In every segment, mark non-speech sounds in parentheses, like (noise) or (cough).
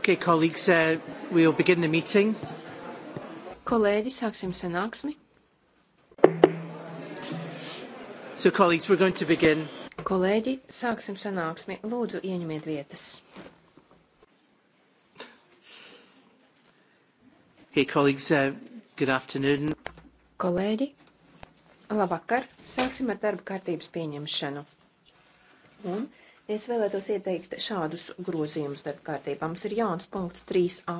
Okay, colleagues, uh, we'll begin the meeting. Kolēģi, sāksim sanāksmi. So, colleagues, we're going to begin. Kolēģi, sāksim sanāksmi. Lūdzu, ieņemiet vietas. Hey, colleagues, uh, good afternoon. Kolēģi, labvakar. Sāksim ar darba kārtības pieņemšanu. Un Es vēlētos ieteikt šādus grozījumus darba kārtībā. Mums ir jauns punkts 3a,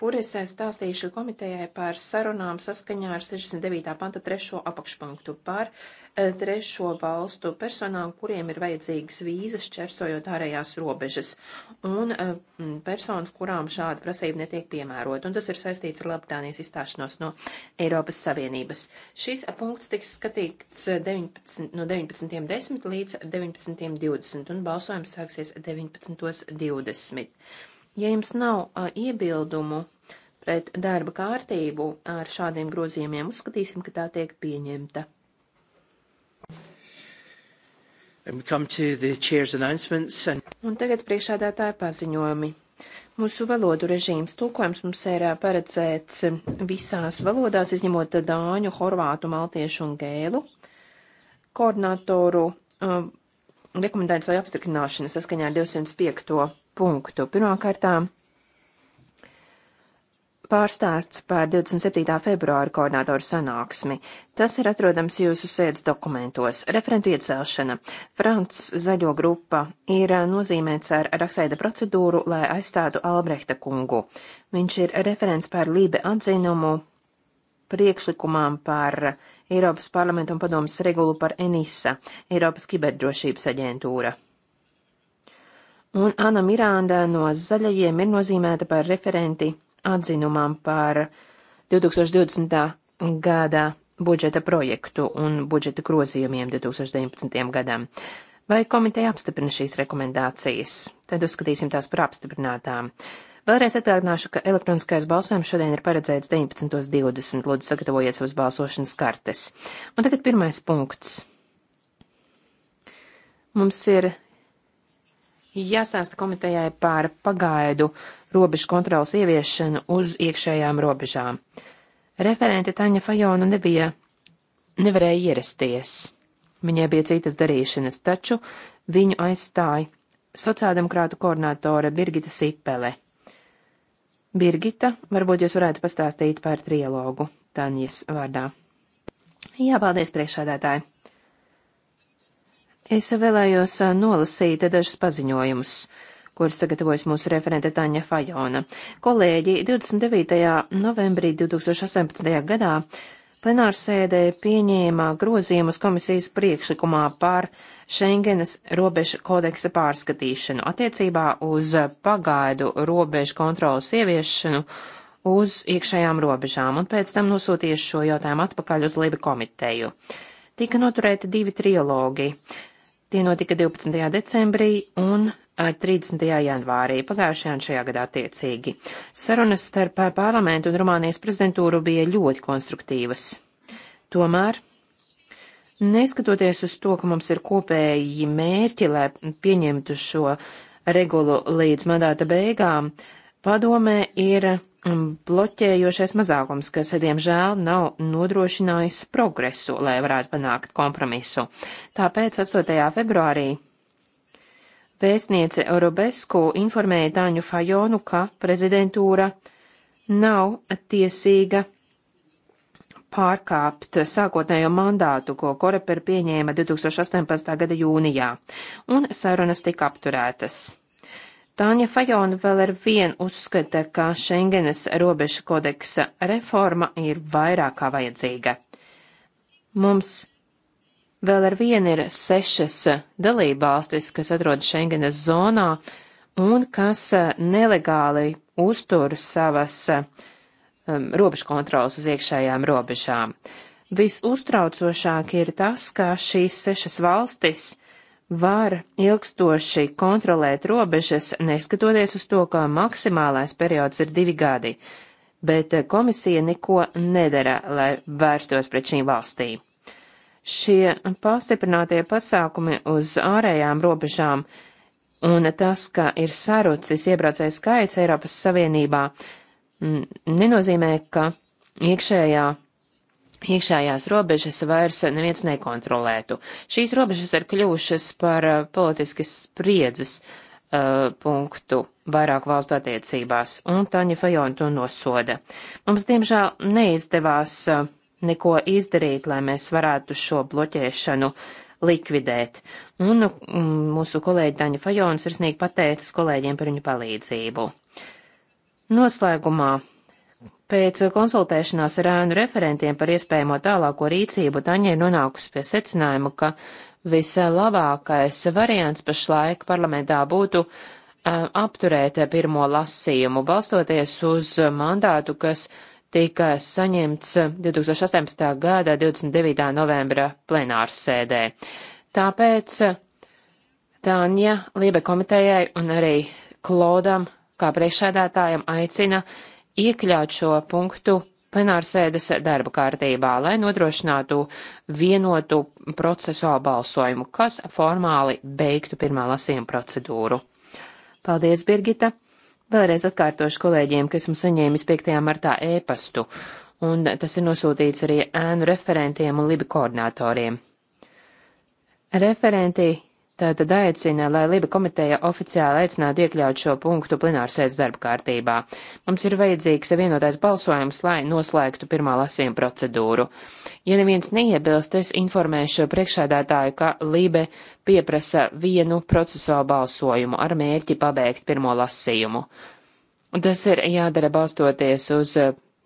kur es stāstīšu komitejai par sarunām saskaņā ar 69. panta trešo apakšpunktu par e, trešo valstu personām, kuriem ir vajadzīgas vīzas čersojot ārējās robežas, un e, personas, kurām šāda prasība netiek piemērota, un tas ir saistīts ar Labdānijas izstāšanos no Eiropas Savienības. Šis punkts tiks skatīts 19, no 19.10 līdz 19.20, un balsojums sāksies 19.20. Ja jums nav a, iebildumu pret darba kārtību ar šādiem grozījumiem, uzskatīsim, ka tā tiek pieņemta. And... Un tagad priekšādātāja paziņojumi. Mūsu valodu režīms tulkojums mums ir paredzēts visās valodās, izņemot dāņu, horvātu, maltiešu un gēlu. Koordinatoru um, rekomendācijas vai apstiprināšana saskaņā ar 205 punktu. Pirmkārtām pārstāsts par 27. februāru koordinātoru sanāksmi. Tas ir atrodams jūsu sēdes dokumentos. Referentu iecelšana. Frants zaļo grupa ir nozīmēts ar raksaida procedūru, lai aizstātu Albrehta kungu. Viņš ir referents par lībe atzinumu priekšlikumām par Eiropas parlamentu un padomas regulu par ENISA, Eiropas kiberdrošības aģentūra un Ana Miranda no Zaļajiem ir nozīmēta par referenti atzinumam par 2020. gadā budžeta projektu un budžeta grozījumiem 2019. gadam. Vai komiteja apstiprina šīs rekomendācijas? Tad uzskatīsim tās par apstiprinātām. Vēlreiz atgādināšu, ka elektroniskais balsojums šodien ir paredzēts 19.20. Lūdzu, sagatavojiet savas balsošanas kartes. Un tagad pirmais punkts. Mums ir jāsāsta komitejai par pagaidu robežu kontrolas ieviešanu uz iekšējām robežām. Referente Taņa Fajona nebija, nevarēja ierasties. Viņai bija citas darīšanas, taču viņu aizstāja sociāldemokrātu koordinātore Birgita Sipele. Birgita, varbūt jūs varētu pastāstīt par trilogu Tanjas vārdā. Jā, paldies priekšādātāji. Es vēlējos nolasīt dažus paziņojumus, kurus sagatavojas mūsu referente Taņa Fajona. Kolēģi 29. novembrī 2018. gadā plenārsēdē pieņēma grozījumus komisijas priekšlikumā par Schengenas robežu kodeksa pārskatīšanu attiecībā uz pagaidu robežu kontrolas ieviešanu uz iekšējām robežām, un pēc tam nosūties šo jautājumu atpakaļ uz Libi komiteju. Tika noturēti divi trilogi. Tie notika 12. decembrī un 30. Eh, janvārī pagājušajā un šajā gadā attiecīgi. Sarunas starp eh, parlamentu un Rumānijas prezidentūru bija ļoti konstruktīvas. Tomēr, neskatoties uz to, ka mums ir kopēji mērķi, lai pieņemtu šo regulu līdz mandāta beigām, padomē ir bloķējošais mazākums, kas, diemžēl, nav nodrošinājis progresu, lai varētu panākt kompromisu. Tāpēc 8. februārī vēstniece Eurobesku informēja Dāņu Fajonu, ka prezidentūra nav tiesīga pārkāpt sākotnējo mandātu, ko Koreper pieņēma 2018. gada jūnijā, un sarunas tika apturētas. Tāņa Fajona vēl ar vienu uzskata, ka Schengenes robežu kodeksa reforma ir vairāk kā vajadzīga. Mums vēl ar vienu ir sešas dalībvalstis, kas atrodas Schengenes zonā un kas eh, nelegāli uztur savas um, robežu kontrolas uz iekšējām robežām. Visuztraucošāk ir tas, ka šīs sešas valstis var ilgstoši kontrolēt robežas, neskatoties uz to, ka maksimālais periods ir divi gadi, bet eh, komisija neko nedara, lai vērstos pret šīm valstīm. Šie pastiprinātie pasākumi uz ārējām robežām un tas, ka ir sarucis iebraucēju skaits Eiropas Savienībā, nenozīmē, ka iekšējā iekšējās robežas vairs neviens nekontrolētu. Šīs robežas ir kļuvušas par eh, politiskas spriedzes uh, punktu vairāk valstu attiecībās, un Taņa Fajona to nosoda. Mums, diemžēl, neizdevās uh, neko izdarīt, lai mēs varētu šo bloķēšanu likvidēt. Un mm, mūsu kolēģi Taņa Fajons ir sniegt pateicas kolēģiem par viņu palīdzību. Noslēgumā Pēc konsultēšanās ar ēnu referentiem par iespējamo tālāko rīcību Taņa ir nonākusi pie secinājuma, ka vislabākais variants pašlaik parlamentā būtu apturēt pirmo lasījumu, balstoties uz mandātu, kas tika saņemts 2018. gada 29. novembra plenāras sēdē. Tāpēc Tāņa Liebe komitejai un arī Klodam kā priekšsēdētājam aicina iekļaut šo punktu plenārsēdes darba kārtībā, lai nodrošinātu vienotu procesuālu balsojumu, kas formāli beigtu pirmā lasījuma procedūru. Paldies, Birgita! Vēlreiz atkārtošu kolēģiem, ka esmu saņēmis 5. martā ēpastu, un tas ir nosūtīts arī ēnu referentiem un libi koordinatoriem. Referenti Tātad aicina, lai Liba komiteja oficiāli aicinātu iekļaut šo punktu plenārsēdes darba kārtībā. Mums ir vajadzīgs vienotais balsojums, lai noslēgtu pirmā lasījuma procedūru. Ja neviens neiebilst, es informēšu priekšādātāju, ka Libe pieprasa vienu procesuālu balsojumu ar mērķi pabeigt pirmo lasījumu. Un tas ir jādara balstoties uz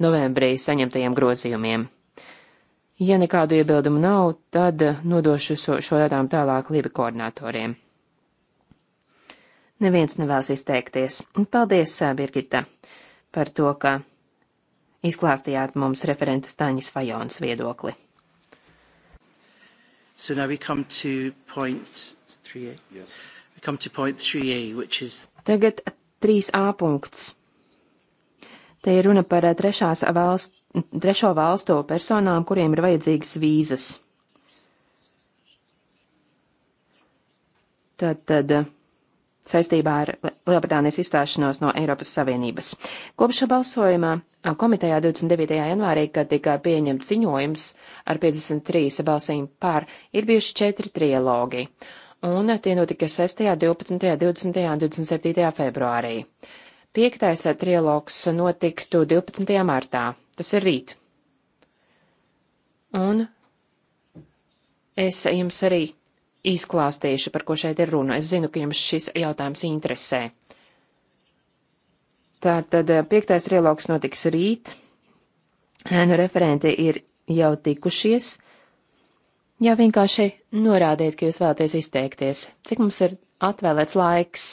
novembrī saņemtajiem grozījumiem. Ja nekādu iebildumu nav, tad eh, nodošu šo, šo jautājumu tālāk Lība koordinatoriem. Neviens nevēlas izteikties. Paldies, eh, Birgita, par to, ka izklāstījāt mums referenta Staņas Fajonas viedokli. So now we come to point 3a. Yes. We come to point 3a, which is... Tagad 3a punkts. Te ir runa par eh, trešās valsts trešo valstu personām, kuriem ir vajadzīgas vīzas. Tad, tad saistībā ar Lielbritānijas izstāšanos no Eiropas Savienības. Kopš balsojumā komitejā 29. janvārī, kad tika pieņemts ziņojums ar 53 balsīm pār, ir bijuši četri trilogi, un tie notika 6., 12., 20. un 27. februārī. Piektais trilogs notiktu 12. martā, tas ir rīt. Un es jums arī izklāstīšu, par ko šeit ir runa. Es zinu, ka jums šis jautājums interesē. Tātad eh, piektais trilogs notiks rīt. Ēnu referenti ir jau tikušies. Jā, vienkārši norādiet, ka jūs vēlaties izteikties. Cik mums ir atvēlēts laiks?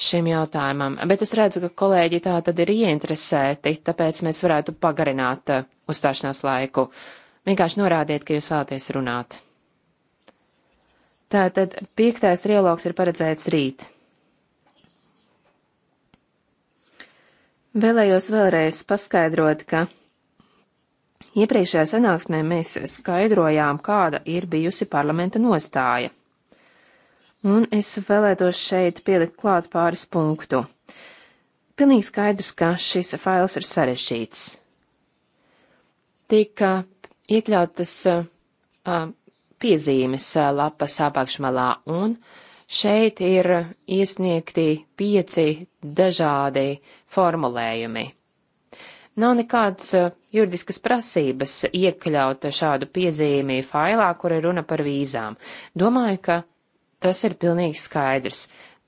šim jautājumam, bet es redzu, ka kolēģi tā tad ir ieinteresēti, tāpēc mēs varētu pagarināt eh, uzstāšanās laiku. Vienkārši norādiet, ka jūs vēlaties runāt. Tātad piektais trialogs ir paredzēts rīt. Vēlējos vēlreiz paskaidrot, ka iepriekšējā sanāksmē mēs skaidrojām, kāda ir bijusi parlamenta nostāja. Un es vēlētos šeit pielikt klāt pāris punktu. Pilnīgi skaidrs, ka šis fails ir sarežģīts. Tika iekļautas uh, piezīmes uh, lapas apakšmalā, un šeit ir iesniegti pieci dažādi formulējumi. Nav nekādas uh, juridiskas prasības iekļaut šādu piezīmi failā, kur ir runa par vīzām. Domāju, ka Tas ir pilnīgi skaidrs.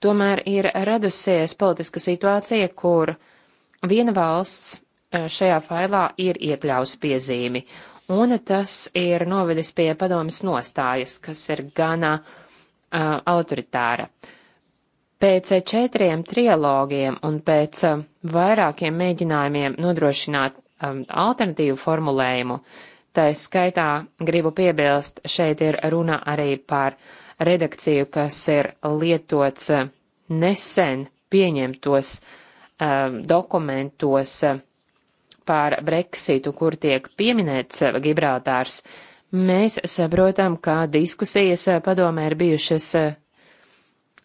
Tomēr ir radusies politiska situācija, kur viena valsts e, šajā failā ir iekļausi piezīmi, un tas ir novedis pie padomas nostājas, kas ir gana uh, autoritāra. Pēc četriem trilogiem un pēc uh, vairākiem mēģinājumiem nodrošināt um, alternatīvu formulējumu, tā skaitā gribu piebilst, šeit ir runa arī par uh, redakciju, kas ir lietots eh, nesen pieņemtos um, dokumentos eh, pār Brexitu, kur tiek pieminēts Gibraltārs, mēs saprotam, ka diskusijas padomē ir bijušas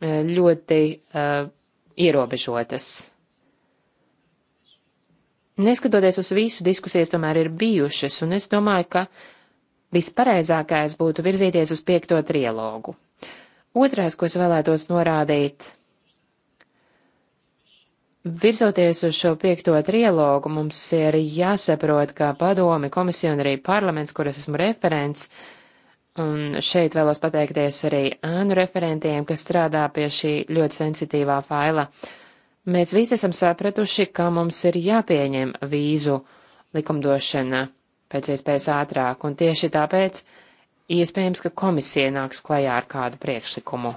ļoti uh, ierobežotas. Neskatoties uz visu, diskusijas tomēr ir bijušas, un es domāju, ka vispareizākais būtu virzīties uz piekto trilogu. Otrais, ko es vēlētos norādīt. Virzoties uz šo piekto trilogu, mums ir jāsaprot, ka padomi, komisija un arī parlaments, kuras esmu referents, un šeit vēlos pateikties arī ānu referentiem, kas strādā pie šī ļoti sensitīvā faila. Mēs visi esam sapratuši, ka mums ir jāpieņem vīzu likumdošana pēc iespējas ātrāk, un tieši tāpēc Iespējams, ka komisija nāks klajā ar kādu priekšlikumu.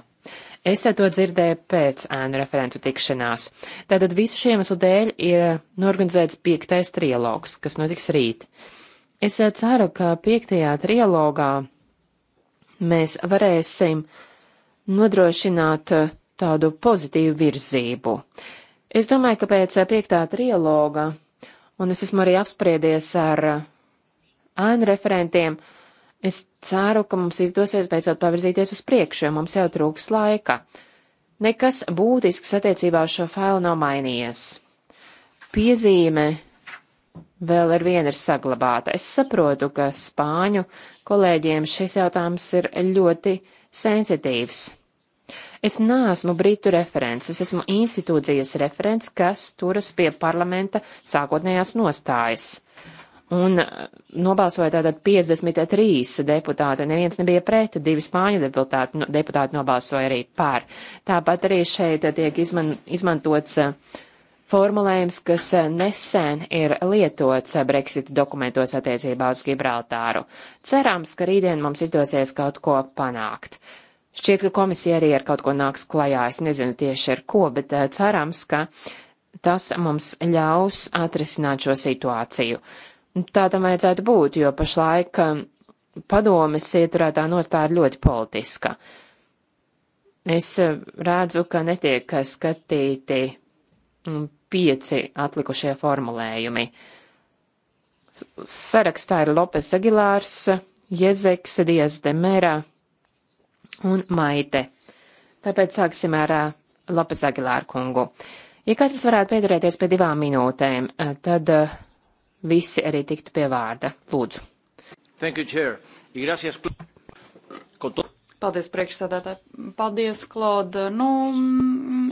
Es to dzirdēju pēc ēnu referentu tikšanās. Tātad visu šiem iemeslu dēļ ir norganizēts piektais trialogs, kas notiks rīt. Es eh, ceru, ka piektajā trialogā mēs varēsim nodrošināt eh, tādu pozitīvu virzību. Es domāju, ka pēc eh, piektā trialoga, un es esmu arī apspriedies ar ēnu referentiem, uh, Es ceru, ka mums izdosies beidzot pavirzīties uz priekšu, jo mums jau trūks laika. Nekas būtisks attiecībā uz šo failu nav mainījies. Piezīme vēl ar vienu ir saglabāta. Es saprotu, ka spāņu kolēģiem šis jautājums ir ļoti sensitīvs. Es neesmu brītu referents, es esmu institūcijas referents, kas turas pie parlamenta sākotnējās nostājas. Un uh, nobalsoja tātad 53 deputāti, neviens nebija pret, divi spāņu deputāti, no, deputāti nobalsoja arī pār. Tāpat arī šeit tiek izman, izmantots uh, formulējums, kas uh, nesen ir lietots Brexit dokumentos attiecībā uz Gibraltāru. Cerams, ka rītdien mums izdosies kaut ko panākt. Šķiet, ka komisija arī ar kaut ko nāks klajā, es nezinu tieši ar ko, bet cerams, ka tas mums ļaus atrisināt šo situāciju. Nu, tā tam vajadzētu būt, jo pašlaik um, padomes ieturētā nostāja ir ļoti politiska. Es um, redzu, ka netiek skatīti mm, pieci atlikušie formulējumi. Sarakstā ir Lopes Agilārs, Jezeks, Dias de Mera un Maite. Tāpēc sāksim ar uh, Lopes Agilāru kungu. Ja katrs varētu pieturēties pie divām minūtēm, uh, tad uh, visi arī tiktu pie vārda. Lūdzu. Thank you, Chair. Gracias. Paldies, priekšsādātāji. Paldies, Klauda. Nu,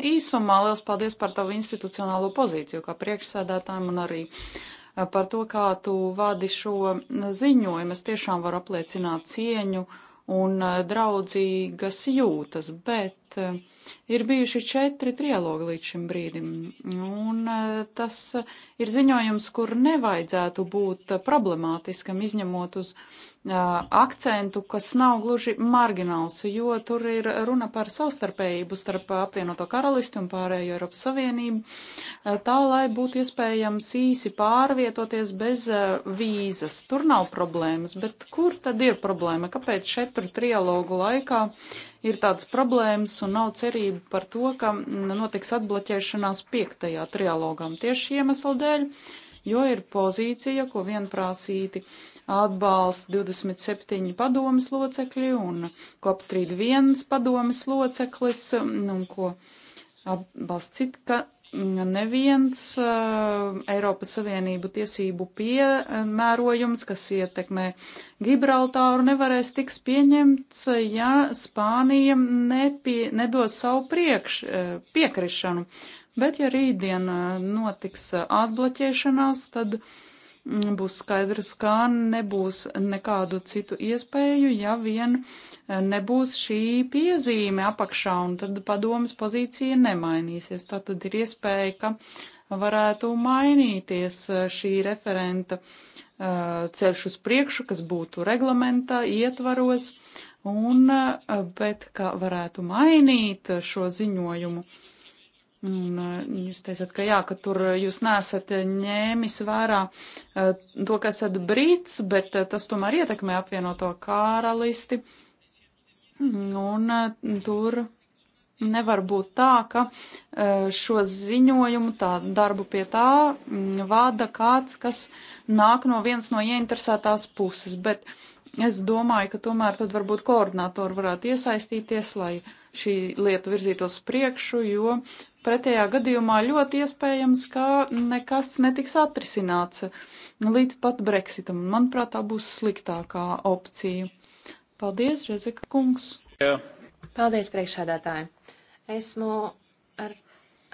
īsumā liels paldies par tavu institucionālo pozīciju kā priekšsādātājiem un arī eh, par to, kā tu vadi šo ziņojumu. Es tiešām varu apliecināt cieņu uh, un eh, draudzīgas jūtas, bet eh, ir bijuši četri trialogi līdz šim brīdim, un eh, tas ir ziņojums, kur nevajadzētu būt problemātiskam, izņemot uz akcentu, kas nav gluži margināls, jo tur ir runa par savstarpējību starp apvienoto karalisti un pārējo Eiropas Savienību, tā lai būtu iespējams īsi pārvietoties bez vīzas. Tur nav problēmas, bet kur tad ir problēma? Kāpēc četru trialogu laikā ir tādas problēmas un nav cerība par to, ka notiks atbloķēšanās piektajā trialogam tieši iemesla dēļ? jo ir pozīcija, ko vienprāsīti atbalsta 27 padomas locekļi un ko apstrīd viens padomas loceklis, um, nu, un ko atbalsta cita, neviens uh, Eiropas Savienību tiesību piemērojums, kas ietekmē Gibraltāru, nevarēs tiks pieņemts, ja Spānija nepie, nedos savu priekš, uh, piekrišanu. Bet ja rītdien uh, notiks uh, atbloķēšanās, tad uh, Mm, būs skaidrs, kā nebūs nekādu citu iespēju, ja vien e, nebūs šī piezīme apakšā, un tad padomas pozīcija nemainīsies. Tā tad ir iespēja, ka varētu mainīties e, šī referenta e, ceļš uz priekšu, kas būtu reglamentā, ietvaros, un, bet ka varētu mainīt šo ziņojumu Un eh, jūs teicat, ka jā, ka tur jūs nesat ņēmis vērā eh, to, ka esat brīts, bet eh, tas tomēr ietekmē apvienoto karalisti. Un tur nevar būt tā, ka šo ziņojumu, tā darbu pie tā mm, vada kāds, kas nāk no vienas no ieinteresētās puses. Bet es domāju, ka tomēr tad varbūt koordinātori varētu iesaistīties, lai šī lieta virzītos priekšu, jo Pretējā gadījumā ļoti iespējams, ka nekas netiks atrisināts līdz pat Brexitam. Manuprāt, tā būs sliktākā opcija. Paldies, Rezeka kungs! Jā. Paldies, priekšsēdētāji! Esmu ar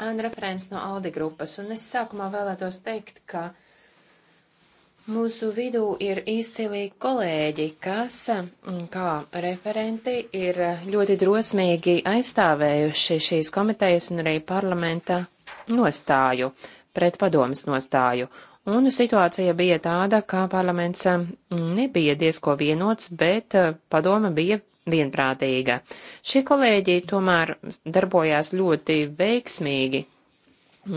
Anna referents no Aldi grupas, un es sākumā vēlētos teikt, ka Mūsu vidū ir izcilī kolēģi, kas, mm, kā referenti, ir ļoti drosmīgi aizstāvējuši šīs komitejas un arī parlamenta nostāju, pret padomas nostāju. Un situācija bija tāda, ka parlaments mm, nebija diezko vienots, bet eh, padoma bija vienprātīga. Šie kolēģi tomēr darbojās ļoti veiksmīgi,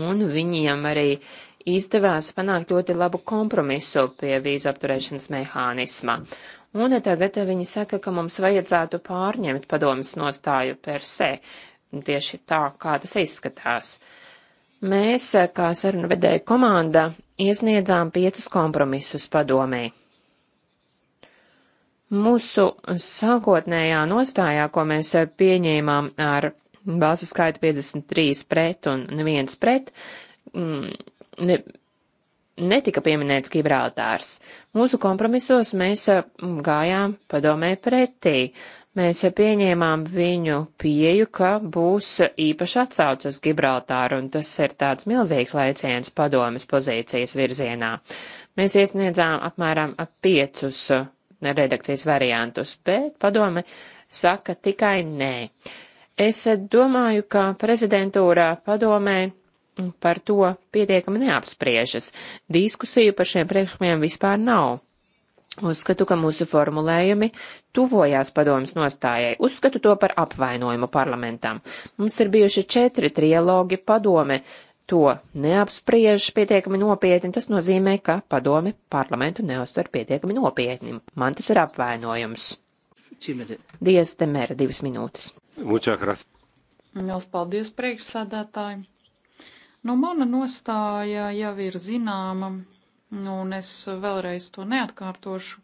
un viņiem arī uh, izdevās panākt ļoti labu kompromisu pie vīzu apturēšanas mehānisma. Un tagad viņi saka, ka mums vajadzētu pārņemt padomas nostāju per se, tieši tā, kā tas izskatās. Mēs, kā sarunu vedēja komanda, iesniedzām piecus kompromisus padomē. Mūsu sākotnējā nostājā, ko mēs pieņēmām ar balsu skaitu 53 pret un neviens pret, mm, ne, netika pieminēts Gibraltārs. Mūsu kompromisos mēs eh, gājām padomē pretī. Mēs eh, pieņēmām viņu pieju, ka būs eh, īpaši atsauc uz Gibraltāru, un tas ir tāds milzīgs lēciens padomes pozīcijas virzienā. Mēs iesniedzām apmēram ap piecus redakcijas variantus, bet padome saka tikai nē. Es domāju, ka prezidentūrā padomē par to pietiekami neapspriežas. Diskusiju par šiem priekšlikumiem vispār nav. Uzskatu, ka mūsu formulējumi tuvojās padomas nostājai. Uzskatu to par apvainojumu parlamentam. Mums ir bijuši četri trilogi padome. To neapspriež pietiekami nopietni, tas nozīmē, ka padome parlamentu neuztver pietiekami nopietni. Man tas ir apvainojums. Dievs, te mēra divas minūtes. Lielas paldies priekšsādātājiem! Nu, mana nostāja jau ir zināma, un es vēlreiz to neatkārtošu.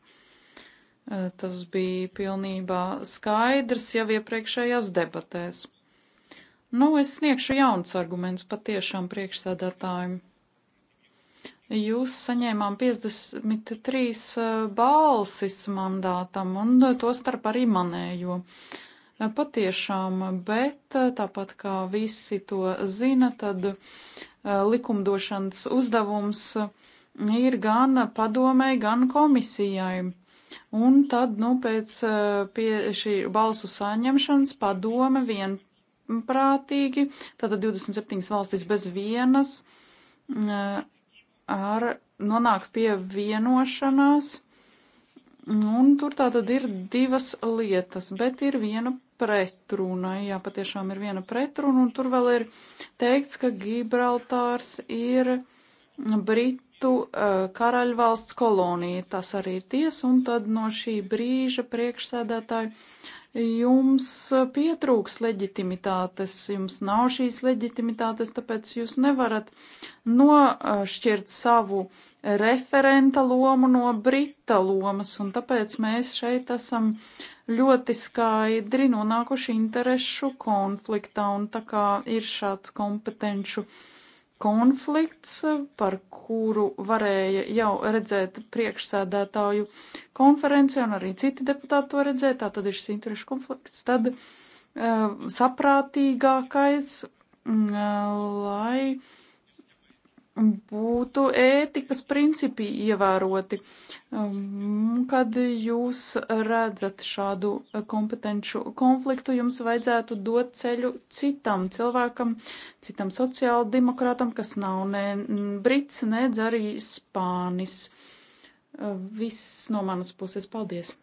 Eh, tas bija pilnībā skaidrs jau iepriekšējās debatēs. Nu, es sniegšu jauns arguments patiešām priekšsēdētājiem. Jūs saņēmām 53 eh, balsis mandātam, un to starp arī manējo. jo Patiešām, bet eh, tāpat kā visi to zina, tad eh, likumdošanas uzdevums eh, ir gan padomē, gan komisijai. Un tad, nu, pēc pie šī balsu saņemšanas padome vienprātīgi, tātad 27 valstis bez vienas, ar nonāk pie vienošanās. Un tur tā tad ir divas lietas, bet ir viena pretruna. Jā, patiešām ir viena pretruna, un tur vēl ir teikts, ka Gibraltārs ir Britu uh, karaļvalsts kolonija. Tas arī ir tiesa, un tad no šī brīža priekšsēdētāji jums pietrūks leģitimitātes, jums nav šīs leģitimitātes, tāpēc jūs nevarat nošķirt savu referenta lomu no brita lomas, un tāpēc mēs šeit esam uh, ļoti skaidri nonākuši interešu konfliktā, un tā kā ir šāds kompetenču konflikts, par kuru varēja jau redzēt priekšsēdētāju konferenci, un arī citi deputāti to redzēja, tā tad ir šis interešu konflikts, tad uh, saprātīgākais, uh, lai būtu ētikas principi ievēroti. Um, kad jūs redzat šādu kompetenču konfliktu, jums vajadzētu dot ceļu citam cilvēkam, citam sociāldemokrātam, kas nav ne brits, ne arī spānis. Uh, viss no manas puses. Paldies!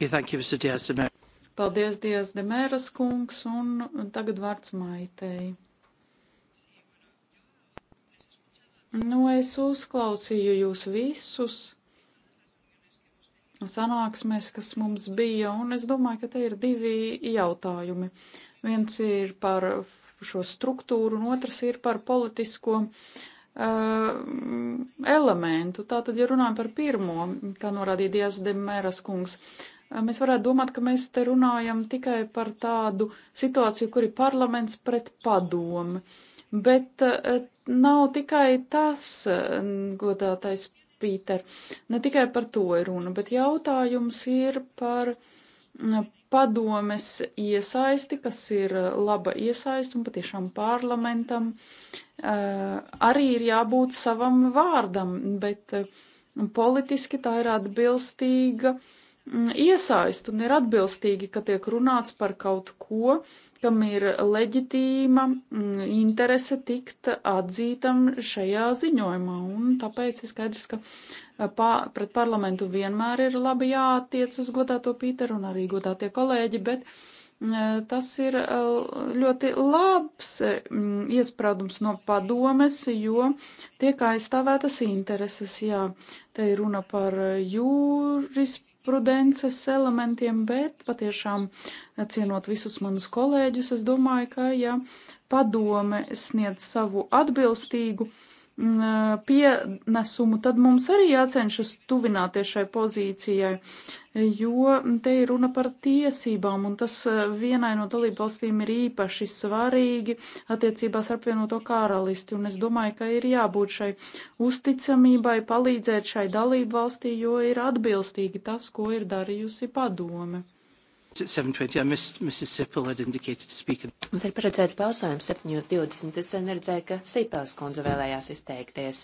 Thank you, Mr. Diaz Paldies, Dievs, Demēras kungs, un tagad vārds maitei. Nu, es uzklausīju jūs visus sanāksmēs, kas mums bija, un es domāju, ka te ir divi jautājumi. Viens ir par šo struktūru, un otrs ir par politisko uh, elementu. Tātad, ja runājam par pirmo, kā norādīja Dievs Demēras kungs, eh, mēs varētu domāt, ka mēs te runājam tikai par tādu situāciju, kur ir parlaments pret padomu. Uh, Bet eh, nav tikai tas, eh, godātais Pīter, ne tikai par to ir runa, bet jautājums ir par mm, padomes iesaisti, kas ir eh, laba iesaisti un patiešām parlamentam. Arī ir jābūt savam vārdam, bet politiski tā ir atbilstīga mm, iesaist un ir atbilstīgi, ka tiek runāts par kaut ko, kam ir leģitīma mm, interese tikt atzītam šajā ziņojumā. Un tāpēc ir skaidrs, ka eh, pā, pret parlamentu vienmēr ir labi jātiecas godāto Pīteru un arī godātie kolēģi, bet mm, eh, tas ir eh, ļoti labs mm, iesprādums no padomes, jo tiek aizstāvētas intereses. Jā, te ir runa par jūris jurisprudences elementiem, bet patiešām eh, cienot visus manus kolēģus, es domāju, ka ja padome sniedz savu atbilstīgu uh, Mm, pienesumu, tad mums arī jācenšas tuvināties šai pozīcijai, jo te ir runa par tiesībām, un tas vienai no dalību valstīm ir īpaši svarīgi attiecībās ar pienoto karalisti, un es domāju, ka ir jābūt šai uzticamībai, palīdzēt šai dalību valstī, jo ir atbilstīgi tas, ko ir darījusi padome. Mums ir paredzēts balsojums 7.20. Es neredzēju, ka Sīpels kundze vēlējās izteikties.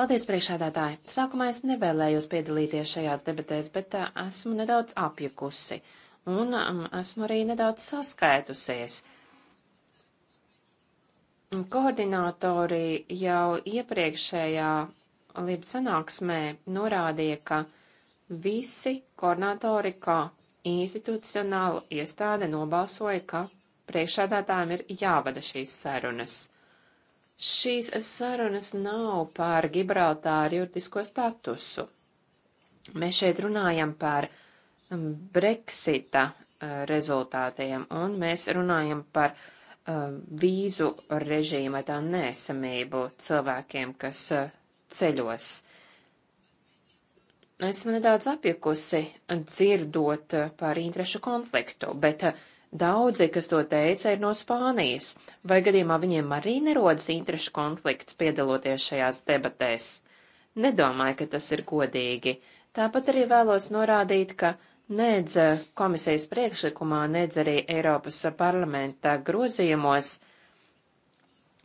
Paldies, priekšādātāji! Sākumā es nevēlējos piedalīties šajās debatēs, bet uh, esmu nedaudz apjukusi un um, esmu arī nedaudz saskaitusies. Koordinātori jau iepriekšējā Libas sanāksmē norādīja, ka visi koordinātori, kā institucionāla iestāde nobalsoja, ka priekšādātājiem ir jāvada šīs sarunas. Šīs sarunas nav par Gibraltāru juridisko statusu. Mēs šeit runājam par Brexita eh, rezultātiem, un mēs runājam par eh, vīzu režīma tā nesamību cilvēkiem, kas eh, ceļos esmu nedaudz apjukusi dzirdot eh, par interešu konfliktu, bet eh, daudzi, kas to teica, ir no Spānijas. Vai gadījumā viņiem arī nerodas interešu konflikts piedaloties šajās debatēs? Nedomāju, ka tas ir godīgi. Tāpat arī vēlos norādīt, ka nedz eh, komisijas priekšlikumā, nedz arī Eiropas parlamenta grozījumos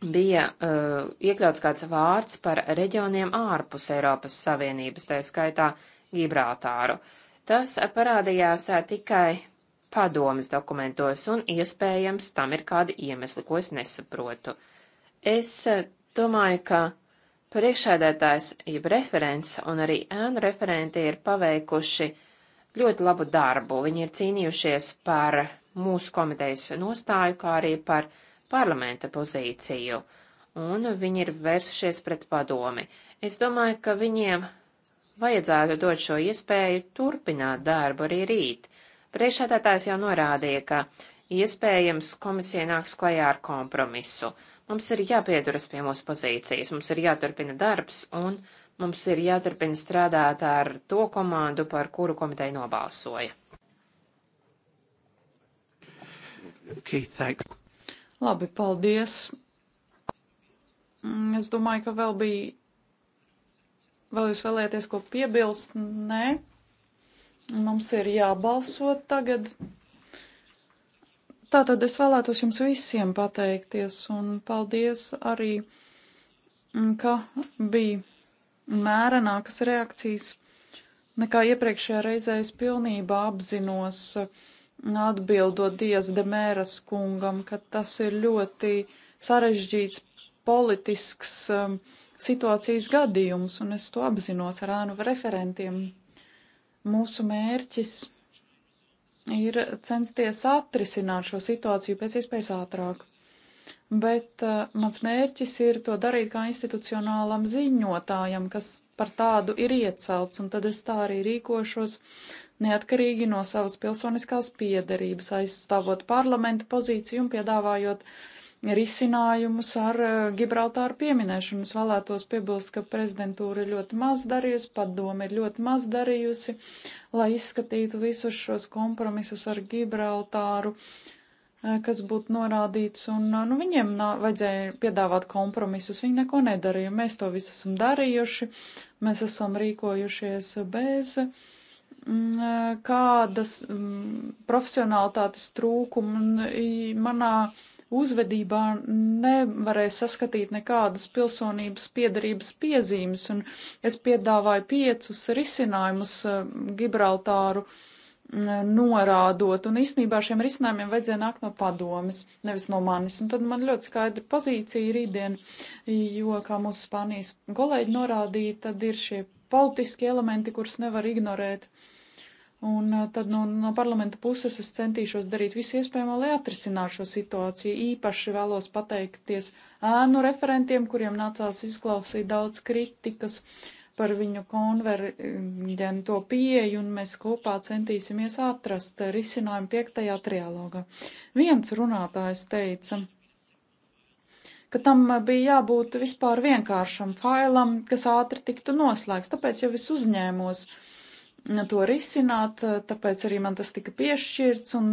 bija uh, iekļauts kāds vārds par reģioniem ārpus Eiropas Savienības, tā skaitā Gibraltāru. Tas parādījās uh, tikai padomas dokumentos, un iespējams tam ir kādi iemesli, ko es nesaprotu. Es uh, domāju, ka priekšēdētājs, jeb referents un arī ēnu referenti ir paveikuši ļoti labu darbu. Viņi ir cīnījušies par mūsu komitejas nostāju, kā arī par uh, parlamenta pozīciju, un viņi ir vērsušies pret padomi. Es domāju, ka viņiem vajadzētu dot šo iespēju turpināt darbu arī rīt. Priekšādātājs jau norādīja, ka iespējams komisija nāks klajā ar kompromisu. Mums ir jāpieturas pie mūsu pozīcijas, mums ir jāturpina darbs un mums ir jāturpina strādāt ar to komandu, par kuru komiteja nobalsoja. Okay, thanks. Labi, paldies. Mm, es domāju, ka vēl bija. Vēl jūs vēlēties ko piebilst? Nē. Mums ir jābalso tagad. Tātad es vēlētos jums visiem pateikties un paldies arī, mm, ka bija mērenākas reakcijas nekā iepriekšējā reizē. Es pilnībā apzinos, uh, atbildot Dievs Demēras kungam, ka tas ir ļoti sarežģīts politisks um, situācijas gadījums, un es to apzinos ar ānu referentiem. Mūsu mērķis ir censties atrisināt šo situāciju pēc iespējas ātrāk. Bet uh, mans mērķis ir to darīt kā institucionālam ziņotājam, kas par tādu ir iecelts, un tad es tā arī rīkošos, neatkarīgi no savas pilsoniskās piederības, aizstāvot parlamenta pozīciju un piedāvājot risinājumus ar eh, Gibraltāru pieminēšanu. Es vēlētos piebilst, ka prezidentūra ļoti maz darījusi, padome ir ļoti maz darījusi, lai izskatītu visus šos kompromisus ar Gibraltāru eh, kas būtu norādīts, un eh, nu, viņiem nā, vajadzēja piedāvāt kompromisus. Viņi neko nedarīja. Mēs to visu esam darījuši, mēs esam rīkojušies bez uh, Mm, e, kādas mm, profesionālitātes trūkuma manā uzvedībā nevarēja saskatīt nekādas pilsonības piedarības piezīmes, un es piedāvāju piecus risinājumus e, Gibraltāru mm, norādot, un īstenībā šiem risinājumiem vajadzēja nākt no padomes, nevis no manis, un tad man ļoti skaidra pozīcija rītdien, jo, kā mūsu Spānijas kolēģi norādīja, tad ir šie politiskie elementi, kurus nevar ignorēt. Uh, Un eh, tad no, nu, no parlamenta puses es centīšos darīt visu iespējamo, lai atrisinātu šo situāciju. Īpaši vēlos pateikties ēnu referentiem, kuriem nācās izklausīt daudz kritikas par viņu konverģento pieeju, un mēs kopā centīsimies atrast risinājumu piektajā trialogā. Viens runātājs teica, ka tam bija jābūt vispār vienkāršam failam, kas ātri tiktu noslēgts, tāpēc jau es uzņēmos. Uh, to risināt, eh, tāpēc arī man tas tika piešķirts, un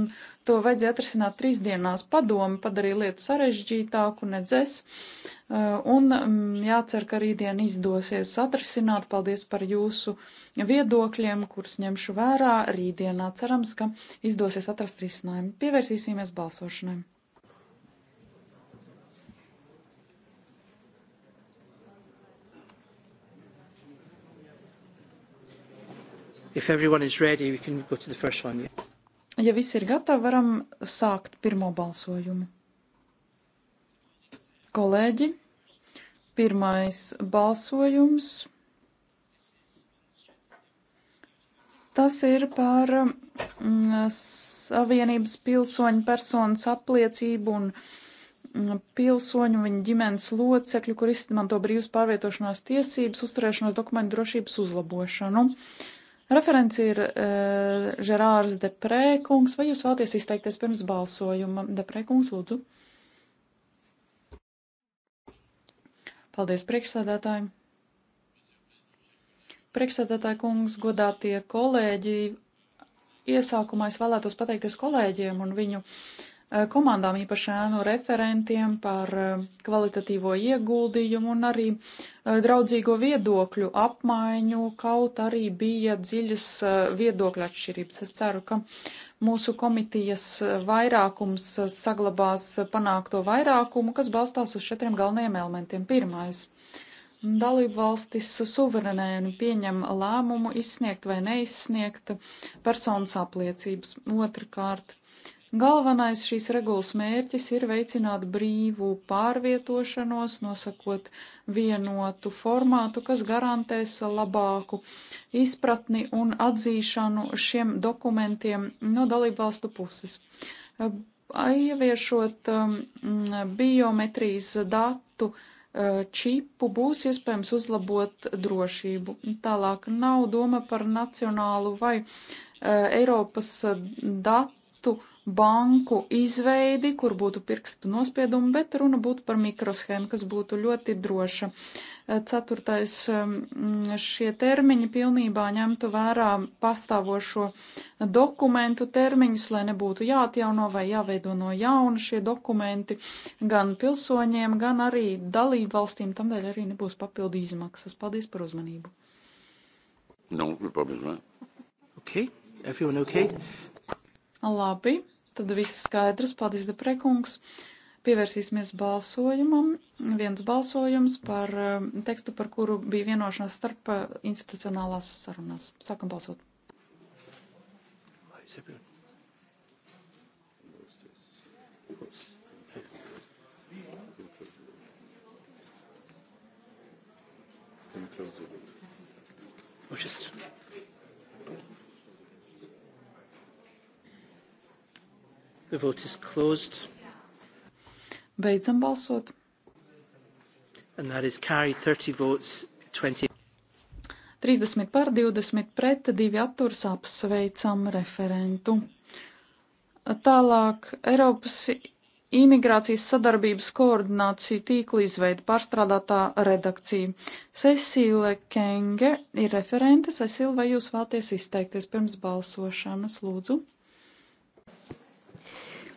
to vajadzēja atrisināt trīs dienās. Padomi padarīja lietu sarežģītāku, nedzēs, eh, un mm, jācer, ka rītdien izdosies atrisināt. Paldies par jūsu viedokļiem, kurus ņemšu vērā rītdienā. Cerams, ka izdosies atrast risinājumu. Pievērsīsimies balsošanai. If everyone is ready, we can go to the first one. Yeah. Ja viss ir gatavi, varam sākt pirmo balsojumu. Kolēģi, pirmais balsojums. Tas ir par mm, Savienības pilsoņu personas apliecību un mm, pilsoņu viņa ģimenes locekļu, kur izmanto brīvas pārvietošanās tiesības, uzturēšanās dokumentu drošības uzlabošanu. Uh, Referents ir uh, Žerārs Deprēkungs. Vai jūs vēlaties izteikties pirms balsojuma? Deprēkungs, lūdzu. Paldies priekšsēdētājiem. Priekšsēdētāji kungs, godātie kolēģi, iesākumā es vēlētos pateikties kolēģiem un viņu uh, Eh, komandām, īpaši ēnu referentiem par eh, kvalitatīvo ieguldījumu un arī eh, draudzīgo viedokļu apmaiņu, kaut arī bija dziļas viedokļa atšķirības. Es ceru, ka mūsu komitijas vairākums saglabās panākto vairākumu, kas balstās uz četriem galvenajiem elementiem. Pirmais. Dalību valstis suverēni pieņem lēmumu izsniegt vai neizsniegt personas apliecības. Otrakārt, Galvenais šīs regulas mērķis ir veicināt brīvu pārvietošanos, nosakot vienotu formātu, kas garantēs labāku izpratni un atzīšanu šiem dokumentiem no dalību valstu puses. Ieviešot um, biometrijas datu uh, čipu, būs iespējams uzlabot drošību. Tālāk nav doma par nacionālu vai uh, Eiropas uh, datu banku izveidi, kur būtu pirkstu nospiedumi, bet runa būtu par mikroshēmu, kas būtu ļoti droša. Eh, ceturtais, šie termiņi pilnībā ņemtu vērā pastāvošo dokumentu termiņus, lai nebūtu jāatjauno vai jāveido no jauna šie dokumenti gan pilsoņiem, gan arī dalību valstīm, tamdēļ arī nebūs papildu izmaksas. Paldies par uzmanību. Non, pas besoin. OK. Everyone okay? Labi. Tad viss skaidrs. Paldies, Deprekungs. Pievērsīsimies balsojumam. Viens balsojums par um, tekstu, par kuru bija vienošanās starp uh, institucionālās sarunās. Sākam balsot. Manchester. The vote is closed. Beidzam balsot. And that is carried 30 votes, 20. 30 par 20 pret, 2 atturs apsveicam referentu. Tālāk Eiropas imigrācijas sadarbības koordināciju tīkla izveida pārstrādātā redakcija. Cecīle Kenge ir referente. Cecīle, vai jūs vēlaties izteikties pirms balsošanas, lūdzu?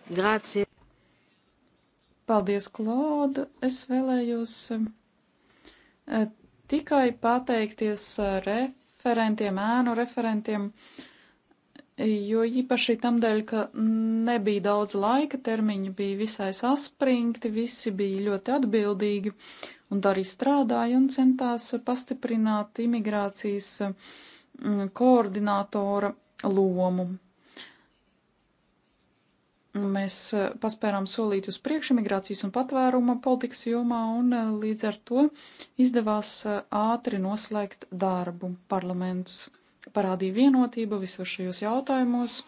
Grācie. Paldies, Klauda. Es vēlējos eh, tikai pateikties eh, referentiem, ēnu referentiem, jo īpaši tam dēļ, ka nebija daudz laika, termiņi bija visai saspringti, visi bija ļoti atbildīgi un arī strādāja un centās pastiprināt imigrācijas mm, koordinātora lomu. Mēs eh, paspērām solīt uz priekšu migrācijas un patvēruma politikas jomā, un eh, līdz ar to izdevās eh, ātri noslēgt darbu. Parlaments parādīja vienotību visos šajos jautājumos.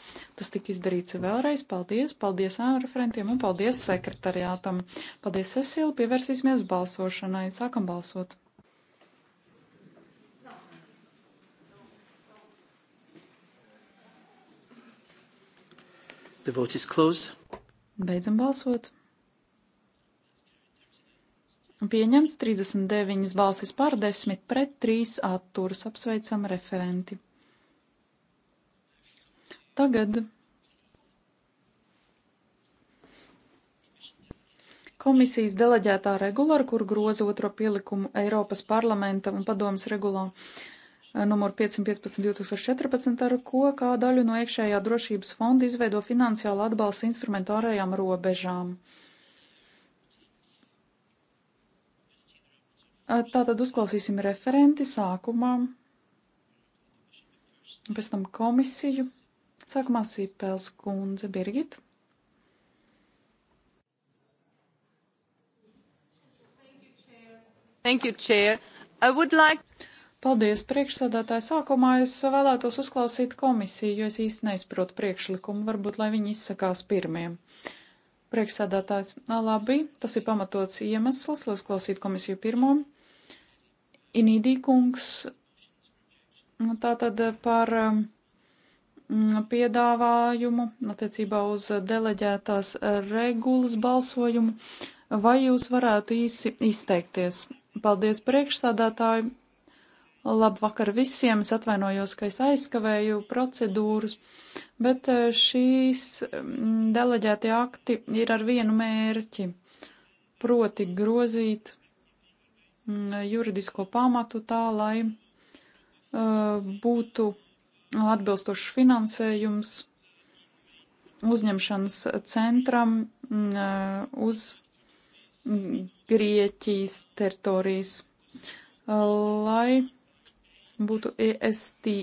Tas tika izdarīts vēlreiz. Paldies! Paldies ēnu referentiem un paldies sekretariātam! Paldies, Cecil! Pievērsīsimies balsošanai. Sākam balsot! The vote is closed. Beidzam balsot. Pieņemts 39 balsis par 10 pret 3 atturas. Apsveicam referenti. Tagad komisijas deleģētā regulāra, kur groza otro pielikumu Eiropas parlamenta un padomas regulā Eh, numuru 515-2014, ar ko kā daļu no iekšējā drošības fonda izveido finansiālu atbalstu instrumentu ārējām robežām. Eh, tātad uzklausīsim referenti sākumā, pēc tam komisiju, sākumā Sīpels kundze Birgit. Thank you, Chair. I would like Paldies, priekšsādātāji. Sākumā es vēlētos uzklausīt komisiju, jo es īsti neizprotu priekšlikumu. Varbūt, lai viņi izsakās pirmiem. Priekšsādātājs, labi, tas ir pamatots iemesls, lai uzklausītu komisiju pirmo. Inīdīkungs, nu, tātad par um, piedāvājumu attiecībā uz deleģētās regulas balsojumu, vai jūs varētu īsi izteikties? Paldies, priekšsādātāji Labvakar visiem, es atvainojos, ka es aizkavēju procedūras, bet eh, šīs mm, deleģētie akti ir ar vienu mērķi, proti grozīt mm, juridisko pamatu tā, lai eh, būtu atbilstošs finansējums uzņemšanas centram mm, eh, uz Grieķijas teritorijas, lai būtu ESTI,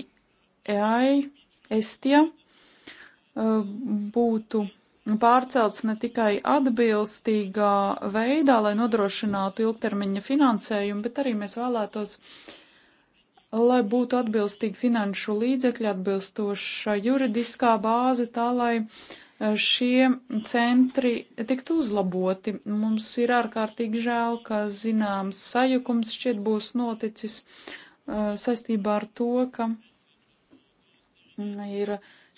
ESTIA, uh, būtu pārcelts ne tikai atbilstīgā veidā, lai nodrošinātu ilgtermiņa finansējumu, bet arī mēs vēlētos, lai būtu atbilstīgi finanšu līdzekļi, atbilstoša juridiskā bāze, tā lai uh, šie centri tiktu uzlaboti. Mums ir ārkārtīgi žēl, ka zināms sajukums šķiet būs noticis Uh, saistībā ar to, ka mm, ir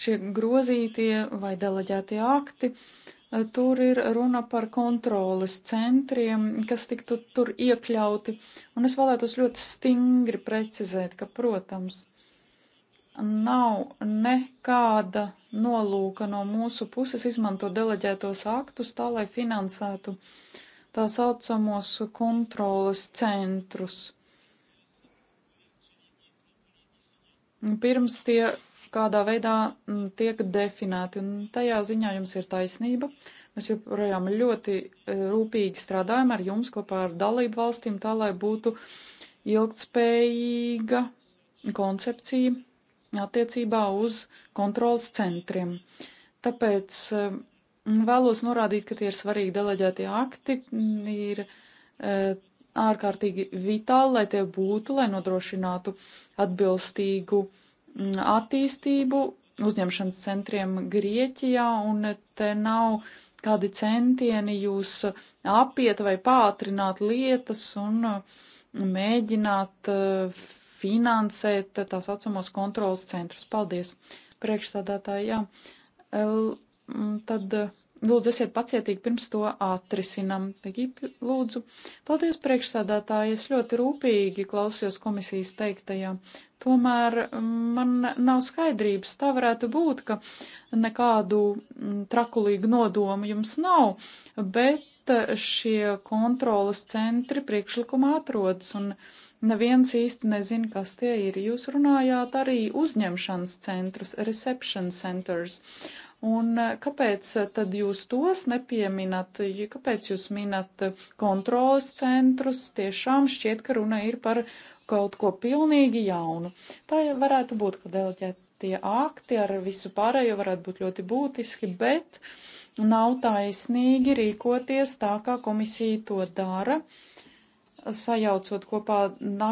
šie grozītie vai deleģētie akti, uh, tur ir runa par kontroles centriem, kas tiktu tur iekļauti, un es vēlētos ļoti stingri precizēt, ka, protams, nav nekāda nolūka no mūsu puses izmantot deleģētos aktus tā, lai finansētu tā saucamos kontroles centrus. pirms tie kādā veidā mm, tiek definēti. Un tajā ziņā jums ir taisnība. Mēs joprojām ļoti e, rūpīgi strādājam ar jums kopā ar dalību valstīm, tā lai būtu ilgtspējīga koncepcija attiecībā uz kontrolas centriem. Tāpēc e, vēlos norādīt, ka tie ir svarīgi deleģētie akti, ir e, ārkārtīgi vitāli, lai tie būtu, lai nodrošinātu atbilstīgu mm, attīstību uzņemšanas centriem Grieķijā, un te nav kādi centieni jūs apiet vai pātrināt lietas un mm, mēģināt eh, finansēt tā saucamos kontrolas centrus. Paldies, priekšsādātāji, jā. Mm, tad Lūdzu, esiet pacietīgi, pirms to atrisinam. Pegīpi, lūdzu. Paldies, priekšsādātāji, es ļoti rūpīgi klausījos komisijas teiktajā. Tomēr mm, man nav skaidrības, tā varētu būt, ka nekādu mm, trakulīgu nodomu jums nav, bet eh, šie kontrolas centri priekšlikumā atrodas un neviens īsti nezina, kas tie ir. Jūs runājāt arī uzņemšanas centrus, reception centers. Uh, Un eh, kāpēc eh, tad jūs tos nepieminat? Kāpēc jūs minat eh, kontrolas centrus? Tiešām šķiet, ka runa ir par kaut ko pilnīgi jaunu. Tā varētu būt, ka deleģētie akti ar visu pārējo varētu būt ļoti būtiski, bet nav taisnīgi rīkoties tā, kā komisija to dara sajaucot kopā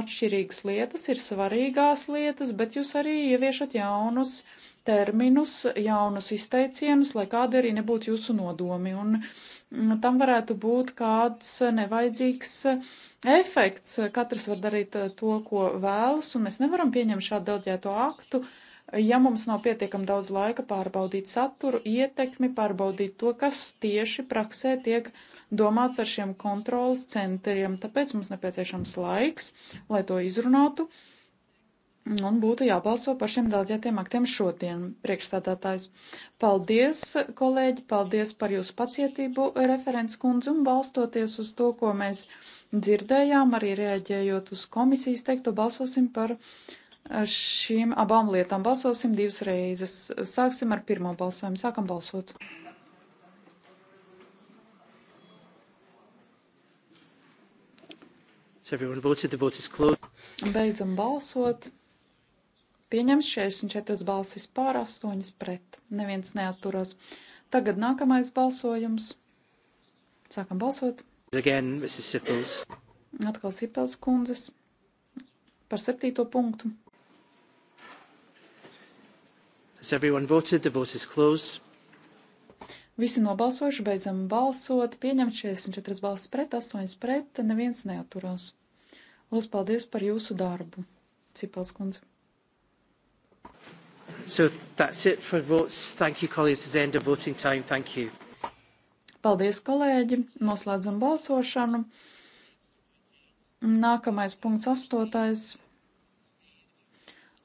atšķirīgas lietas, ir svarīgās lietas, bet jūs arī ieviešat jaunus terminus, jaunus izteicienus, lai kādi arī nebūtu jūsu nodomi. Un mm, tam varētu būt kāds nevajadzīgs efekts. Katrs var darīt eh, to, ko vēlas, un mēs nevaram pieņemt šādu delģēto aktu, ja mums nav pietiekami daudz laika pārbaudīt saturu, ietekmi, pārbaudīt to, kas tieši praksē tiek domāts ar šiem kontrolas centriem. Tāpēc mums nepieciešams laiks, lai to izrunātu. Uh, Un būtu jābalso par šiem daudziekiem aktiem šodien, priekšstādātājs. Paldies, kolēģi, paldies par jūsu pacietību, referents kundze, un balstoties uz to, ko mēs dzirdējām, arī rēģējot uz komisijas teikto, balsosim par eh, šīm abām lietām. Balsosim divas reizes. Sāksim ar pirmo balsojumu. Sākam balsot. So everyone voted, the vote is closed. Beidzam balsot. Pieņemts 44 balsis pār 8 pret. Neviens neatturās. Tagad nākamais balsojums. Sākam balsot. Again, Mrs. Sipels. Atkal Sipels kundzes par septīto punktu. Has everyone voted? The vote is closed. Visi nobalsojuši, beidzam balsot, pieņemt 44 balsis pret, 8 pret, neviens neaturās. Lielas paldies par jūsu darbu, Cipels kundze. So that's it for votes. Thank you, colleagues. This is end of voting time. Thank you. Paldies, kolēģi. Noslēdzam balsošanu. Nākamais punkts astotais.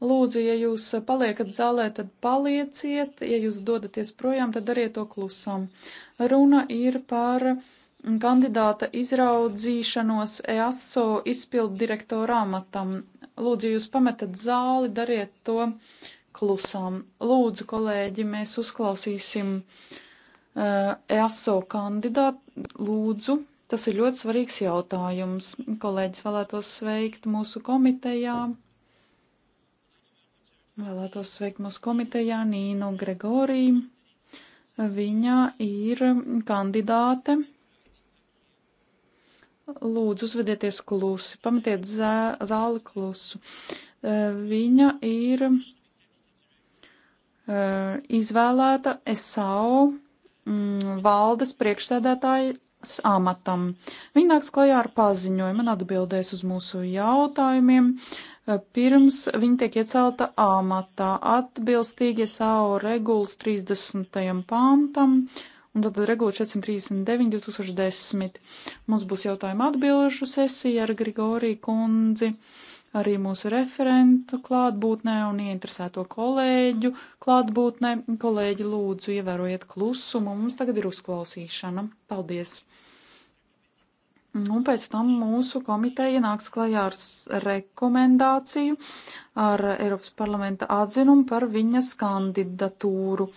Lūdzu, ja jūs paliekat zālē, tad palieciet, ja jūs dodaties projām, tad dariet to klusam. Runa ir par kandidāta izraudzīšanos EASO izpildu direktora amatam. Lūdzu, ja jūs pametat zāli, dariet to uh, klusām. Lūdzu, kolēģi, mēs uzklausīsim uh, eh, ESO kandidātu. Lūdzu, tas ir ļoti svarīgs jautājums. Kolēģis vēlētos sveikt mūsu komitejā. Vēlētos sveikt mūsu komitejā Nīnu Gregoriju. Viņa ir kandidāte. Lūdzu, uzvedieties klusi, pametiet zāli klusu. Eh, viņa ir Eh, izvēlēta SAO mm, valdes priekšsēdētājas amatam. Viņa nāks klajā ar paziņojumu un atbildēs uz mūsu jautājumiem, eh, pirms viņa tiek iecelta amatā atbilstīgi SAO regulas 30. pantam. Un tad regula 439, 2010. Mums būs jautājuma atbilžu sesija ar Grigoriju kundzi. Uh, arī mūsu referentu klātbūtnē un ieinteresēto kolēģu klātbūtnē. Kolēģi, lūdzu, ievērojiet klusumu, mums tagad ir uzklausīšana. Paldies! Un pēc tam mūsu komiteja nāks klajā ar rekomendāciju ar Eiropas parlamenta atzinumu par viņas kandidatūru.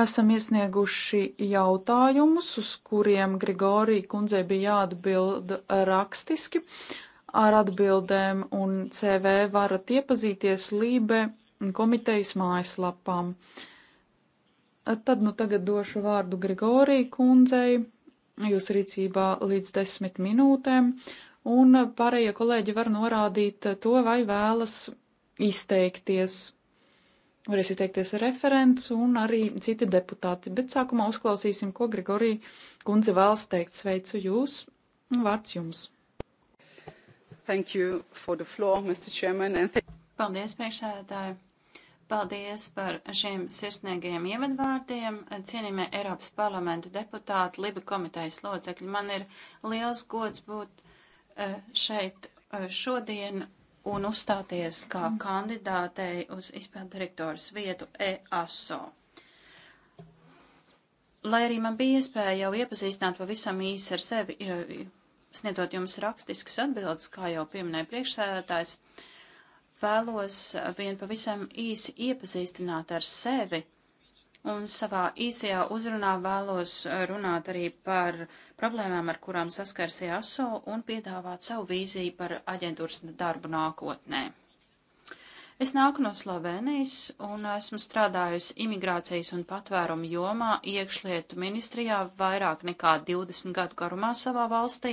Esam iesnieguši jautājumus, uz kuriem Grigorija kundzei bija jāatbild rakstiski. Uh, ar atbildēm un CV varat iepazīties Lībe komitejas mājaslapām. Tad nu tagad došu vārdu Grigorija kundzei, jūs rīcībā līdz desmit minūtēm, un pārējie kolēģi var norādīt to, vai vēlas izteikties. Varēs izteikties referents un arī citi deputāti, bet sākumā uzklausīsim, ko Grigorija kundze vēlas teikt. Sveicu jūs, vārds jums! Thank you for the floor, Mr. Chairman. And Paldies, priekšsēdētāji. Paldies par šiem sirsnīgajiem ievadvārdiem. Cienījamie Eiropas parlamenta deputāti, Liba komitejas locekļi, man ir liels gods būt eh, šeit eh, šodien un uzstāties kā kandidātei uz izpildu direktoras vietu EASO. Lai arī man bija iespēja jau iepazīstināt pavisam īsi ar sevi sniedzot jums rakstiskas atbildes, kā jau pieminēja priekšsēdētājs, vēlos vien pavisam īsi iepazīstināt ar sevi, un savā īsajā uzrunā vēlos runāt arī par problēmām, ar kurām saskars EASO, un piedāvāt savu vīziju par aģentūras darbu nākotnē. Es nāku no Slovenijas un esmu strādājusi imigrācijas un patvērumu jomā iekšlietu ministrijā vairāk nekā 20 gadu garumā savā valstī.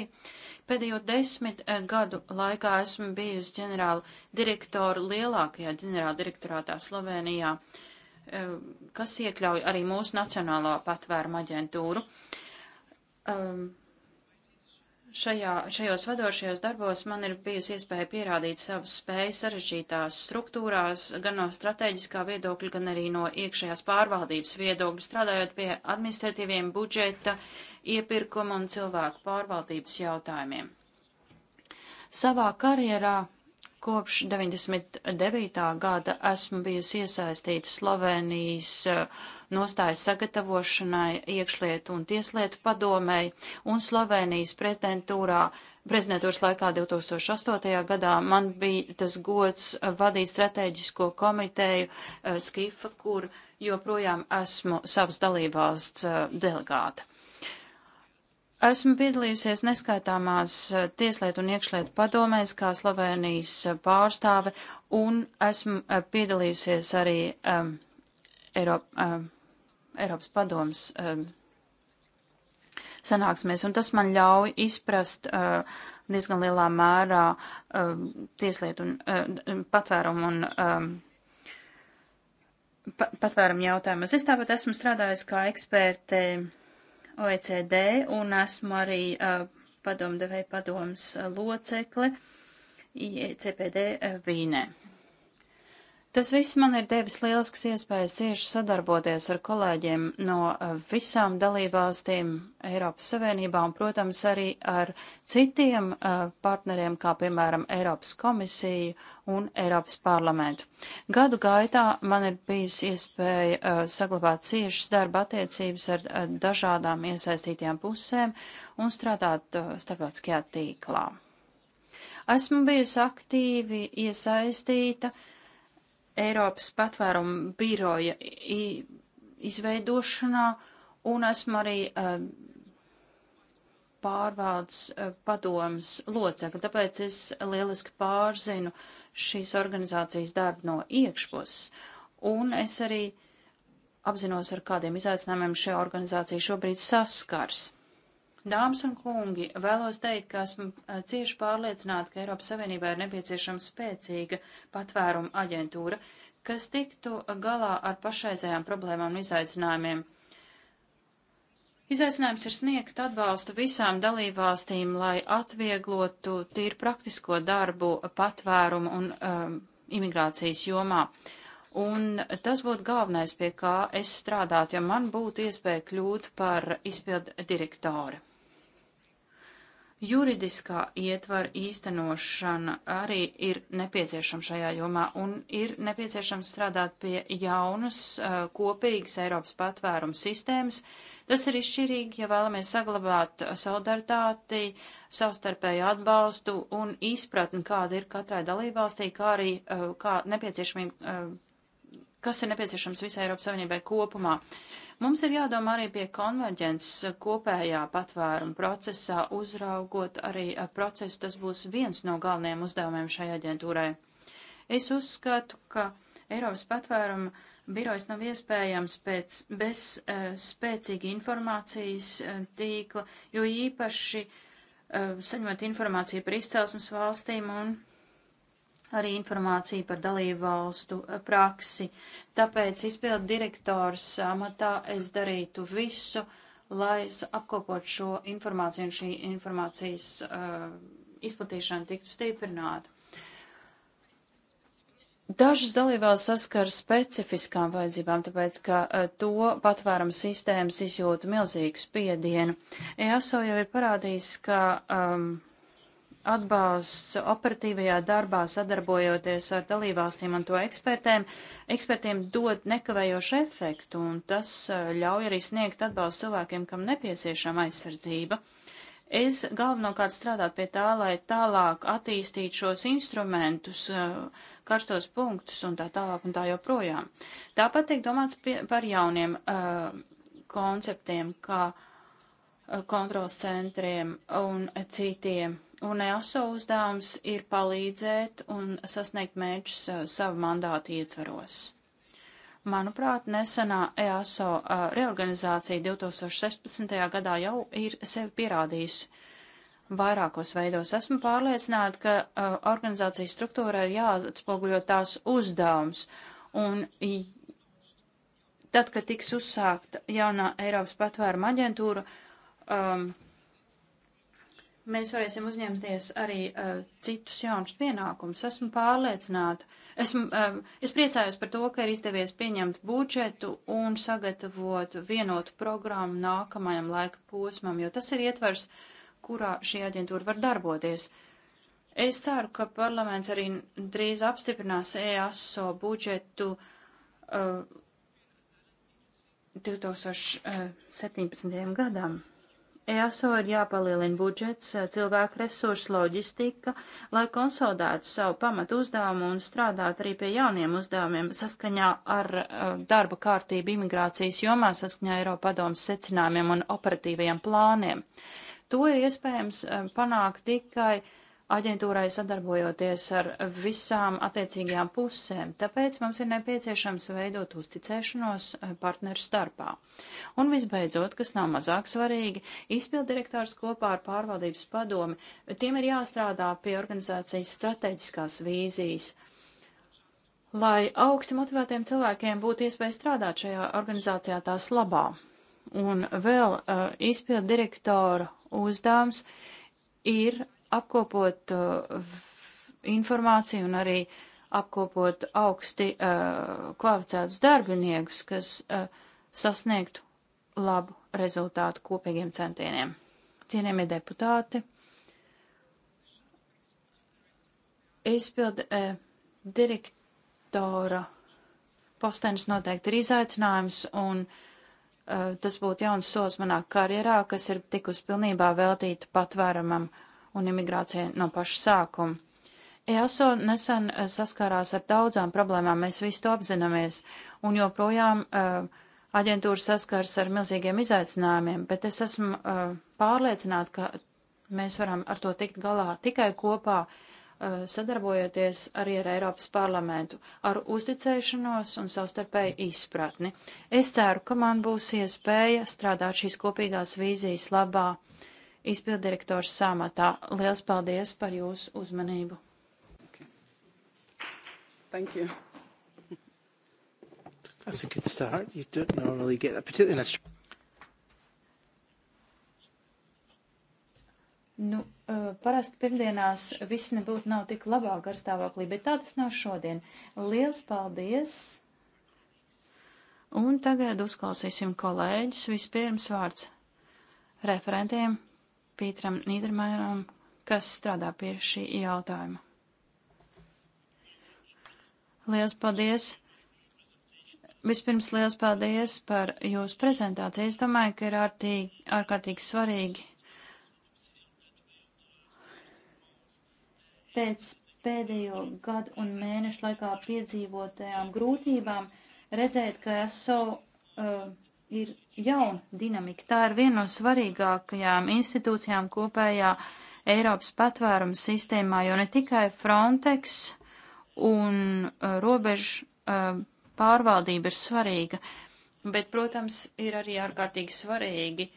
Pēdējo desmit eh, gadu laikā esmu bijusi ģenerāla direktora lielākajā ģenerāla direktorātā Slovenijā, eh, kas iekļauj arī mūsu Nacionālo patvērumu aģentūru. Um, šajā, šajos vadošajos darbos man ir bijusi iespēja pierādīt savas spējas sarežģītās struktūrās, gan no strateģiskā viedokļa, gan arī no iekšējās pārvaldības viedokļa, strādājot pie administratīviem budžeta, iepirkuma un cilvēku pārvaldības jautājumiem. Savā karjerā kopš 99. gada esmu bijusi iesaistīta Slovenijas uh, nostājas sagatavošanai iekšlietu un tieslietu padomēji un Slovenijas prezidentūrā. Prezidentūras laikā 2008. gadā man bija tas gods vadīt strateģisko komiteju uh, Skifa, kur joprojām esmu savas dalībvalsts uh, eh, delegāta. Esmu piedalījusies neskaitāmās eh, tieslietu un iekšlietu padomēs kā Slovenijas pārstāve un esmu piedalījusies arī um, Eiropa, um, Eiropas padomas um, sanāksmēs, un tas man ļauj izprast uh, diezgan lielā mērā uh, tieslietu un uh, patvērumu un um, pa, patvērumu jautājumus. Es tāpat esmu strādājis kā eksperte OECD un esmu arī uh, padomdevēja padomas uh, locekle ICPD e uh, Vīnē. Tas viss man ir devis lielisks iespējas cieši sadarboties ar kolēģiem no eh, visām dalībvalstīm Eiropas Savienībā un, protams, arī ar citiem eh, partneriem, kā piemēram Eiropas komisiju un Eiropas parlamentu. Gadu gaitā man ir bijusi iespēja eh, saglabāt ciešas darba attiecības ar dažādām iesaistītajām pusēm un strādāt starptautiskajā tīklā. Esmu bijusi aktīvi iesaistīta uh, Eiropas patvērumu biroja izveidošanā un esmu arī um, pārvaldes uh, padomas locekli, tāpēc es lieliski pārzinu šīs organizācijas darbu no iekšpuses. Un es arī apzinos, ar kādiem izaicinājumiem šī organizācija šobrīd saskars. Dāmas un kungi, vēlos teikt, ka esmu eh, cieši pārliecināta, ka Eiropas Savienībā ir nepieciešama spēcīga patvēruma aģentūra, kas tiktu galā ar pašreizējām problēmām un izaicinājumiem. Izaicinājums ir sniegt atbalstu visām dalībvalstīm, lai atvieglotu tīri praktisko darbu patvērumu un um, imigrācijas jomā. Un tas būtu galvenais, pie kā es strādātu, ja man būtu iespēja kļūt par izpildu direktoru juridiskā ietvara īstenošana arī ir nepieciešama šajā jomā un ir nepieciešams strādāt pie jaunas kopīgas Eiropas patvērumu sistēmas. Tas ir izšķirīgi, ja vēlamies saglabāt solidaritāti, savstarpēju atbalstu un izpratni, kāda ir katrai dalībvalstī, kā arī kā nepieciešamība, kas ir nepieciešams visai Eiropas Savienībai kopumā. Uh, Mums ir jādomā arī pie konverģences kopējā patvēruma procesā, uzraugot arī eh, procesu. Tas būs viens no galvenajiem uzdevumiem šai aģentūrai. Es uzskatu, ka Eiropas patvēruma birojs nav iespējams pēc, bez uh, spēcīga informācijas uh, tīkla, jo īpaši uh, saņemot informāciju par izcelsmes valstīm un arī informāciju par dalību valstu eh, praksi. Tāpēc izpildu direktors amatā es darītu visu, lai apkopot šo informāciju un šī informācijas uh, izplatīšana tiktu stiprināta. Dažas dalībās saskar specifiskām vajadzībām, tāpēc, ka eh, to patvērums sistēmas izjūta milzīgu spiedienu. EASO jau ir parādījis, ka um, atbalsts operatīvajā darbā sadarbojoties ar dalībvalstīm un to ekspertēm, ekspertiem dod nekavējošu efektu, un tas eh, ļauj arī sniegt atbalstu cilvēkiem, kam nepieciešama aizsardzība. Es galvenokārt strādātu pie tā, lai tālāk attīstītu šos instrumentus, eh, karstos punktus un tā tālāk un tā joprojām. Tāpat tiek domāts pie, par jauniem uh, konceptiem, kā kontrols centriem un citiem Un EASO uzdevums ir palīdzēt un sasniegt mērķus uh, savu mandātu ietveros. Manuprāt, nesenā EASO uh, reorganizācija 2016. gadā jau ir sevi pierādījusi. Vairākos veidos esmu pārliecināta, ka uh, organizācijas struktūra ir jāatspoguļo tās uzdevums. Un tad, kad tiks uzsākta jaunā Eiropas patvēruma aģentūra, um, mēs varēsim uzņemties arī uh, citus jaunus pienākumus. Esmu pārliecināta. Esmu, uh, es priecājos par to, ka ir izdevies pieņemt budžetu un sagatavot vienotu programmu nākamajam laika posmam, jo tas ir ietvers, kurā šī aģentūra var darboties. Es ceru, ka parlaments arī drīz apstiprinās EASO budžetu uh, eh, 2017. gadam. EASO ir jāpalielina budžets, eh, cilvēku resursu, loģistika, lai konsolidētu savu pamatu uzdevumu un strādātu arī pie jauniem uzdevumiem saskaņā ar uh, darba kārtību imigrācijas jomā, saskaņā Eiropadomas secinājumiem un operatīvajiem plāniem. To ir iespējams uh, panākt tikai uh, aģentūrai sadarbojoties ar visām attiecīgajām pusēm. Tāpēc mums ir nepieciešams veidot uzticēšanos eh, partneru starpā. Un visbeidzot, kas nav mazāk svarīgi, izpildirektors kopā ar pārvaldības padomi, tiem ir jāstrādā pie organizācijas strateģiskās vīzijas lai augsti motivētiem cilvēkiem būtu iespēja strādāt šajā organizācijā tās labā. Un vēl uh, eh, izpildu direktora uzdevums ir apkopot uh, informāciju un arī apkopot augsti uh, kvalificētus darbiniekus, kas uh, sasniegtu labu rezultātu kopīgiem centieniem. Cienījamie deputāti, izpildu eh, direktora postenis noteikti ir izaicinājums, un eh, tas būtu jauns solis manā karjerā, kas ir tikus pilnībā veltīta patvēramam un imigrācija no paša sākuma. EASO nesen eh, saskārās ar daudzām problēmām, mēs visu to apzināmies, un joprojām uh, aģentūra saskars ar milzīgiem izaicinājumiem, bet es esmu uh, pārliecināta, ka mēs varam ar to tikt galā tikai kopā, uh, sadarbojoties arī ar Eiropas parlamentu, ar uzticēšanos un savstarpēju izpratni. Es ceru, ka man būs iespēja strādāt šīs kopīgās vīzijas labā. Uh, izpildirektora samatā. Liels paldies par jūsu uzmanību! Okay. Thank you. That's a good start. You don't normally get that, particularly in Australia. Nu, uh, parasti pirmdienās viss nebūtu nav tik labā garstāvoklī, bet tā tas nav šodien. Liels paldies! Un tagad uzklausīsim kolēģis. Vispirms vārds referentiem Pītram Nīdermēram, kas strādā pie šī jautājuma. Liels paldies! Vispirms liels paldies par jūsu prezentāciju. Es domāju, ka ir ārtīgi, ārkārtīgi svarīgi pēc pēdējo gadu un mēnešu laikā piedzīvotajām grūtībām redzēt, ka ESO uh, ir jauna dinamika. Tā ir viena no svarīgākajām institūcijām kopējā Eiropas patvērums sistēmā, jo ne tikai Frontex un uh, robežu uh, pārvaldība ir svarīga, bet, protams, ir arī ārkārtīgi svarīgi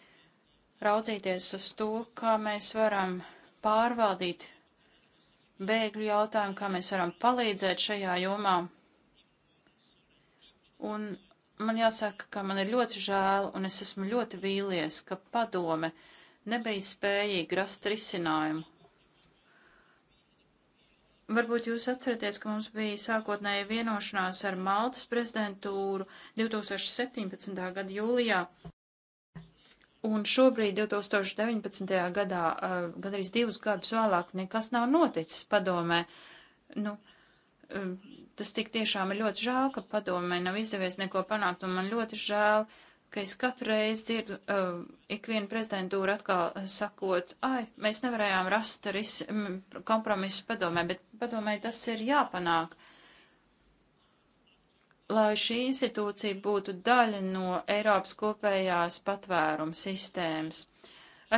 raudzīties uz to, kā mēs varam pārvaldīt bēgļu jautājumu, kā mēs varam palīdzēt šajā jomā. Un man jāsaka, ka man ir ļoti žēl un es esmu ļoti vīlies, ka padome nebija spējīga rast risinājumu. Varbūt jūs atceraties, ka mums bija sākotnēji vienošanās ar Maltas prezidentūru 2017. gada jūlijā. Un šobrīd, 2019. gadā, gandrīz divus gadus vēlāk, nekas nav noticis padomē. Nu, Tas tik tiešām ir ļoti žēl, ka padomē nav izdevies neko panākt, un man ļoti žēl, ka es katru reizi dzirdu uh, ikvienu prezidentūru atkal sakot, ai, mēs nevarējām rast ris, kompromisu padomē, bet padomē tas ir jāpanāk. Lai šī institūcija būtu daļa no Eiropas kopējās patvēruma sistēmas.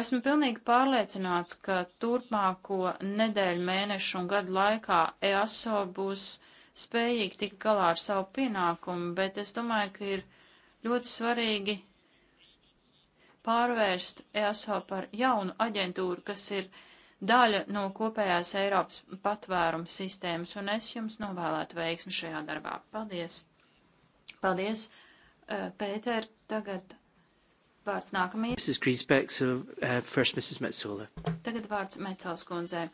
Esmu pilnīgi pārliecināts, ka turpmāko nedēļu, mēnešu un gadu laikā EASO būs uh, spējīgi tikt galā ar savu pienākumu, bet es domāju, ka ir ļoti svarīgi pārvērst ESO par jaunu aģentūru, kas ir daļa no kopējās Eiropas patvērumu sistēmas, un es jums novēlētu veiksmi šajā darbā. Paldies! Paldies, eh, Pēter, tagad vārds nākamajai. Mrs. Griesbeck, so uh, first Mrs. Metzola. Tagad vārds Metzols kundzei.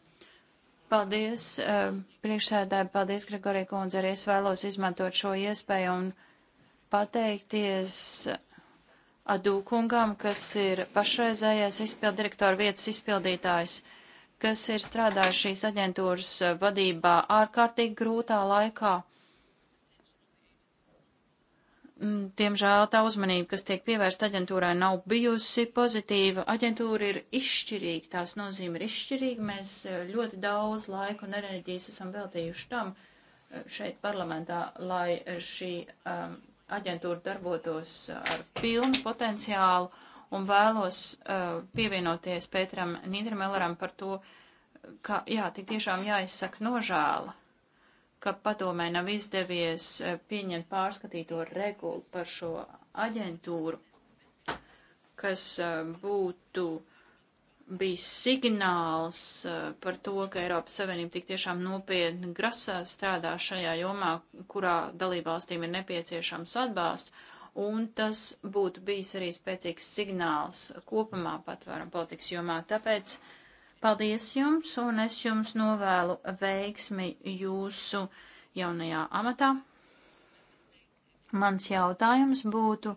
Paldies, eh, priekšsēdētāji, paldies, Gregorija kundze, arī es vēlos izmantot šo iespēju un pateikties Adūkungam, kas ir pašreizējais izpildirektora vietas izpildītājs, kas ir strādājis šīs aģentūras vadībā ārkārtīgi grūtā laikā. Mm, diemžēl tā uzmanība, kas tiek pievērsta aģentūrai, nav bijusi pozitīva. Aģentūra ir izšķirīga, tās nozīme ir izšķirīga. Mēs eh, ļoti daudz laika un enerģijas esam veltījuši tam eh, šeit parlamentā, lai eh, šī um, aģentūra darbotos ar pilnu potenciālu un vēlos uh, pievienoties Pēteram Nīdermelleram par to, ka, jā, tik tiešām jāizsaka nožēla ka padomē nav izdevies eh, pieņemt pārskatīto regulu par šo aģentūru, kas eh, būtu bijis signāls eh, par to, ka Eiropas Savienība tik tiešām nopietni grasās strādā šajā jomā, kurā dalībvalstīm ir nepieciešams atbalsts, un tas būtu bijis arī spēcīgs signāls kopumā patvērumu politikas jomā. Tāpēc uh, Paldies jums, un es jums novēlu veiksmi jūsu jaunajā amatā. Mans jautājums būtu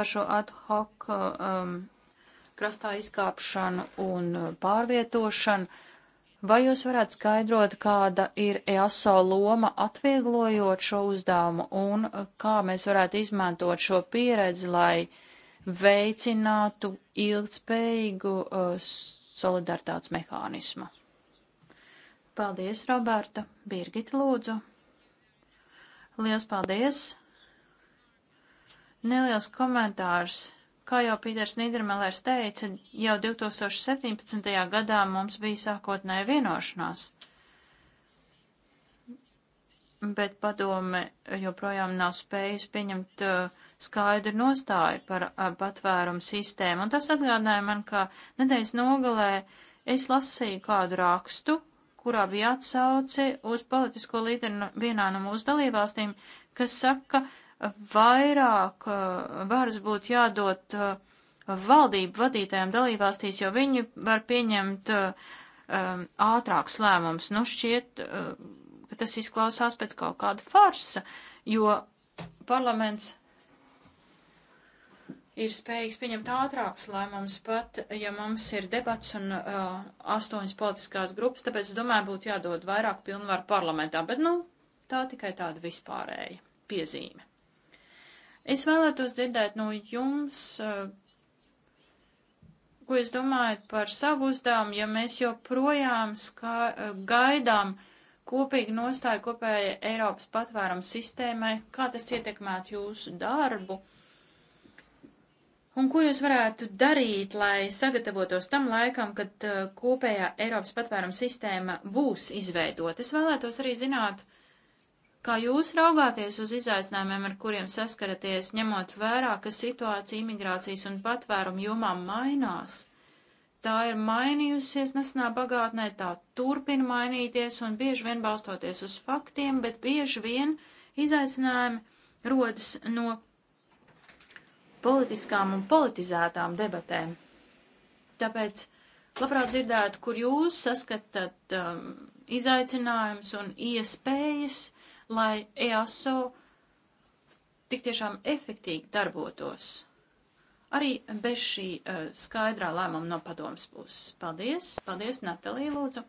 par šo ad hoc um, krastā izkāpšanu un pārvietošanu. Vai jūs varētu skaidrot, kāda ir EASO loma atvieglojot šo uzdevumu un kā mēs varētu izmantot šo pieredzi, lai veicinātu ilgspējīgu uh, solidaritātes mehānisma. Paldies, Roberta. Birgita, lūdzu. Liels paldies. Neliels komentārs. Kā jau Pīters Nīdermelērs teica, jau 2017. gadā mums bija sākotnēja vienošanās bet padome joprojām nav spējusi pieņemt uh, skaidru nostāju par patvērumu sistēmu. Un tas atgādināja man, ka nedēļas nogalē es lasīju kādu rakstu, kurā bija atsauce uz politisko līderu vienā no mūsu dalībvalstīm, kas saka, vairāk varas būtu jādod valdību vadītājiem dalībvalstīs, jo viņi var pieņemt um, ātrākus lēmumus. Nu, šķiet, ka tas izklausās pēc kaut kāda farsa, jo parlaments ir spējīgs pieņemt ātrākus lēmumus, pat ja mums ir debats un uh, astoņas politiskās grupas, tāpēc es domāju, būtu jādod vairāk pilnvaru parlamentā, bet nu, tā tikai tāda vispārēja piezīme. Es vēlētos dzirdēt no jums, uh, ko jūs domājat par savu uzdevumu, ja mēs joprojām skā, uh, gaidām kopīgu nostāju kopējai Eiropas patvērumu sistēmai, kā tas ietekmētu jūsu darbu. Uh, Un ko jūs varētu darīt, lai sagatavotos tam laikam, kad uh, kopējā Eiropas patvērums sistēma būs izveidota? Es vēlētos arī zināt, kā jūs raugāties uz izaicinājumiem, ar kuriem saskaraties, ņemot vērā, ka situācija imigrācijas un patvērumu jomā mainās. Tā ir mainījusies nesenā pagātnē, tā turpina mainīties un bieži vien balstoties uz faktiem, bet bieži vien izaicinājumi rodas no politiskām un politizētām debatēm. Tāpēc labprāt dzirdētu, kur jūs saskatāt um, izaicinājums un iespējas, lai EASO tik tiešām efektīgi darbotos. Arī bez šī uh, skaidrā lēmuma no padomas puses. Paldies, paldies, Natalija, lūdzu.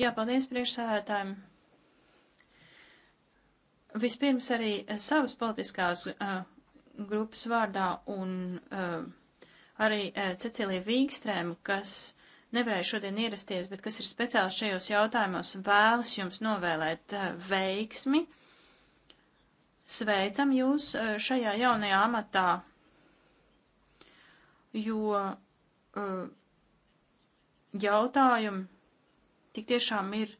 Jā, paldies priekšsēdētājiem. Vispirms arī eh, savas politiskās uh, grupas vārdā un uh, arī uh, eh, Cecilija Vīgstrēma, kas nevarēja šodien ierasties, bet kas ir speciāls šajos jautājumos, vēlas jums novēlēt uh, veiksmi. Sveicam jūs uh, šajā jaunajā amatā, jo uh, jautājumi tik tiešām ir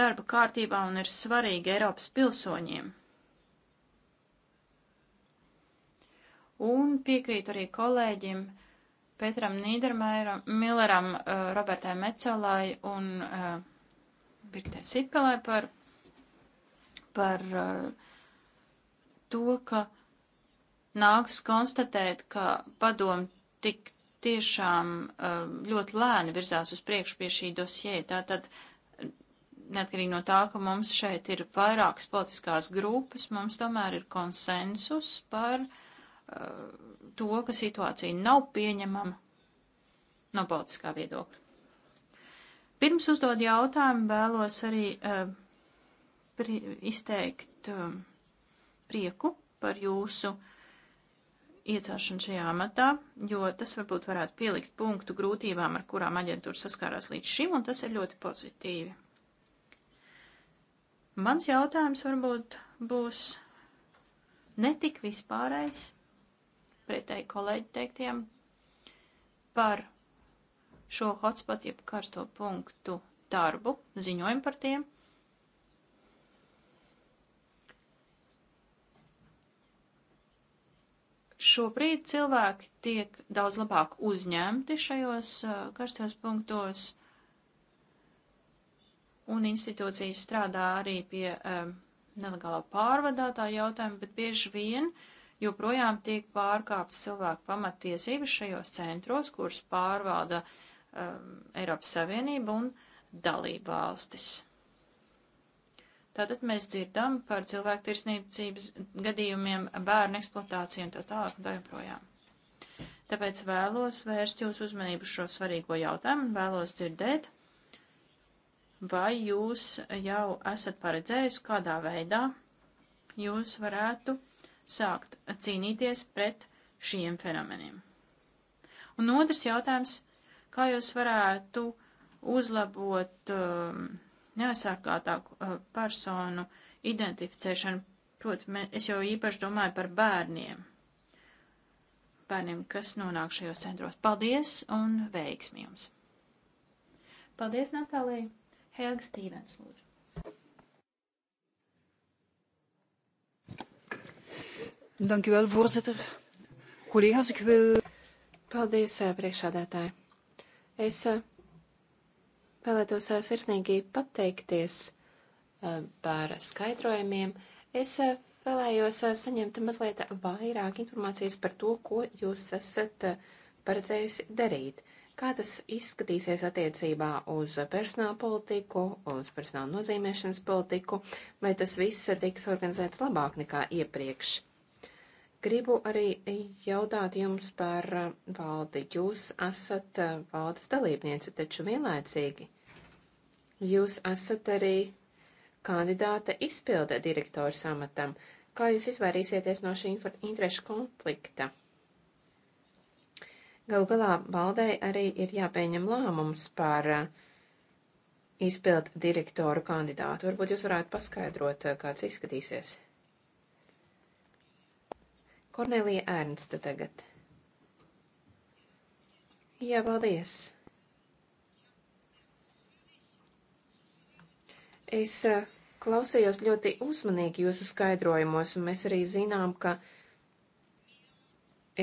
darba kārtībā un ir svarīgi Eiropas pilsoņiem. un piekrītu arī kolēģim Petram Nīdermēram, Milleram, uh, Robertai Mecolai un uh, eh, Birgitē Sipelē par, par uh, to, ka nāks konstatēt, ka padomu tik tiešām ļoti lēni virzās uz priekšu pie šī dosie. Tātad, neatkarīgi no tā, ka mums šeit ir vairākas politiskās grupas, mums tomēr ir konsensus par uh, to, ka situācija nav pieņemama no politiskā viedokļa. Pirms uzdod jautājumu, vēlos arī uh, pri, izteikt uh, prieku par jūsu iecelšanu šajā amatā, jo tas varbūt varētu pielikt punktu grūtībām, ar kurām aģentūra saskārās līdz šim, un tas ir ļoti pozitīvi. Mans jautājums varbūt būs netik vispārējs, pretēji kolēģi teiktiem par šo hotspot, jeb karsto punktu darbu, ziņojumu par tiem. Šobrīd cilvēki tiek daudz labāk uzņemti šajos uh, karstajos punktos, un institūcijas strādā arī pie um, nelegālā pārvadātā jautājuma, bet bieži vien uh, joprojām tiek pārkāptas cilvēku pamatiesības šajos centros, kurus pārvalda um, Eiropas Savienība un dalība valstis. Tātad mēs dzirdam par cilvēku tirsniecības gadījumiem, bērnu eksploatāciju un tā tālāk un tā joprojām. Tāpēc vēlos vērst jūsu uzmanību šo svarīgo jautājumu un vēlos dzirdēt, vai jūs jau esat paredzējusi, kādā veidā jūs varētu sākt cīnīties pret šiem fenomeniem. Un otrs jautājums, kā jūs varētu uzlabot um, neaizsākātāku uh, personu identificēšanu, proti, es jau īpaši domāju par bērniem, bērniem, kas nonāk šajos centros. Paldies un veiksmi jums! Paldies, Natālija! Helga Stīvens, lūdzu! Dank u wel, voorzitter. Collega's, ik wil... Paldies, eh, priekšādētāji. Es eh, vēlētos eh, sirsnīgi pateikties par skaidrojumiem. Es vēlējos saņemt mazliet vairāk informācijas par to, ko jūs esat paredzējusi darīt. Kā tas izskatīsies attiecībā uz personāla politiku, uz personāla nozīmēšanas politiku, vai tas viss tiks organizēts labāk nekā iepriekš? Gribu arī jautāt jums par eh, valdi. Jūs esat eh, valdes dalībniece, taču vienlaicīgi jūs esat arī kandidāte izpilda direktora amatam. Kā jūs izvairīsieties no šī interešu konflikta? Galu galā valdei arī ir jāpieņem lēmums par eh, izpildu direktoru kandidātu. Varbūt jūs varētu paskaidrot, kāds izskatīsies. Kornelija Ernsta tagad. Jā, paldies. Es eh, klausījos ļoti uzmanīgi jūsu skaidrojumos, un mēs arī zinām, ka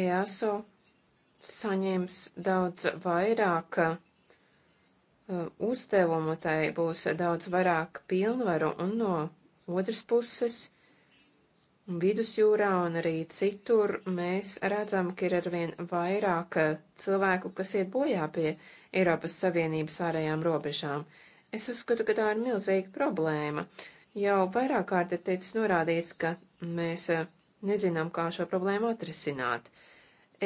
EASO saņems daudz vairāk eh, uzdevumu, tai būs daudz vairāk pilnvaru, un no otras puses Vidusjūrā un arī citur mēs redzam, ka ir arvien vairāk eh, cilvēku, kas iet bojā pie Eiropas Savienības ārējām robežām. Es uzskatu, ka tā ir milzīga problēma. Jau vairāk kārt ir teicis norādīts, ka mēs eh, nezinām, kā šo problēmu atrisināt.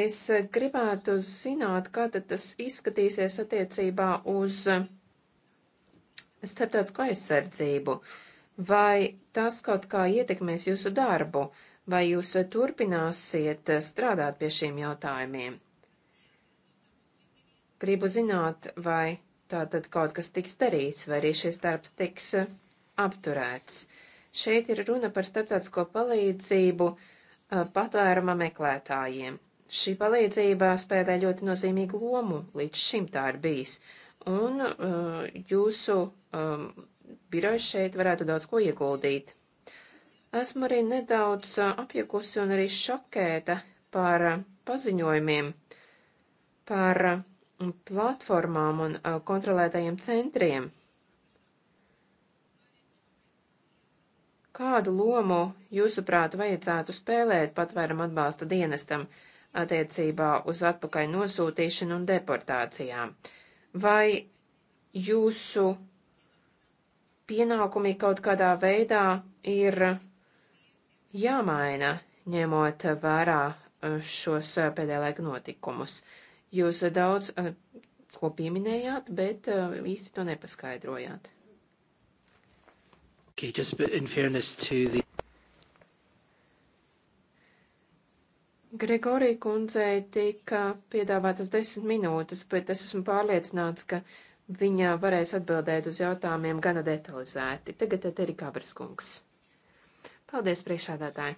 Es eh, gribētu zināt, kā tad tas izskatīsies attiecībā uz starptautisko aizsardzību. Uh, Vai tas kaut kā ietekmēs jūsu darbu, vai jūs turpināsiet strādāt pie šiem jautājumiem? Gribu zināt, vai tā tad kaut kas tiks darīts, vai arī šis darbs tiks apturēts. Šeit ir runa par starptautisko palīdzību eh, patvēruma meklētājiem. Šī palīdzība spēlē ļoti nozīmīgu lomu, līdz šim tā ir bijis. Un uh, jūsu um, birojs šeit varētu daudz ko ieguldīt. Esmu arī nedaudz apjukusi un arī šokēta par paziņojumiem par platformām un kontrolētajiem centriem. Kādu lomu, jūsuprāt, vajadzētu spēlēt patvērumu atbalsta dienestam attiecībā uz atpakaļ nosūtīšanu un deportācijām? Vai jūsu pienākumi kaut kādā veidā ir jāmaina, ņemot vērā e, šos e, pēdējā laika notikumus. Jūs daudz e, ko pieminējāt, bet īsti to nepaskaidrojāt. Okay, just in fairness to the... Gregorija kundzei tika piedāvātas desmit minūtes, bet es esmu pārliecināts, ka viņa varēs atbildēt uz jautājumiem gana detalizēti. Tagad te ir Kabras kungs. Paldies, priekšādātāji!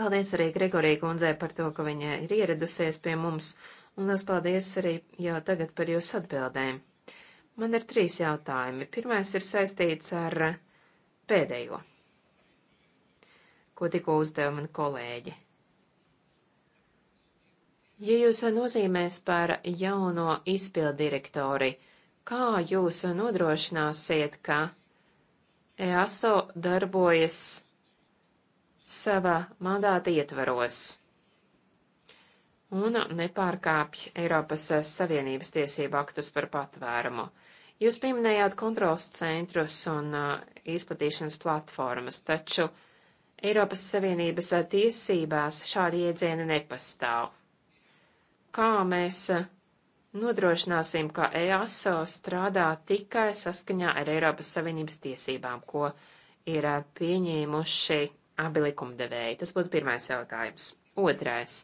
Paldies arī Gregorija kundzē par to, ka viņa ir ieradusies pie mums, un liels paldies arī jau tagad par jūsu atbildēm. Man ir trīs jautājumi. Pirmais ir saistīts ar pēdējo, ko tikko uzdeva man kolēģi. Ja jūs nozīmēs par jauno izpildirektori, kā jūs nodrošināsiet, ka EASO darbojas sava mandāta ietvaros? un nepārkāpj Eiropas Savienības tiesību aktus par patvērumu. Jūs pieminējāt kontrols centrus un uh, izplatīšanas platformas, taču Eiropas Savienības tiesībās šādi iedzieni nepastāv kā mēs eh, nodrošināsim, ka EASO strādā tikai saskaņā ar Eiropas Savienības tiesībām, ko ir eh, pieņēmuši abi likumdevēji. Tas būtu pirmais jautājums. Otrais.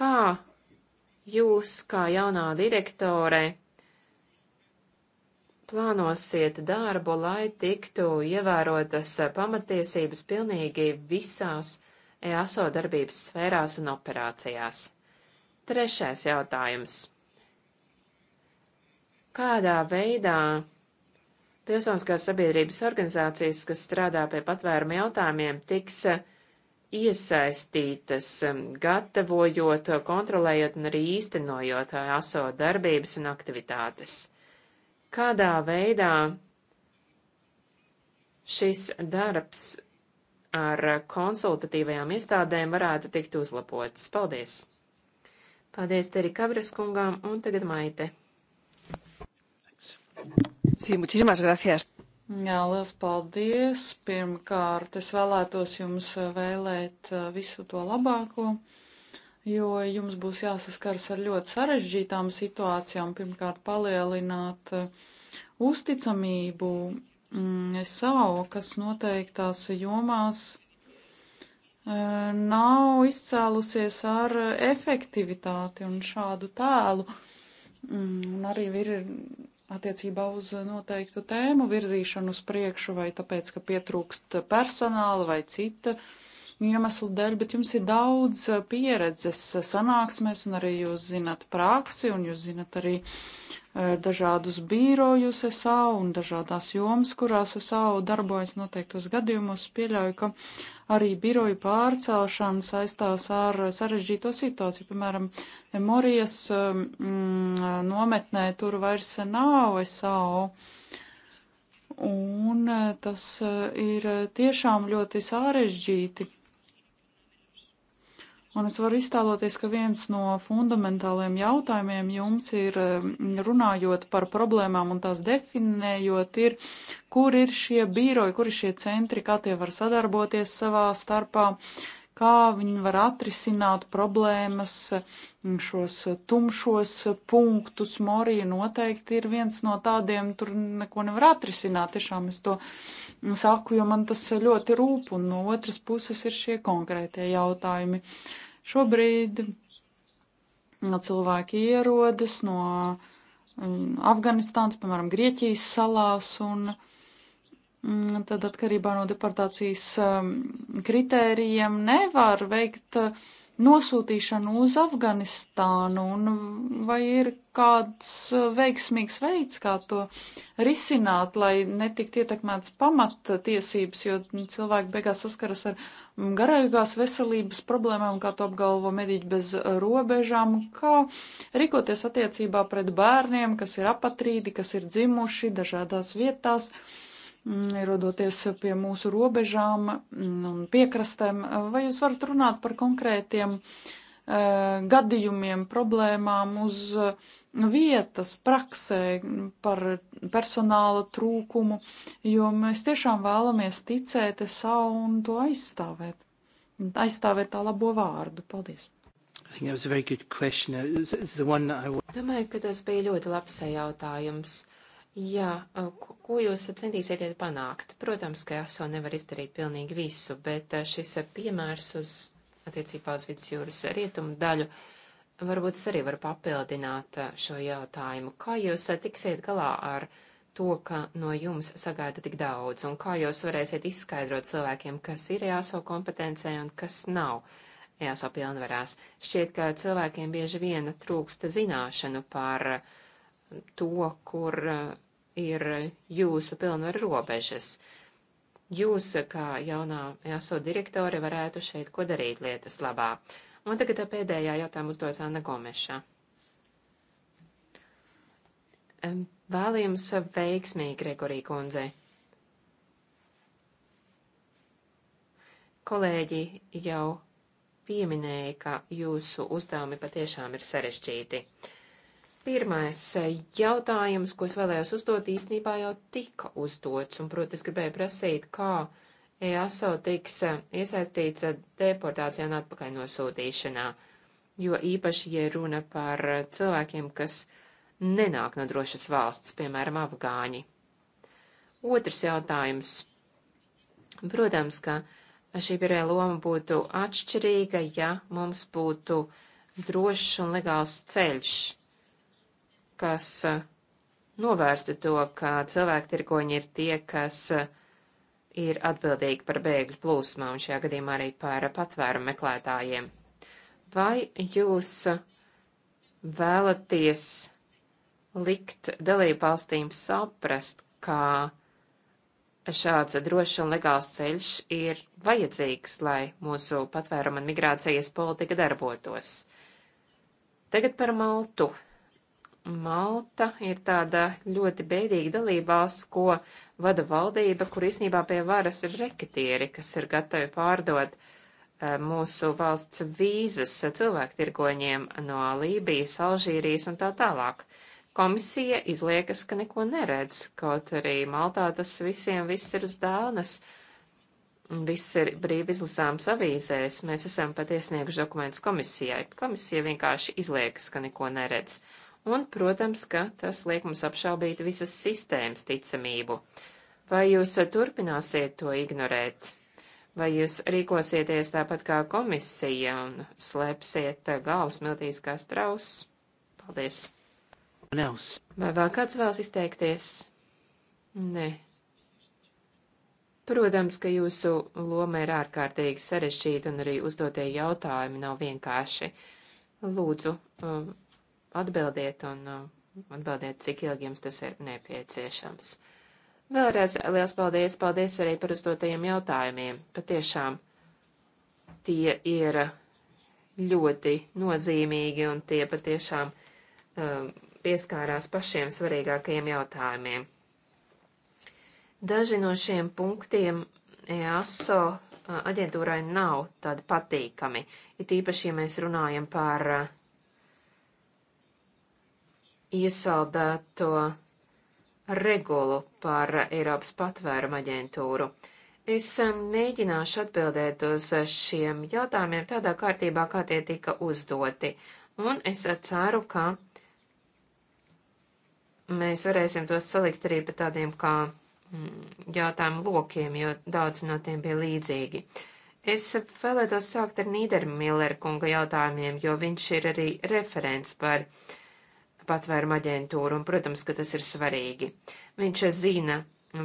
Kā jūs, kā jaunā direktore, plānosiet darbu, lai tiktu ievērotas eh, pamatiesības pilnīgi visās EASO darbības sfērās un operācijās? Trešais jautājums. Kādā veidā pilsoniskās sabiedrības organizācijas, kas strādā pie patvērumu jautājumiem, tiks eh, iesaistītas, eh, gatavojot, eh, kontrolējot un arī īstenojot ASO darbības un aktivitātes. Kādā veidā šis darbs ar konsultatīvajām iestādēm varētu tikt uzlabots? Paldies! Paldies, Teri Kabras kungām, un tagad Maite. Sí, muchísimas gracias. Jā, liels paldies. Pirmkārt, es vēlētos jums eh, vēlēt eh, visu to labāko, jo jums būs jāsaskars ar ļoti sarežģītām situācijām. Pirmkārt, palielināt eh, uzticamību mm, savu, kas noteiktās jomās E, nav izcēlusies ar efektivitāti un šādu tēlu. Mm, un arī ir attiecībā uz noteiktu tēmu virzīšanu uz priekšu, vai tāpēc, ka pietrūkst personāla vai cita iemeslu dēļ, bet jums ir daudz pieredzes sanāksmēs, un arī jūs zināt praksi, un jūs zināt arī uh, Eh, dažādus bīrojus SAO un dažādās jomas, kurās SAO darbojas noteiktos gadījumos, pieļauju, ka arī biroju pārcelšana saistās ar sarežģīto situāciju. Piemēram, Morijas eh, mm, nometnē tur vairs nav SAO. Un eh, tas ir tiešām ļoti sarežģīti Un es varu iztēloties, ka viens no fundamentāliem jautājumiem jums ir, runājot par problēmām un tās definējot, ir, kur ir šie bīroji, kur ir šie centri, kā tie var sadarboties savā starpā, kā viņi var atrisināt problēmas, šos tumšos punktus. Morija noteikti ir viens no tādiem, tur neko nevar atrisināt, tiešām es to. Uh, saku, jo man tas ļoti rūp, un no otras puses ir šie konkrētie jautājumi. Šobrīd nu, cilvēki ierodas no mm, Afganistānas, piemēram, Grieķijas salās, un mm, tad atkarībā no deportācijas mm, kritērijiem nevar veikt uh, nosūtīšanu uz Afganistānu, un vai ir kāds veiksmīgs veids, kā to risināt, lai netikt ietekmēts pamattiesības, jo cilvēki beigās saskaras ar garīgās veselības problēmām, kā to apgalvo medīķi bez robežām, kā rīkoties attiecībā pret bērniem, kas ir apatrīdi, kas ir dzimuši dažādās vietās. Uh, ierodoties mm, pie mūsu robežām mm, un piekrastēm, vai jūs varat runāt par konkrētiem eh, gadījumiem, problēmām uz eh, vietas, praksē, par personāla trūkumu, jo mēs tiešām vēlamies ticēt savu un to aizstāvēt. Aizstāvēt tā labo vārdu. Paldies! Domāju, ka tas bija ļoti labs jautājums. Uh, Jā, eh, ko, ko jūs centīsieties panākt? Protams, ka ASO nevar izdarīt pilnīgi visu, bet eh, šis eh, piemērs uz attiecībā uz vidusjūras rietumu daļu, varbūt es arī varu papildināt šo jautājumu. Kā jūs tiksiet galā ar to, ka no jums sagaida tik daudz, un kā jūs varēsiet izskaidrot cilvēkiem, kas ir ASO e kompetencē un kas nav? ESO pilnvarās. Šķiet, ka cilvēkiem bieži viena trūksta zināšanu par uh, to, kur eh, ir jūsu pilnvaru robežas. Jūs, kā jaunā jāso direktore, varētu šeit ko darīt lietas labā. Un tagad pēdējā jautājuma uzdos Anna Gomeša. Vēl jums veiksmīgi, Gregorī kundze. Kolēģi jau pieminēja, ka jūsu uzdevumi patiešām ir sarežģīti. Uh, Pirmais eh, jautājums, ko es vēlējos uzdot, īstenībā jau tika uzdots, un, protams, es gribēju prasīt, kā EASO tiks eh, iesaistīts eh, deportācijā un atpakaļ nosūtīšanā, jo īpaši, ja runa par cilvēkiem, kas nenāk no drošas valsts, piemēram, afgāņi. Otrs jautājums. Protams, ka šī pirmā loma būtu atšķirīga, ja mums būtu drošs un legāls ceļš kas uh, novērstu to, ka cilvēktirgoņi ir tie, kas uh, ir atbildīgi par bēgļu plūsmām, šajā gadījumā arī par patvērumu meklētājiem. Vai jūs uh, vēlaties likt dalību valstīm saprast, ka šāds drošs un legāls ceļš ir vajadzīgs, lai mūsu patvēruma un migrācijas politika darbotos? Tagad par Maltu. Malta ir tāda ļoti bēdīga dalībvalsts, ko vada valdība, kur īsnībā pie varas ir reketieri, kas ir gatavi pārdot eh, mūsu valsts vīzas cilvēktirgoņiem no Lībijas, Alžīrijas un tā tālāk. Komisija izliekas, ka neko neredz, kaut arī Maltā tas visiem viss ir uz dēlnes. Viss ir brīvi izlasāms avīzēs, mēs esam pat iesnieguši dokumentus komisijai. Komisija vienkārši izliekas, ka neko neredz. Uh, un, protams, ka tas liek mums apšaubīt visas sistēmas ticamību. Vai jūs turpināsiet to ignorēt? Vai jūs rīkosieties tāpat kā komisija un slēpsiet galvas miltīs kā strauss? Paldies! Vai vēl kāds vēlas izteikties? Nē. Protams, ka jūsu loma ir ārkārtīgi sarežģīta un arī uzdotie jautājumi nav vienkārši. Lūdzu, um, atbildiet un uh, atbildiet, cik ilgi jums tas ir nepieciešams. Vēlreiz liels paldies, paldies arī par uzdotajiem jautājumiem. Patiešām tie ir ļoti nozīmīgi un tie patiešām um, pieskārās pašiem svarīgākajiem jautājumiem. Daži no šiem punktiem EASO uh, aģentūrai nav tādi patīkami, it īpaši, ja mēs runājam par uh, iesaldēto regulu par Eiropas patvērumu aģentūru. Es um, mēģināšu atbildēt uz šiem jautājumiem tādā kārtībā, kā tie tika uzdoti, un es ceru, ka mēs varēsim tos salikt arī pa tādiem kā mm, jautājumu lokiem, jo daudz no tiem bija līdzīgi. Es vēlētos sākt ar Nīdermilleru kunga jautājumiem, jo viņš ir arī referents par uh, patvēruma aģentūru, un, protams, ka tas ir svarīgi. Viņš zina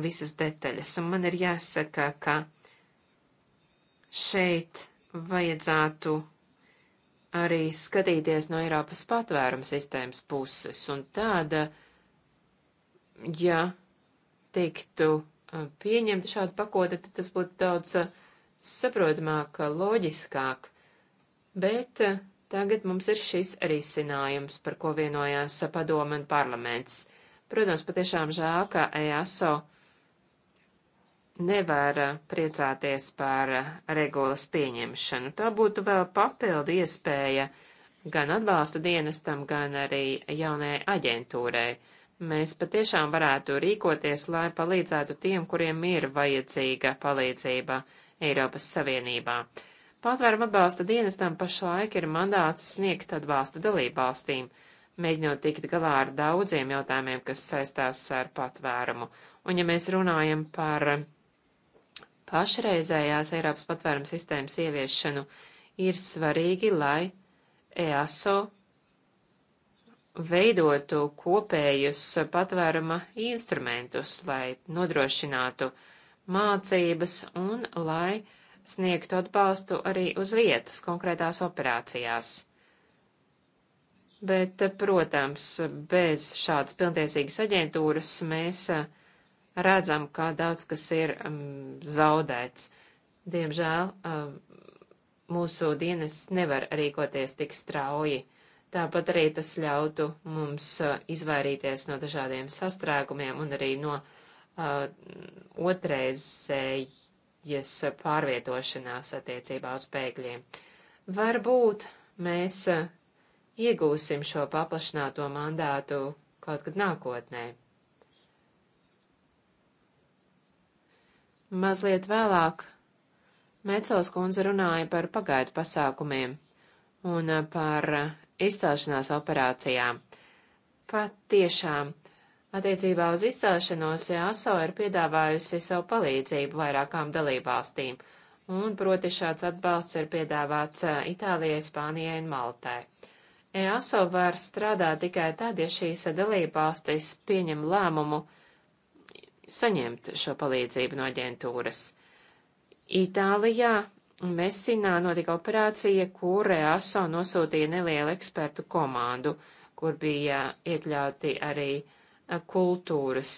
visas detaļas, un man ir jāsaka, ka šeit vajadzētu arī skatīties no Eiropas patvēruma sistēmas puses, un tāda, ja tiktu uh, pieņemta šāda pakota, tad tas būtu daudz uh, saprotamāk, loģiskāk, bet uh, Tagad mums ir šis risinājums, par ko vienojās padoma un parlaments. Protams, patiešām žēl, ka EASO nevar priecāties par regulas pieņemšanu. Tā būtu vēl papildu iespēja gan atbalsta dienestam, gan arī jaunajai aģentūrai. Mēs patiešām varētu rīkoties, lai palīdzētu tiem, kuriem ir vajadzīga palīdzība Eiropas Savienībā. Patvērumu atbalsta dienestam pašlaik ir mandāts sniegt atbalstu dalībvalstīm, mēģinot tikt galā ar daudziem jautājumiem, kas saistās ar patvērumu. Un ja mēs runājam par pašreizējās Eiropas patvērumu sistēmas ieviešanu, ir svarīgi, lai EASO veidotu kopējus patvēruma instrumentus, lai nodrošinātu mācības un lai sniegtu atbalstu arī uz vietas konkrētās operācijās. Bet, protams, bez šādas pilntiesīgas aģentūras mēs eh, redzam, kā daudz kas ir um, zaudēts. Diemžēl um, mūsu dienas nevar rīkoties tik strauji. Tāpat arī tas ļautu mums eh, izvairīties no dažādiem sastrēgumiem un arī no uh, otrreizēji jas pārvietošanās attiecībā uz bēgļiem. Varbūt mēs eh, iegūsim šo paplašināto mandātu kaut kad nākotnē. Mazliet vēlāk Mecels kundze runāja par pagaidu pasākumiem un eh, par izcelšanās operācijām. Pat tiešām Attiecībā uz izcelšanos ASO ir piedāvājusi savu palīdzību vairākām dalībvalstīm, un proti šāds atbalsts ir piedāvāts eh, Itālijai, Spānijai un Maltai. EASO var strādāt tikai tad, ja šīs dalībvalstis pieņem lēmumu saņemt šo palīdzību no aģentūras. Itālijā Mesinā notika operācija, kur EASO nosūtīja nelielu ekspertu komandu, kur bija iekļauti arī uh, kultūras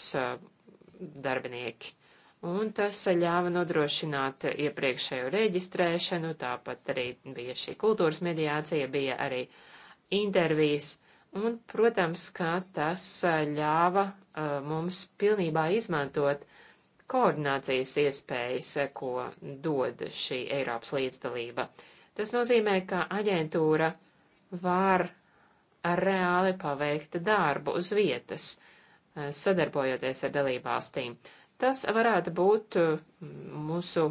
darbinieki. Un tas ļāva nodrošināt iepriekšējo reģistrēšanu, tāpat arī bija šī kultūras mediācija, bija arī intervijas, un, protams, ka tas ļāva mums pilnībā izmantot koordinācijas iespējas, ko dod šī Eiropas līdzdalība. Tas nozīmē, ka aģentūra var reāli paveikt darbu uz vietas. Uh, Eh, sadarbojoties ar dalībvalstīm. Tas varētu būt eh, mūsu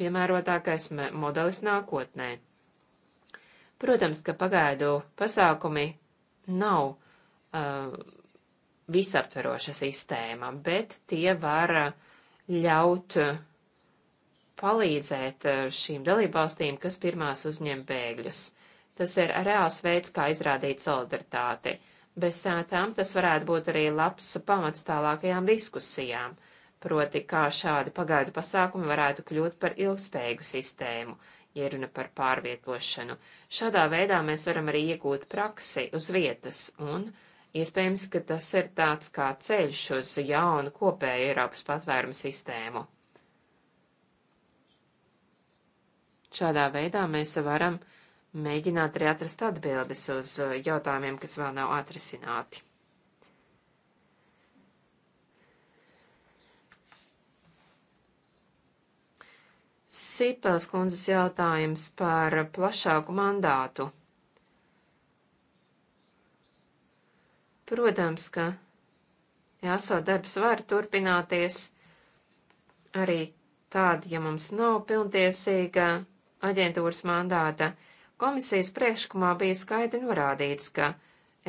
piemērotākais modelis nākotnē. Protams, ka pagaidu pasākumi nav uh, visaptveroša sistēma, bet tie var ļaut palīdzēt šīm dalībvalstīm, kas pirmās uzņem bēgļus. Tas ir reāls veids, kā izrādīt solidaritāti. Uh, Bez tām tas varētu būt arī labs pamats tālākajām diskusijām, proti, kā šādi pagaidu pasākumi varētu kļūt par ilgspējīgu sistēmu, ja runa par pārvietošanu. Šādā veidā mēs varam arī iegūt praksi uz vietas un Iespējams, ka tas ir tāds kā ceļš uz jaunu kopēju Eiropas patvērumu sistēmu. Šādā veidā mēs varam uh, mēģināt arī atrast atbildes uz uh, jautājumiem, kas vēl nav atrisināti. Sīpels kundzes jautājums par plašāku mandātu. Protams, ka jāso darbs var turpināties arī tādi, ja mums nav pilntiesīga aģentūras mandāta, Komisijas priekšlikumā bija skaidri norādīts, ka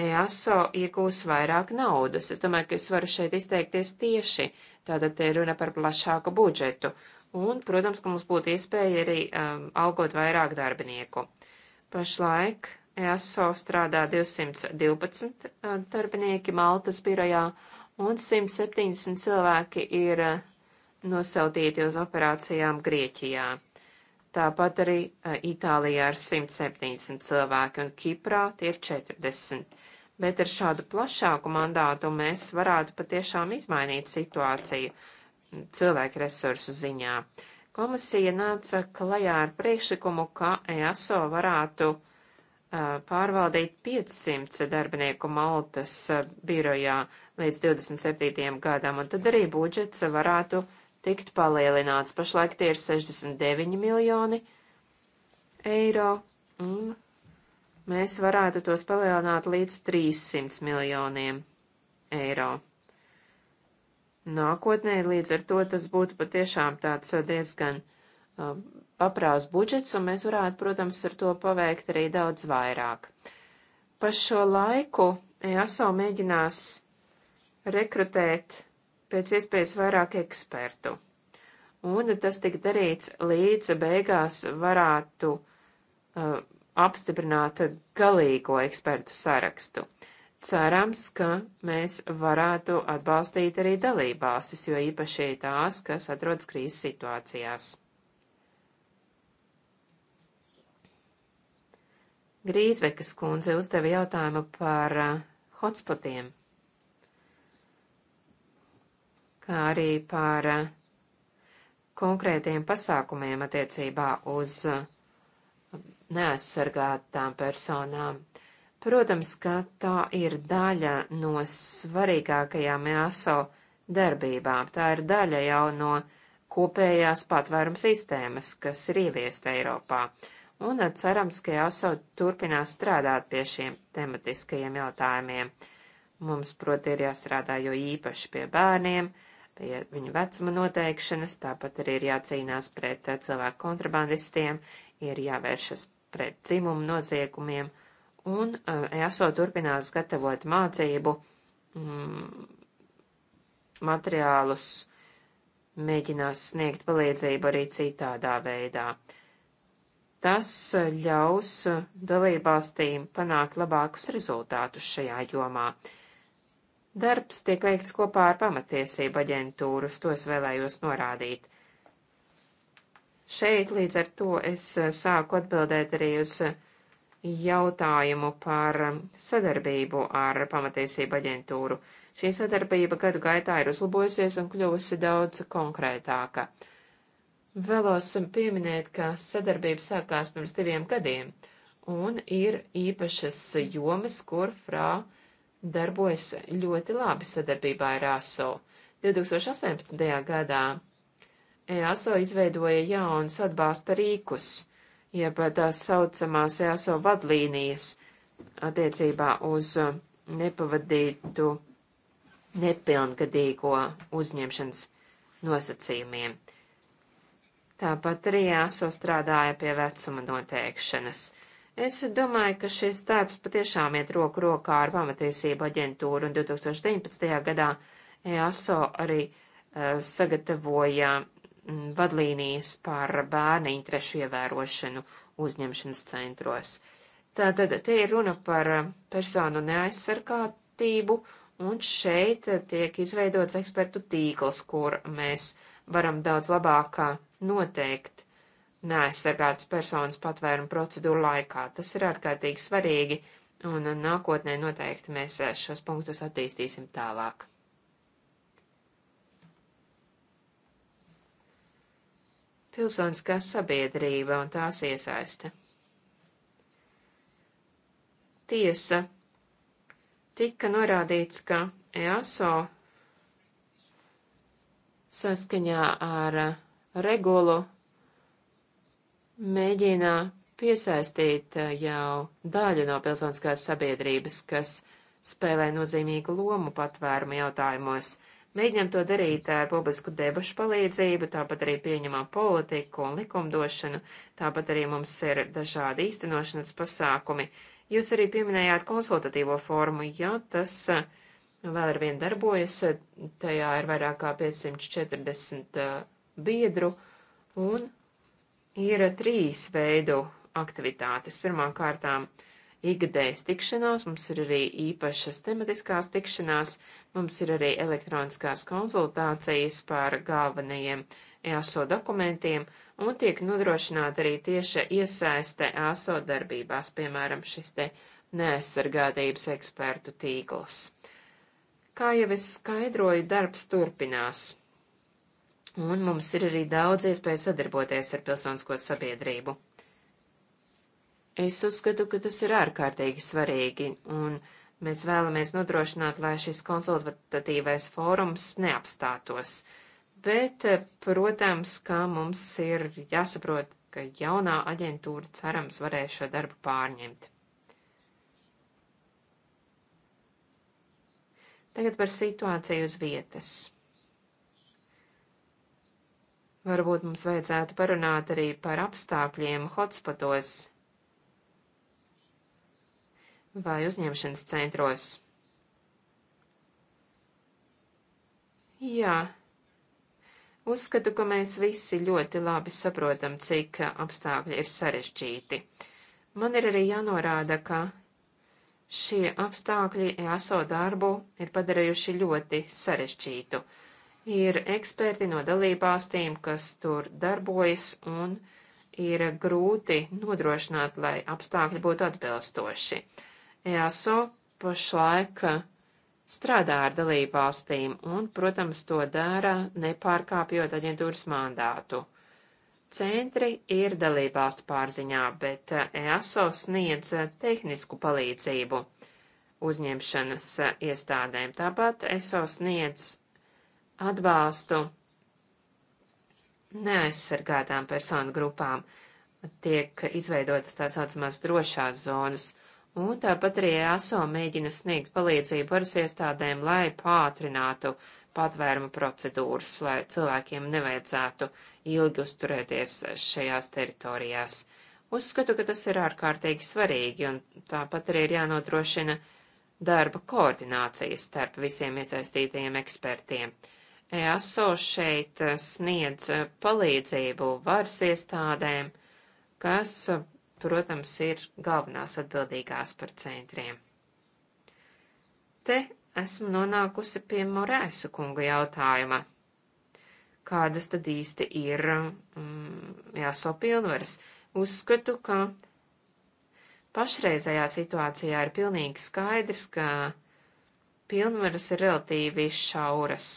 EASO iegūs vairāk naudas. Es domāju, ka es varu šeit izteikties tieši, tātad te runa par plašāku budžetu. Un, protams, ka mums būtu iespēja arī um, algot vairāk darbinieku. Pašlaik EASO strādā 212 uh, darbinieki Maltas birojā un 170 cilvēki ir uh, nosautīti uz operācijām Grieķijā. Tāpat arī e, Itālijā ir 170 cilvēki un Kiprā tie ir 40. Bet ar šādu plašāku mandātu mēs varētu patiešām izmainīt situāciju cilvēku resursu ziņā. Komisija nāca klajā ar priekšlikumu, ka EASO varētu e, pārvaldīt 500 darbinieku Maltas e, birojā līdz 27. gadam, un tad arī budžets varētu uh, tikt palielināts. Pašlaik tie ir 69 miljoni eiro, un mēs varētu tos palielināt līdz 300 miljoniem eiro. Nākotnē līdz ar to tas būtu patiešām tāds uh, diezgan uh, paprās budžets, un mēs varētu, protams, ar to paveikt arī daudz vairāk. Pa šo laiku EASO mēģinās rekrutēt pēc iespējas vairāk ekspertu. Un tas tika darīts līdz beigās varētu uh, apstiprināt galīgo ekspertu sarakstu. Cerams, ka mēs varētu atbalstīt arī dalībvalstis, jo īpaši tās, kas atrodas krīzes situācijās. Grīzvekas kundze uzdeva jautājumu par uh, hotspotiem kā arī par eh, konkrētiem pasākumiem attiecībā uz eh, neaizsargātām personām. Protams, ka tā ir daļa no svarīgākajām EASO darbībām. Tā ir daļa jau no kopējās patvērums sistēmas, kas ir ieviesta Eiropā. Un eh, cerams, ka EASO turpinās strādāt pie šiem tematiskajiem jautājumiem. Mums, proti, ir jāstrādā jo īpaši pie bērniem, uh, pie viņu vecuma noteikšanas, tāpat arī ir jācīnās pret eh, cilvēku kontrabandistiem, ir jāvēršas pret dzimumu noziegumiem, un eh, ESO turpinās gatavot mācību mm, materiālus, mēģinās sniegt palīdzību arī citādā veidā. Tas eh, ļaus dalībvalstīm panākt labākus rezultātus šajā jomā. Uh, Darbs tiek veikts kopā ar pamatiesību aģentūru, uz to es vēlējos norādīt. Šeit līdz ar to es eh, sāku atbildēt arī uz eh, jautājumu par eh, sadarbību ar pamatiesību aģentūru. Šī sadarbība gadu gaitā ir uzlabojusies un kļuvusi daudz konkrētāka. Vēlos pieminēt, ka sadarbība sākās pirms diviem gadiem, un ir īpašas jomas, kur frā darbojas ļoti labi sadarbībā ar ASO. 2018. gadā EASO izveidoja jaunus atbalsta rīkus, jeb tās saucamās EASO vadlīnijas attiecībā uz nepavadītu nepilngadīgo uzņemšanas nosacījumiem. Tāpat arī e ASO strādāja pie vecuma noteikšanas. Es domāju, ka šis darbs patiešām iet roku rokā ar pamatiesību aģentūru, un 2019. gadā EASO arī uh, sagatavoja vadlīnijas par bērnu interešu ievērošanu uzņemšanas centros. Tātad te ir runa par personu neaizsargātību, un šeit tiek izveidots ekspertu tīkls, kur mēs varam daudz labāk noteikt neaizsargātas personas patvērumu procedūru laikā. Tas ir ārkārtīgi svarīgi, un nākotnē noteikti mēs eh, šos punktus attīstīsim tālāk. Pilsoniskā sabiedrība un tās iesaiste. Tiesa. Tika norādīts, ka EASO saskaņā ar eh, regulu mēģina piesaistīt eh, jau daļu no pilsoniskās sabiedrības, kas spēlē nozīmīgu lomu patvērumu jautājumos. Mēģinam to darīt ar publisku debašu palīdzību, tāpat arī pieņemam politiku un likumdošanu, tāpat arī mums ir dažādi īstenošanas pasākumi. Jūs arī pieminējāt konsultatīvo formu, ja tas eh, vēl ar vien darbojas, tajā ir vairāk kā 540 eh, biedru, un ir trīs veidu aktivitātes. Pirmām kārtām ikgadējas tikšanās, mums ir arī īpašas tematiskās tikšanās, mums ir arī elektroniskās konsultācijas par galvenajiem EASO dokumentiem un tiek nodrošināta arī tieša iesaiste EASO darbībās, piemēram, šis te neaizsargādības ekspertu tīkls. Kā jau es skaidroju, darbs turpinās un mums ir arī daudz iespēju sadarboties ar pilsonisko sabiedrību. Es uzskatu, ka tas ir ārkārtīgi svarīgi, un mēs vēlamies nodrošināt, lai šis konsultatīvais fórums neapstātos. Bet, eh, protams, kā mums ir jāsaprot, ka jaunā aģentūra cerams varēs šo darbu pārņemt. Tagad par situāciju uz vietas. Varbūt mums vajadzētu parunāt arī par apstākļiem hotspotos vai uzņemšanas centros. Jā, uzskatu, ka mēs visi ļoti labi saprotam, cik apstākļi ir sarežģīti. Man ir arī jānorāda, ka šie apstākļi ESO darbu ir padarījuši ļoti sarežģītu. Ir eksperti no dalībvalstīm, kas tur darbojas un ir grūti nodrošināt, lai apstākļi būtu atbilstoši. EASO pašlaik strādā ar dalībvalstīm un, protams, to dara nepārkāpjot aģentūras mandātu. Centri ir dalībvalstu pārziņā, bet EASO sniedz tehnisku palīdzību uzņemšanas iestādēm. Tāpat ESO sniedz atbalstu neaizsargātām personu grupām. Tiek izveidotas tā saucamās drošās zonas, un tāpat arī e ASO mēģina sniegt palīdzību varas iestādēm, lai pātrinātu patvērumu procedūras, lai cilvēkiem nevajadzētu ilgi uzturēties šajās teritorijās. Uzskatu, ka tas ir ārkārtīgi svarīgi, un tāpat arī ir jānodrošina darba koordinācijas starp visiem iesaistītajiem ekspertiem. EASO šeit eh, sniedz eh, palīdzību varas iestādēm, kas, eh, protams, ir galvenās atbildīgās par centriem. Te esmu nonākusi pie Morēsa kunga jautājuma. Kādas tad īsti ir mm, jāso e pilnvaras? Uzskatu, ka pašreizējā situācijā ir pilnīgi skaidrs, ka pilnvaras ir relatīvi šauras.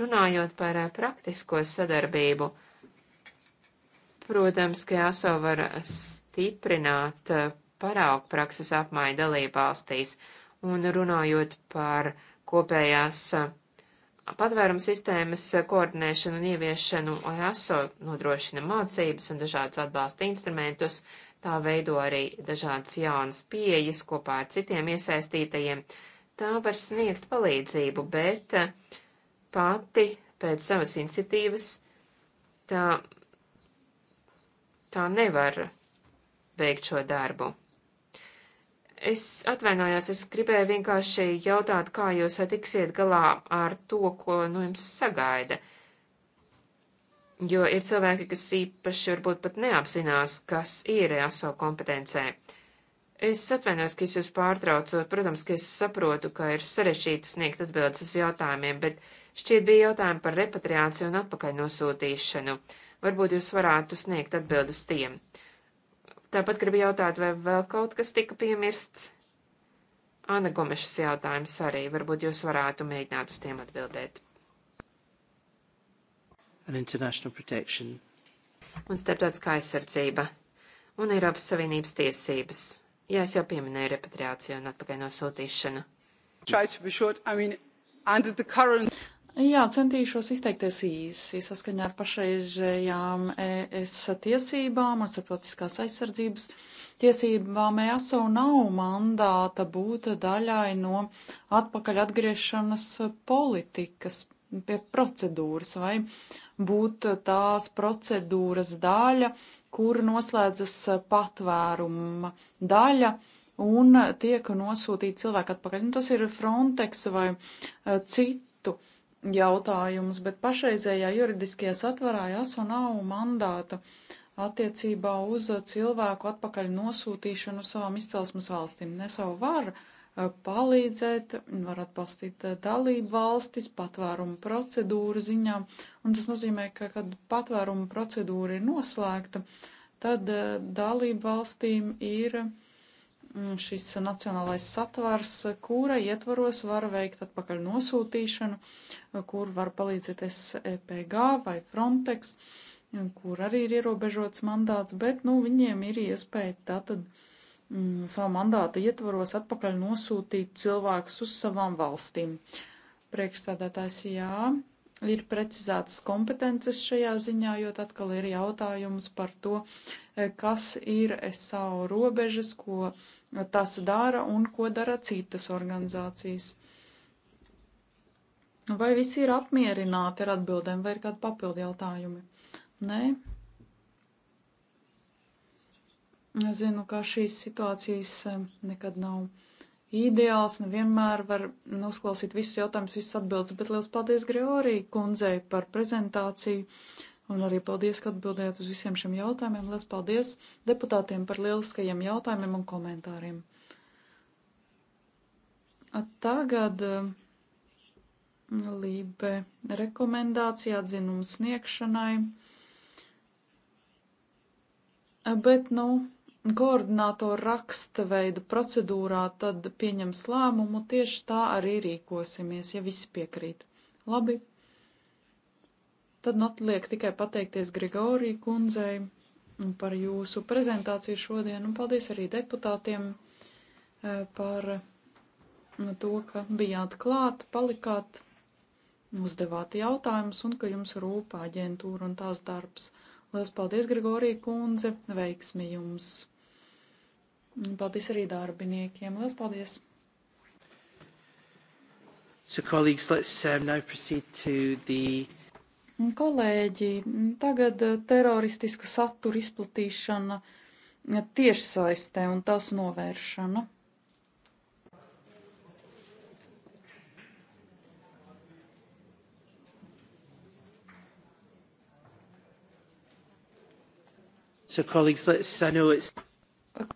Runājot par eh, praktisko sadarbību, protams, ka ASO var stiprināt eh, paraugu prakses apmaiņu dalībvalstīs, un runājot par kopējās eh, patvērumu sistēmas koordinēšanu un ieviešanu, ASO nodrošina mācības un dažādus atbalsta instrumentus, tā veido arī dažādas jaunas pieejas kopā ar citiem iesaistītajiem. Tā var sniegt palīdzību, bet uh, pati pēc savas iniciatīvas, tā, tā nevar veikt šo darbu. Es atvainojos, es gribēju vienkārši jautāt, kā jūs tiksiet galā ar to, ko no nu, jums sagaida. Jo ir cilvēki, kas īpaši varbūt pat neapzinās, kas ir ASO kompetencē. Es atvainojos, ka es jūs pārtraucu. Protams, ka es saprotu, ka ir sarežģīti sniegt atbildes uz jautājumiem, bet uh, Šķiet bija jautājumi par repatriāciju un atpakaļnosūtīšanu. Varbūt jūs varētu sniegt atbildus tiem. Tāpat gribu jautāt, vai vēl kaut kas tika piemirsts? Ana Gomešas jautājums arī. Varbūt jūs varētu mēģināt uz tiem atbildēt. Un starptautiskā aizsardzība. Un Eiropas Savienības tiesības. Jā, es jau pieminēju repatriāciju un atpakaļ nosūtīšanu. Current... Jā, centīšos izteikties īsi saskaņā ar pašreizējām ES tiesībām un starptautiskās aizsardzības tiesībām. ESO nav mandāta būt daļai no atpakaļ atgriešanas politikas pie procedūras vai būt tās procedūras daļa, kur noslēdzas patvēruma daļa un tiek nosūtīti cilvēki atpakaļ. Un nu, tas ir Frontex vai e, citu jautājumus, bet pašreizējā juridiskajā satvarā jāso nav mandāta attiecībā uz cilvēku atpakaļ nosūtīšanu savām izcelsmes valstīm. Neso var eh, palīdzēt, var atbalstīt eh, dalību valstis patvērumu procedūru ziņā, un tas nozīmē, ka, kad patvērumu procedūra ir noslēgta, tad eh, dalību valstīm ir uh, Mm, šis nacionālais satvars, kura ietvaros var veikt atpakaļ nosūtīšanu, kur var palīdzēt SPG e vai Frontex, kur arī ir ierobežots mandāts, bet, nu, viņiem ir iespēja tātad mm, savu mandātu ietvaros atpakaļ nosūtīt cilvēkus uz savām valstīm. Priekšstādātājs jā, ir precizētas kompetences šajā ziņā, jo atkal ir jautājums par to, kas ir SAO robežas, ko tas dara un ko dara citas organizācijas. Vai visi ir apmierināti ar atbildēm, vai ir kādi papildi jautājumi? Nē. Es zinu, ka šīs situācijas eh, nekad nav ideāls, nevienmēr var uzklausīt visus jautājumus, visas atbildes, bet liels paldies Greorija kundzei par prezentāciju. Un arī paldies, ka atbildējāt uz visiem šiem jautājumiem. Lielas paldies deputātiem par lieliskajiem jautājumiem un komentāriem. Tagad mm, Lībe rekomendācija atzinumu sniegšanai. Bet, nu, koordinātoru rakstveida procedūrā tad pieņems lēmumu, tieši tā arī rīkosimies, ja visi piekrīt. Labi, Tad nu atliek tikai pateikties Grigorija kundzei mm, par jūsu prezentāciju šodien, un paldies arī deputātiem e, par mm, to, ka bijāt klāt, palikāt, uzdevāt jautājumus un ka jums rūp aģentūra un tās darbs. Lielas paldies, Grigorija kundze, veiksmi jums! Paldies arī darbiniekiem. Lielas paldies! So, colleagues, let's um, now proceed to the Mm, kolēģi, mm, tagad eh, teroristiska satura izplatīšana eh, tiešsaistē un tās novēršana. So, colleagues, let's, I know it's...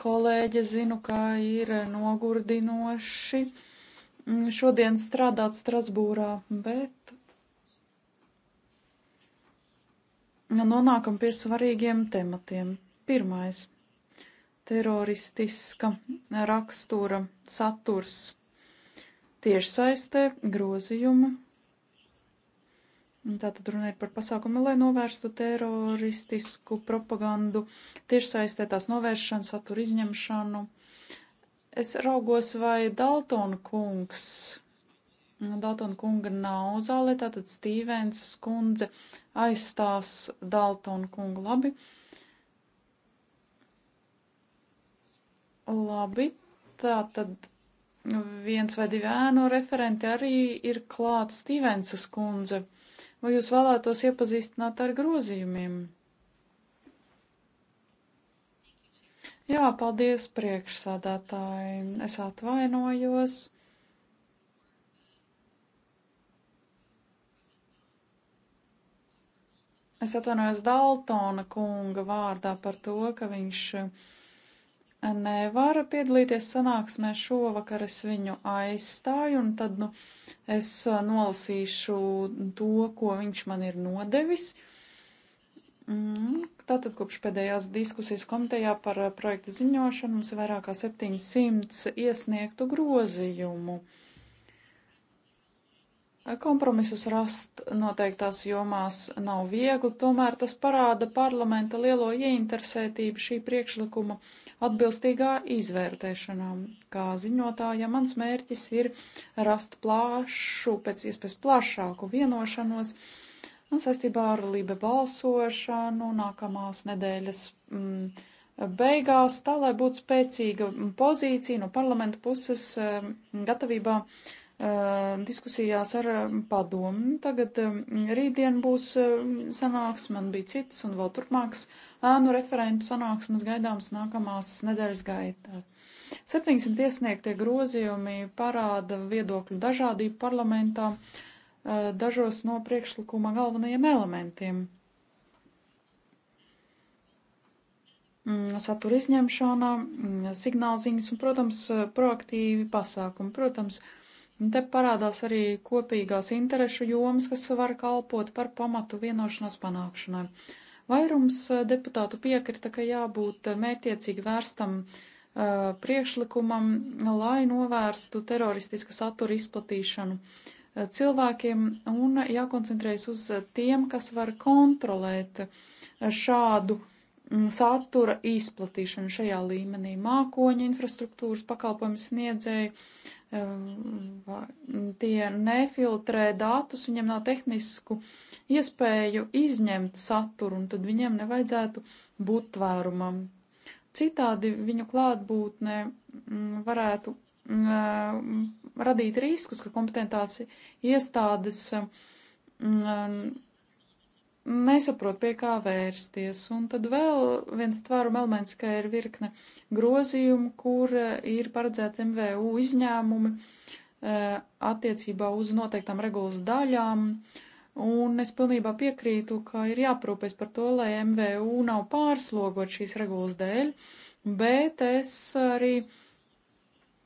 Kolēģi, zinu, kā ir nogurdinoši mm, šodien strādāt Strasbūrā, bet Nu, nonākam pie svarīgiem tematiem. Pirmais - teroristiska rakstura saturs tiešsaistē grozījumi. Tātad runa ir par pasākumu, lai novērstu teroristisku propagandu, tiešsaistē tās novēršanu, saturu izņemšanu. Es raugos, vai Daltona kungs Daltona kunga nav zālē, tātad Stīvens skundze aizstās Daltona kungu labi. Labi, tātad viens vai divi ēnu referenti arī ir klāt Stīvensa skundze. Vai jūs vēlētos iepazīstināt ar grozījumiem? Jā, paldies priekšsādātāji. Es atvainojos. Es atvainojos Daltona kunga vārdā par to, ka viņš eh, nevar piedalīties sanāksmē šovakar. Es viņu aizstāju, un tad nu, es eh, nolasīšu to, ko viņš man ir nodevis. Mm, tātad kopš pēdējās diskusijas komitejā par eh, projekta ziņošanu mums ir vairāk kā 700 iesniegtu grozījumu. Uh, Kompromisus rast noteiktās jomās nav viegli, tomēr tas parāda parlamenta lielo ieinteresētību šī priekšlikuma atbilstīgā izvērtēšanā. Kā ziņotāja, mans mērķis ir rast plāšu, pēc iespējas plašāku vienošanos un saistībā ar Lībe balsošanu nākamās nedēļas mm, beigās, tā lai būtu spēcīga pozīcija no parlamenta puses mm, gatavībā Ehm, diskusijās ar ehm, padomu. Tagad ehm, rītdien būs sanāksme, man bija citas un vēl turpmākas ēnu referentu sanāksmes gaidāmas nākamās nedēļas gaitā. 700 iesniegtie grozījumi parāda viedokļu dažādību parlamentā dažos no priekšlikuma galvenajiem elementiem. Mm, satura izņemšana, mm, signālziņas un, protams, proaktīvi pasākumi. Protams, uh, Un te parādās arī kopīgās interešu jomas, kas var kalpot par pamatu vienošanās panākšanai. Vairums eh, deputātu piekrita, ka jābūt eh, mērķiecīgi vērstam uh, priekšlikumam, lai novērstu teroristiska satura izplatīšanu cilvēkiem un jākoncentrējas uz tiem, kas var kontrolēt šādu uh, Mm, satura izplatīšanu šajā līmenī. Mākoņa infrastruktūras pakalpojumu sniedzēji, um, tie nefiltrē datus, viņiem nav tehnisku iespēju izņemt saturu, un tad viņiem nevajadzētu būt tvērumam. Citādi viņu klātbūtne mm, varētu mm, eh, radīt riskus, ka kompetentās iestādes nesaprot, pie kā vērsties. Un tad vēl viens tvāruma elements, ka ir virkne grozījumu, kur eh, ir paredzēti MVU izņēmumi eh, attiecībā uz noteiktām regulas daļām. Un es pilnībā piekrītu, ka ir jāprūpēs par to, lai MVU nav pārslogot šīs regulas dēļ, bet es arī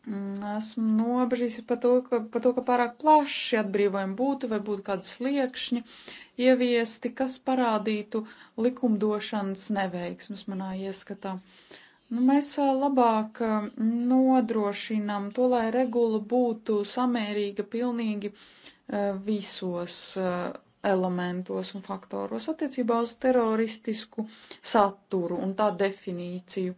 mm, esmu nobrīz par to, ka, par to, ka pārāk plaši atbrīvojumi būtu vai būtu kādi sliekšņi. Uh, ieviesti, kas parādītu likumdošanas neveiksmes manā ieskatā. Nu, mēs labāk nodrošinām to, lai regula būtu samērīga pilnīgi visos elementos un faktoros attiecībā uz teroristisku saturu un tā definīciju.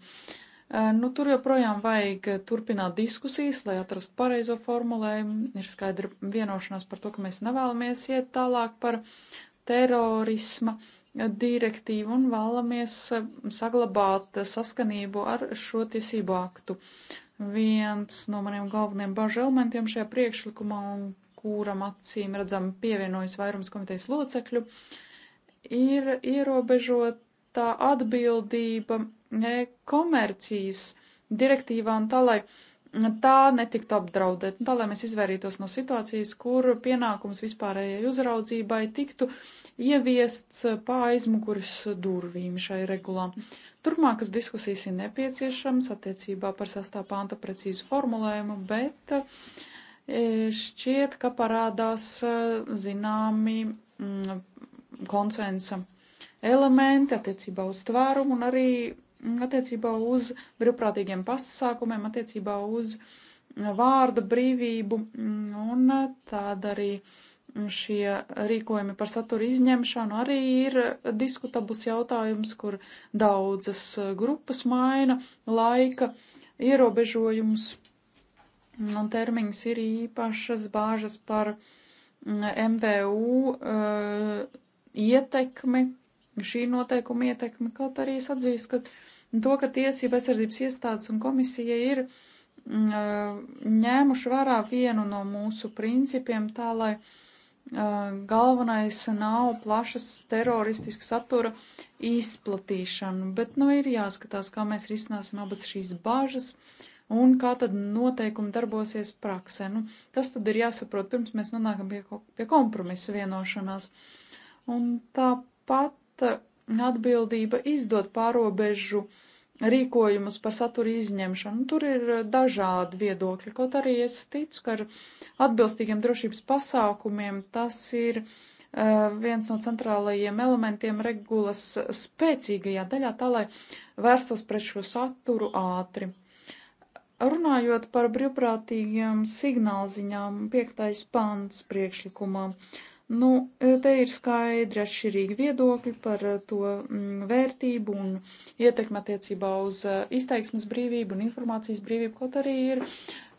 Nu, tur joprojām vajag turpināt diskusijas, lai atrastu pareizo formulējumu. Ir skaidra vienošanās par to, ka mēs nevēlamies iet tālāk par terorisma direktīvu un vēlamies eh, saglabāt saskanību ar šo tiesību aktu. Viens no maniem galvenajiem bažu elementiem šajā priekšlikumā, un kuram acīm redzam pievienojas vairums komitejas locekļu, ir ierobežotā atbildība eh, komercijas direktīvā un tā, lai tā netiktu apdraudēt, nu, tā lai mēs izvairītos no situācijas, kur pienākums vispārējai uzraudzībai tiktu ieviests pāizmuguris durvīm šai regulā. Turpmākas diskusijas ir nepieciešams attiecībā par sastā panta precīzu formulējumu, bet e, šķiet, ka parādās e, zināmi mm, konsensa elementi attiecībā uz tvērumu un arī attiecībā uz brīvprātīgiem pasākumiem, attiecībā uz mm, vārda brīvību mm, un tāda arī šie rīkojumi par satura izņemšanu arī ir diskutabls jautājums, kur daudzas eh, grupas maina laika ierobežojumus un termiņus ir īpašas bāžas par MVU mm, eh, ietekmi, šī noteikuma ietekmi, kaut arī es atzīstu, ka to, ka tiesība aizsardzības iestādes un komisija ir uh, ņēmuši vērā vienu no mūsu principiem tā, lai uh, galvenais nav plašas teroristiska satura izplatīšana, bet, nu, ir jāskatās, kā mēs risināsim abas šīs bāžas un kā tad noteikumi darbosies praksē. Nu, tas tad ir jāsaprot, pirms mēs nonākam pie, pie kompromisa vienošanās. Un tāpat atbildība izdot pārobežu rīkojumus par satura izņemšanu. Nu, tur ir eh, dažādi viedokļi, kaut arī es ticu, ka ar atbilstīgiem drošības pasākumiem tas ir uh, viens no centrālajiem elementiem regulas spēcīgajā daļā, tā lai vērstos pret šo saturu ātri. Runājot par brīvprātīgiem signālziņām, piektais pants priekšlikumā. Uh, Nu, e, te ir skaidri atšķirīgi viedokļi par e, to mm, vērtību un ietekmi attiecībā uz e, izteiksmes brīvību un informācijas brīvību, kaut arī ir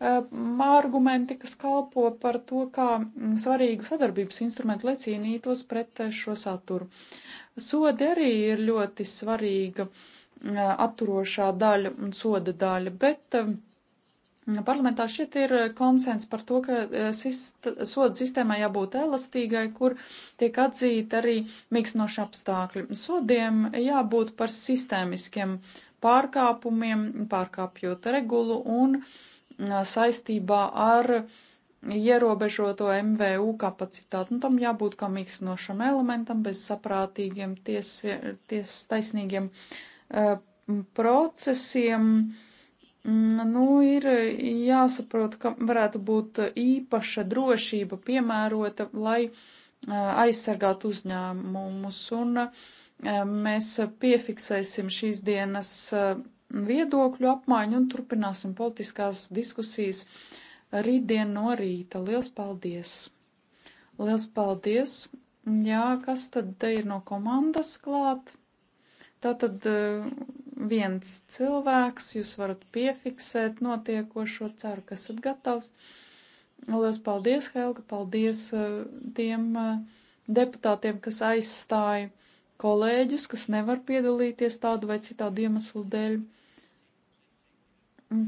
argumenti, kas kalpo par to, kā mm, svarīgu sadarbības instrumentu, lai cīnītos pret šo saturu. Sodi arī ir ļoti svarīga mm, apturošā daļa un soda daļa, bet Parlamentā šeit ir eh, konsens par to, ka eh, sist sodu sistēmai jābūt elastīgai, kur tiek atzīta arī mīkstinoši apstākļi. Sodiem jābūt par sistēmiskiem pārkāpumiem, pārkāpjot regulu un eh, saistībā ar ierobežoto MVU kapacitāti. Nu, tam jābūt kā mīkstinošam elementam, bez saprātīgiem, ties, ties taisnīgiem uh, procesiem. Uh, Mm, nu, ir e, jāsaprot, ka varētu būt īpaša drošība piemērota, lai e, aizsargātu uzņēmumus, un e, mēs piefiksēsim šīs dienas viedokļu apmaiņu un turpināsim politiskās diskusijas rītdien no rīta. Liels paldies! Liels paldies! Jā, kas tad te ir no komandas klāt? Tātad eh, viens cilvēks, jūs varat piefiksēt notiekošo, ceru, ka esat gatavs. Lielas paldies, Helga, paldies eh, tiem eh, deputātiem, kas aizstāja kolēģus, kas nevar piedalīties tādu vai citādu iemeslu dēļ.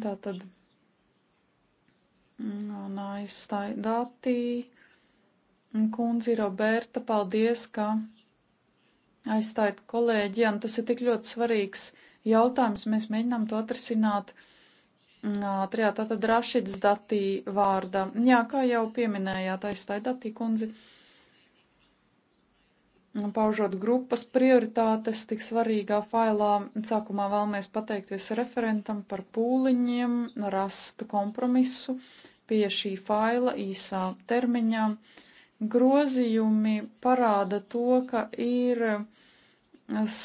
Tātad mm, un aizstāja Datī. Kundzi Roberta, paldies, ka aizstājat kolēģi, un nu, tas ir tik ļoti svarīgs jautājums. Mēs mēģinām to atrisināt mm, ātrijā, tātad Rašids datī vārdā. Jā, kā jau pieminējāt, aizstāja datī kundzi nu, paužot grupas prioritātes tik svarīgā failā. Sākumā vēlamies pateikties referentam par pūliņiem, rast kompromisu pie šī faila īsā termiņā grozījumi parāda to, ka ir eh,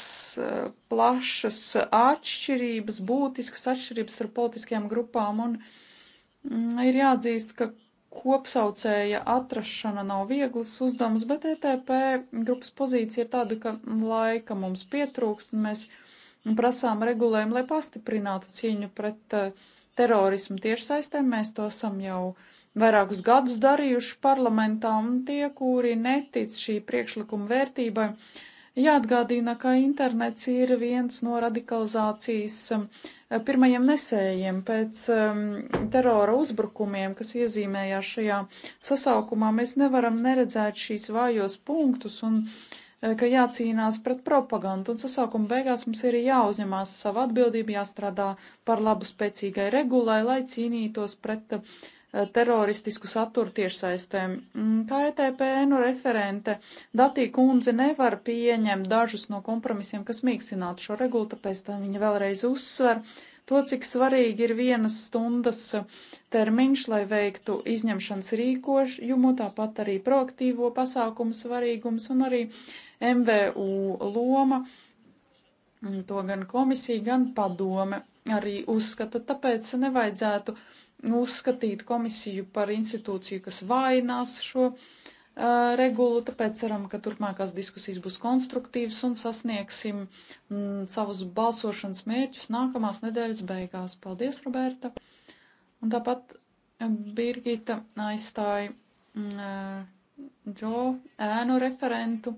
plašas atšķirības, būtiskas atšķirības ar politiskajām grupām, un mm, ir jāatzīst, ka kopsaucēja atrašana nav viegls uzdevums, bet ETP grupas pozīcija ir tāda, ka laika mums pietrūkst, un mēs prasām regulējumu, lai pastiprinātu cīņu pret eh, terorismu tiešsaistēm. Mēs to esam jau uh, vairākus gadus darījuši parlamentā, un tie, kuri netic šī priekšlikuma vērtībai, jāatgādina, ka internets ir viens no radikalizācijas um, pirmajiem nesējiem pēc um, terora uzbrukumiem, kas iezīmējās šajā sasaukumā. Mēs nevaram neredzēt šīs vājos punktus un eh, ka jācīnās pret propagandu, un sasākuma beigās mums ir jāuzņemās sava atbildība, jāstrādā par labu spēcīgai regulai, lai cīnītos pret Eh, teroristisku saturu tiešsaistēm. Mm, kā ETPN referente, Datī kundze nevar pieņemt dažus no kompromisiem, kas mīkstinātu šo regulu, tāpēc tā viņa vēlreiz uzsver to, cik svarīgi ir vienas stundas eh, termiņš, lai veiktu izņemšanas rīkojumu, tāpat arī proaktīvo pasākumu svarīgums un arī MVU loma. Mm, to gan komisija, gan padome arī uzskata, tāpēc nevajadzētu uh, Nu, uzskatīt komisiju par institūciju, kas vainās šo uh, regulu, tāpēc ceram, ka turpmākās diskusijas būs konstruktīvas un sasniegsim mm, savus balsošanas mērķus nākamās nedēļas beigās. Paldies, Roberta! Un tāpat Birgita aizstāja mm, Džo ēnu referentu.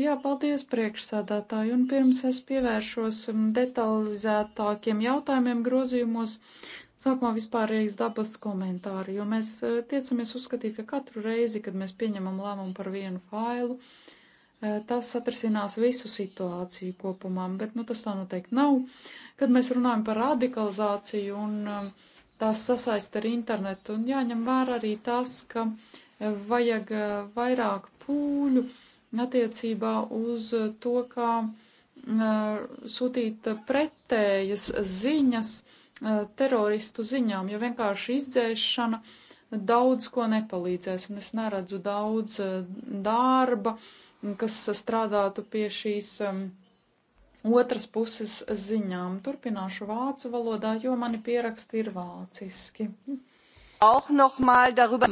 Jā, paldies priekšsēdētāji, un pirms es pievēršos mm, detalizētākiem jautājumiem grozījumos, uh, Sākumā vispārējais dabas komentāri, jo mēs eh, tiecamies uzskatīt, ka katru reizi, kad mēs pieņemam lēmumu par vienu failu, eh, tas atrisinās visu situāciju kopumā, bet nu, tas tā noteikti nav. Kad mēs runājam par radikalizāciju un eh, tās sasaist ar internetu, un jāņem vērā arī tas, ka vajag vairāk pūļu attiecībā uz to, kā sūtīt pretējas ziņas, uh, Uh, teroristu ziņām, jo vienkārši izdzēšana daudz ko nepalīdzēs, un es neredzu daudz uh, darba, kas strādātu pie šīs um, otras puses ziņām. Turpināšu vācu valodā, jo mani pieraksti ir vāciski. Auch nochmal darüber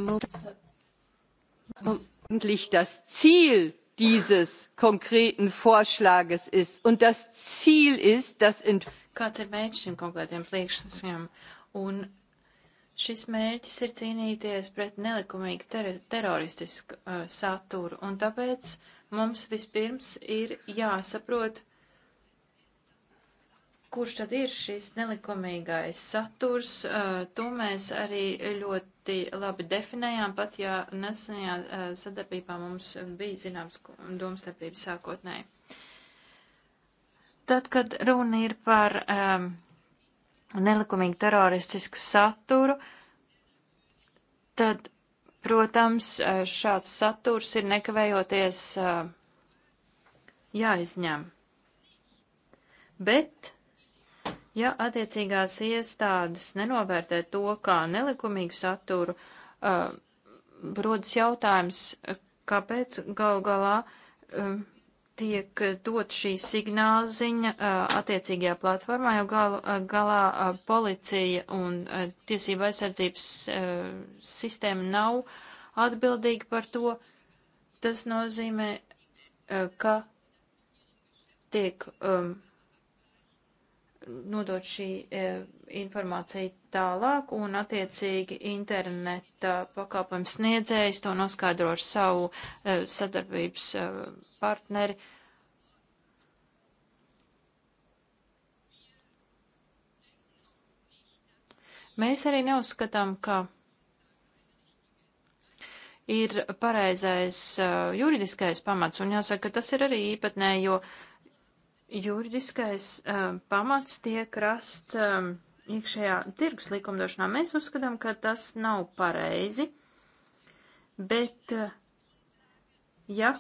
eigentlich das Ziel dieses konkreten Vorschlages ist. Und das Ziel ist, dass in kāds ir mērķis šim konkrētiem priekšnosiem. Un šis mērķis ir cīnīties pret nelikumīgu ter teroristisku uh, saturu, un tāpēc mums vispirms ir jāsaprot, kurš tad ir šis nelikumīgais saturs. Uh, to mēs arī ļoti labi definējām, pat ja nesenajā uh, sadarbībā mums bija zināms domstarpības sākotnēji. Tad, kad runa ir par um, nelikumīgu teroristisku saturu, tad, protams, uh, šāds saturs ir nekavējoties uh, jāizņem. Bet ja attiecīgās iestādes nenovērtē to kā nelikumīgu saturu, uh, rodas jautājums, kāpēc gal galā uh, tiek dot šī signāziņa attiecīgajā platformā, jo gal, galā policija un tiesība aizsardzības sistēma nav atbildīga par to. Tas nozīmē, ka tiek um, nodot šī informācija tālāk un attiecīgi interneta pakalpojums sniedzējs to noskaidro ar savu sadarbības partneri. Mēs arī neuzskatām, ka ir pareizais uh, juridiskais pamats, un jāsaka, ka tas ir arī īpatnē, jo juridiskais uh, pamats tiek rasts uh, iekšējā tirgus likumdošanā. Mēs uzskatām, ka tas nav pareizi, bet uh, ja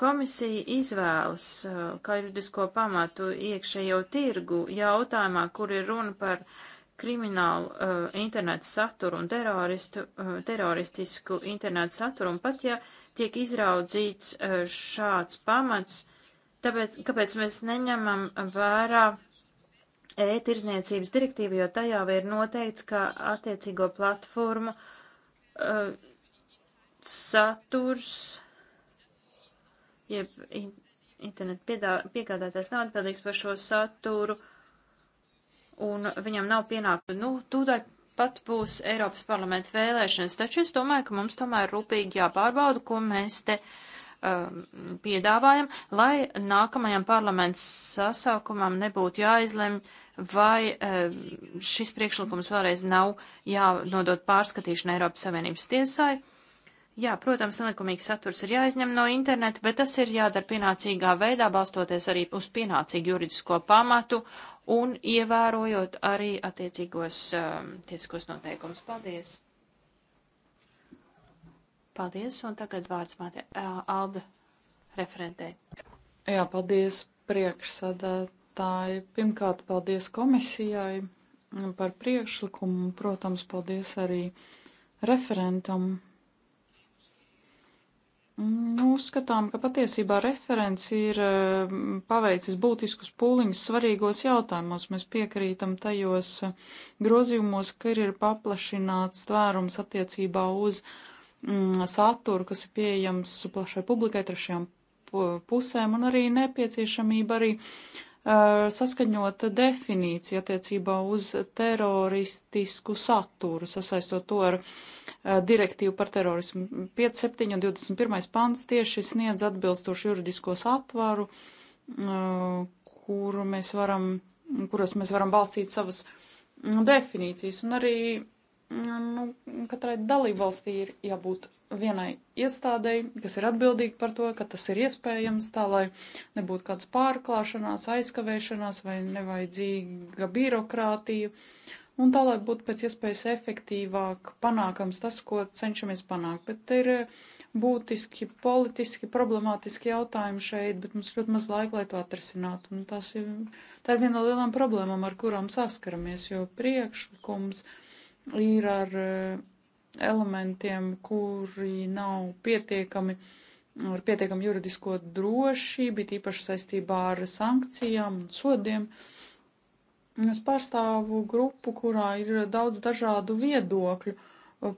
Komisija izvēlas uh, kā juridisko pamatu iekšējo tirgu jautājumā, kur ir runa par kriminālu uh, internetu saturu un teroristu, uh, teroristisku internetu saturu, un pat ja tiek izraudzīts uh, šāds pamats, tāpēc, kāpēc mēs neņemam vērā e-tirzniecības direktīvu, jo tajā ir noteikts, ka attiecīgo platformu uh, saturs jeb internetu piegādātājs nav atbildīgs par šo saturu, un viņam nav pienākumu. Nu, tūdaļ pat būs Eiropas parlamenta vēlēšanas, taču es domāju, ka mums tomēr rūpīgi jāpārbauda, ko mēs te um, piedāvājam, lai nākamajam parlaments sasaukumam nebūtu jāizlemj, vai um, šis priekšlikums vēlreiz nav jānodot pārskatīšana Eiropas Savienības tiesai. Jā, protams, nelikumīgs saturs ir jāizņem no interneta, bet tas ir jādara pienācīgā veidā, balstoties arī uz pienācīgu juridisko pamatu un ievērojot arī attiecīgos um, tiesiskos noteikumus. Paldies! Paldies, un tagad vārds māte uh, Alda referentē. Jā, paldies priekšsadātāji. Pirmkārt, paldies komisijai par priekšlikumu. Protams, paldies arī referentam Nu, uzskatām, ka patiesībā referents ir eh, paveicis būtiskus pūliņus svarīgos jautājumos. Mēs piekrītam tajos eh, grozījumos, ka ir paplašināts tvērums attiecībā uz mm, saturu, kas ir pieejams plašai publikai, trešajām pusēm, un arī nepieciešamība arī uh, Uh, saskaņota definīcija attiecībā uz teroristisku saturu, sasaistot to ar uh, direktīvu par terorismu. 57 un 21. pants tieši sniedz atbilstošu juridisko satvaru, uh, kuru mēs varam, kuros mēs varam balstīt savas mm, definīcijas, un arī mm, nu, katrai dalībvalstī ir jābūt vienai iestādēji, kas ir atbildīga par to, ka tas ir iespējams, tā lai nebūtu kāds pārklāšanās, aizkavēšanās vai nevajadzīga birokrātija, un tā lai būtu pēc iespējas efektīvāk panākams tas, ko cenšamies panākt. Bet te ir eh, būtiski, politiski, problemātiski jautājumi šeit, bet mums ļoti maz laika, lai to atrisinātu, un tas ir, tā ir viena no lielām problēmām, ar kurām saskaramies, jo priekšlikums ir ar eh, elementiem, kuri nav pietiekami ar pietiekamu juridisko drošību, tīpaši saistībā ar sankcijām un sodiem. Es pārstāvu grupu, kurā ir daudz dažādu viedokļu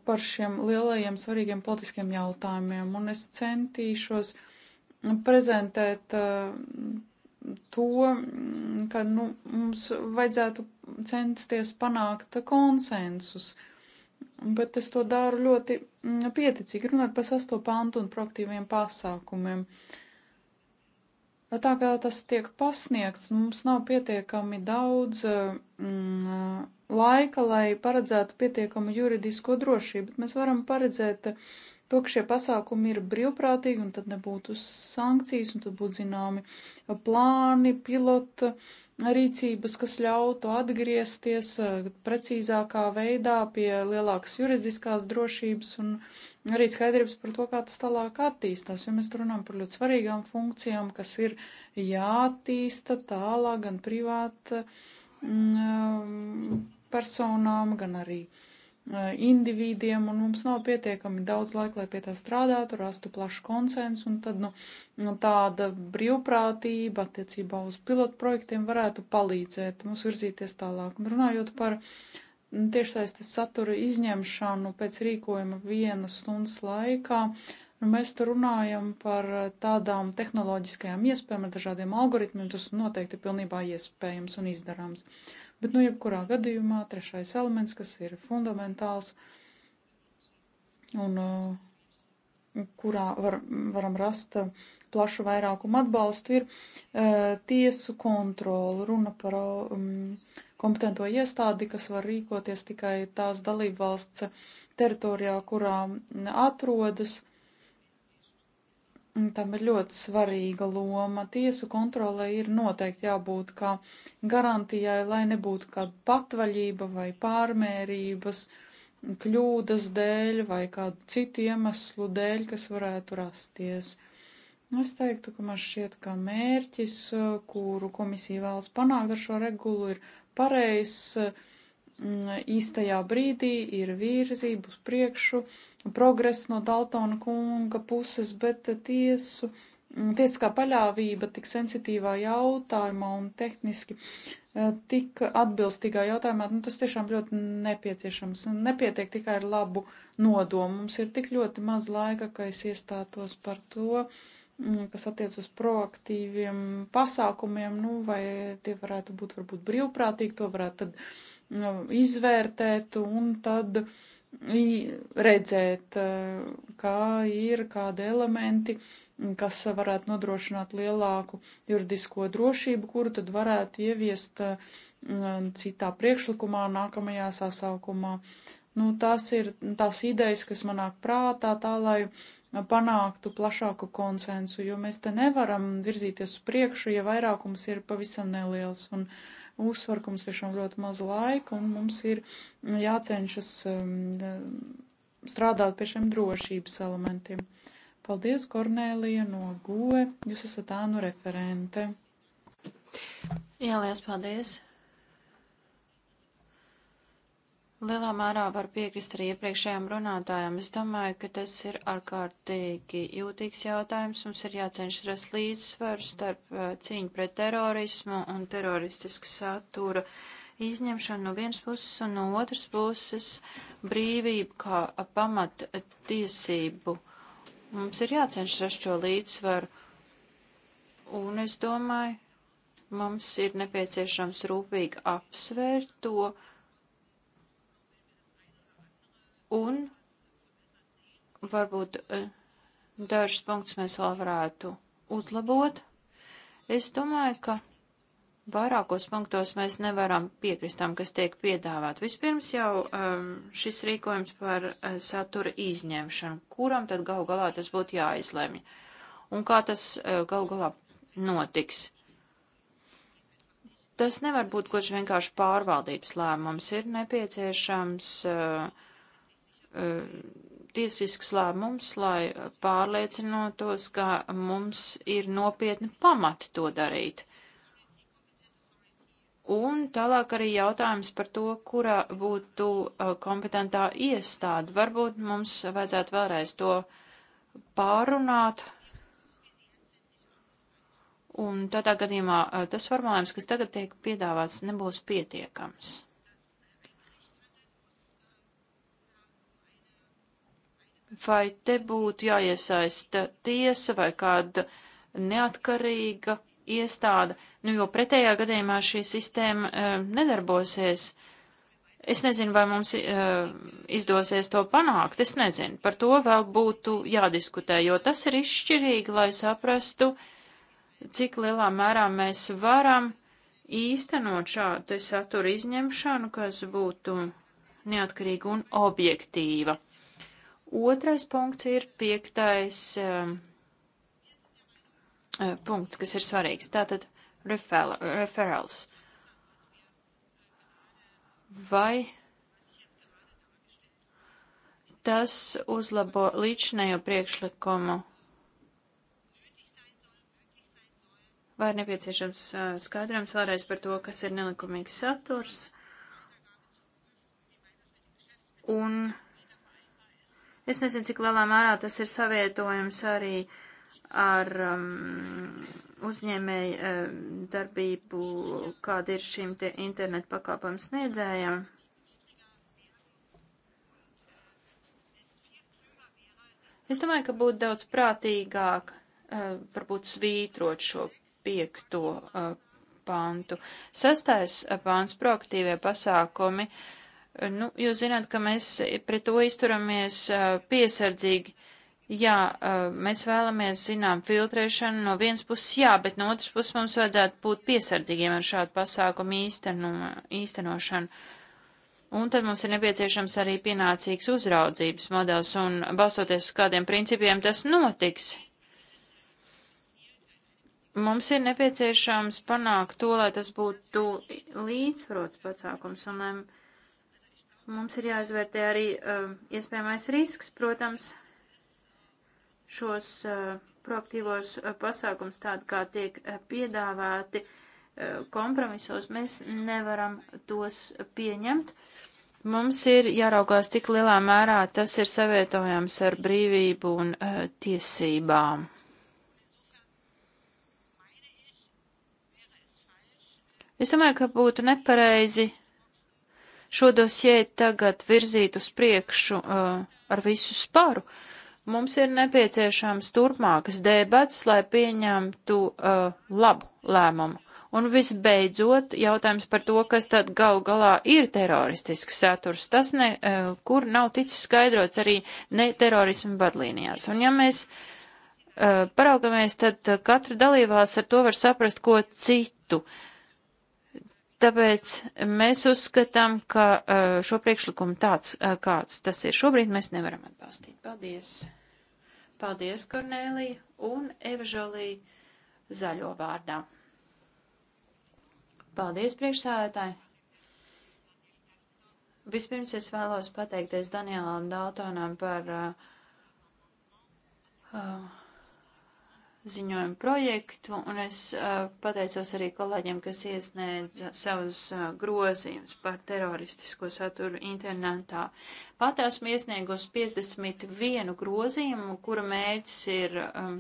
par šiem lielajiem svarīgiem politiskiem jautājumiem, un es centīšos prezentēt eh, to, ka nu, mums vajadzētu censties panākt konsensus. Uh, bet es to daru ļoti mm, pieticīgi, runāt par sasto pantu un proaktīviem pasākumiem. Tā kā tas tiek pasniegts, mums nav pietiekami daudz mm, laika, lai paredzētu pietiekamu juridisko drošību, bet mēs varam paredzēt uh, to, ka šie pasākumi ir brīvprātīgi un tad nebūtu sankcijas un tad būtu zināmi plāni, pilota rīcības, kas ļautu atgriezties eh, precīzākā veidā pie lielākas juridiskās drošības un arī skaidrības par to, kā tas tālāk attīstās, jo mēs runājam par ļoti svarīgām funkcijām, kas ir jātīsta tālāk gan privāta mm, eh, personām, gan arī uh, individiem, un mums nav pietiekami daudz laika, lai pie tā strādātu, rastu plašu konsensu, un tad nu, nu tāda brīvprātība attiecībā uz pilotu projektiem varētu palīdzēt mums virzīties tālāk. Un runājot par nu, tiešsaistes satura izņemšanu pēc rīkojuma vienas stundas laikā, nu, mēs tur runājam par tādām tehnoloģiskajām iespējām, ar dažādiem algoritmiem, tas noteikti pilnībā iespējams un izdarāms. Uh, Bet, nu, jebkurā gadījumā trešais elements, kas ir fundamentāls un uh, kurā var, varam rast uh, plašu vairākumu atbalstu, ir uh, tiesu kontrola. Runa par uh, um, kompetento iestādi, kas var rīkoties tikai tās dalībvalsts teritorijā, kurā mm, atrodas Tam ir ļoti svarīga loma. Tiesu kontrolē ir noteikti jābūt kā garantijai, lai nebūtu kāda patvaļība vai pārmērības, kļūdas dēļ vai kādu citu iemeslu dēļ, kas varētu rasties. Es teiktu, ka man šķiet, ka mērķis, kuru komisija vēlas panākt ar šo regulu, ir pareizs mm, īstajā brīdī, ir virzība uz priekšu, uh, progress no Daltona kunga puses, bet tiesu, tiesiskā paļāvība tik sensitīvā jautājumā un tehniski eh, tik atbilstīgā jautājumā, nu, tas tiešām ļoti nepieciešams. Nepietiek tikai ar labu nodomu. Mums ir tik ļoti maz laika, ka es iestātos par to, mm, kas attiec uz proaktīviem pasākumiem, nu, vai tie varētu būt varbūt brīvprātīgi, to varētu tad nu, izvērtēt un tad uh, redzēt, eh, kā ir, kādi elementi, kas varētu nodrošināt lielāku juridisko drošību, kuru tad varētu ieviest eh, citā priekšlikumā, nākamajā sasaukumā. Nu, tās ir tās idejas, kas manāk prātā, tā lai panāktu plašāku konsensu, jo mēs te nevaram virzīties uz priekšu, ja vairākums ir pavisam neliels. Un, uh, uzsvaru, ka mums tiešām ļoti maz laika un mums ir jācenšas um, strādāt pie šiem drošības elementiem. Paldies, Kornēlija no GOE. Jūs esat ānu referente. Jā, liels paldies. Lielā mērā var piekrist arī iepriekšējām runātājām. Es domāju, ka tas ir ārkārtīgi jūtīgs jautājums. Mums ir jācenšas rast līdzsvaru starp uh, cīņu pret terorismu un teroristisku saturu izņemšanu no vienas puses un no otras puses brīvību kā pamat tiesību. Mums ir jācenšas rast šo līdzsvaru. Un es domāju, mums ir nepieciešams rūpīgi apsvērt to, Un varbūt eh, dažus punktus mēs vēl varētu uzlabot. Es domāju, ka vairākos punktos mēs nevaram piekrist tam, kas tiek piedāvāt. Vispirms jau um, šis rīkojums par uh, satura izņemšanu, kuram tad gal galā tas būtu jāizlemj un kā tas uh, gal galā notiks. Tas nevar būt gluži vienkārši pārvaldības lēmums, ir nepieciešams uh, E, tiesisks lēmums, lai pārliecinotos, ka mums ir nopietni pamati to darīt. Un tālāk arī jautājums par to, kura būtu e, kompetentā iestāde. Varbūt mums vajadzētu vēlreiz to pārunāt. Un tādā gadījumā e, tas formulējums, kas tagad tiek piedāvāts, nebūs pietiekams. vai te būtu jāiesaista tiesa vai kāda neatkarīga iestāde, nu jo pretējā gadījumā šī sistēma uh, nedarbosies. Es nezinu, vai mums uh, izdosies to panākt, es nezinu. Par to vēl būtu jādiskutē, jo tas ir izšķirīgi, lai saprastu, cik lielā mērā mēs varam īstenot šādu satura izņemšanu, kas būtu neatkarīga un objektīva. Otrais punkts ir piektais um, uh, punkts, kas ir svarīgs. Tātad refer referrals. Vai tas uzlabo līdzinējo priekšlikumu? Vai ir nepieciešams uh, skaidrojums vēlreiz par to, kas ir nelikumīgs saturs? Un Es nezinu, cik lielā mērā tas ir savietojams arī ar um, uzņēmēju um, darbību, kāda ir šim te internetu pakāpojumu sniedzējam. Es domāju, ka būtu daudz prātīgāk uh, varbūt svītrot šo piekto uh, pantu. Sastais uh, pants - proaktīvie pasākumi. Uh, Eh, nu, jūs zināt, ka mēs pret to izturamies eh, piesardzīgi. Jā, eh, mēs vēlamies, zinām, filtrēšanu no vienas puses, jā, bet no otras puses mums vajadzētu būt piesardzīgiem ar šādu pasākumu īstenu, īstenošanu. Un tad mums ir nepieciešams arī pienācīgs uzraudzības modelis, un balstoties uz kādiem principiem tas notiks. Mums ir nepieciešams panākt to, lai tas būtu līdzsvarots pasākums, un lai mums ir jāizvērtē arī uh, iespējamais risks, protams, šos uh, proaktīvos uh, pasākums tādi, kā tiek uh, piedāvāti uh, kompromisos, mēs nevaram tos pieņemt. Mums ir jāraugās, cik lielā mērā tas ir savietojams ar brīvību un uh, tiesībām. Es domāju, ka būtu nepareizi šo dosē tagad virzīt uz priekšu uh, ar visu sparu. Mums ir nepieciešams turpmākas debats, lai pieņemtu uh, labu lēmumu. Un visbeidzot, jautājums par to, kas tad gal galā ir teroristisks saturs, tas ne, uh, kur nav ticis skaidrots arī ne terorismu vadlīnijās. Un ja mēs uh, paraugamies, tad uh, katra dalībās ar to var saprast, ko citu. Uh, Tāpēc mēs uzskatām, ka eh, šo priekšlikumu tāds, eh, kāds tas ir šobrīd, mēs nevaram atbalstīt. Paldies! Paldies, Kornēlija un Eva Žolija zaļo vārdā. Paldies, priekšsēdētāji! Vispirms es vēlos pateikties Danielam Daltonam par uh, uh, ziņojumu projektu, un es uh, pateicos arī kolēģiem, kas iesniedz savus uh, grozījumus par teroristisko saturu internetā. Pat esmu iesniegusi 51 grozījumu, kura mērķis ir um,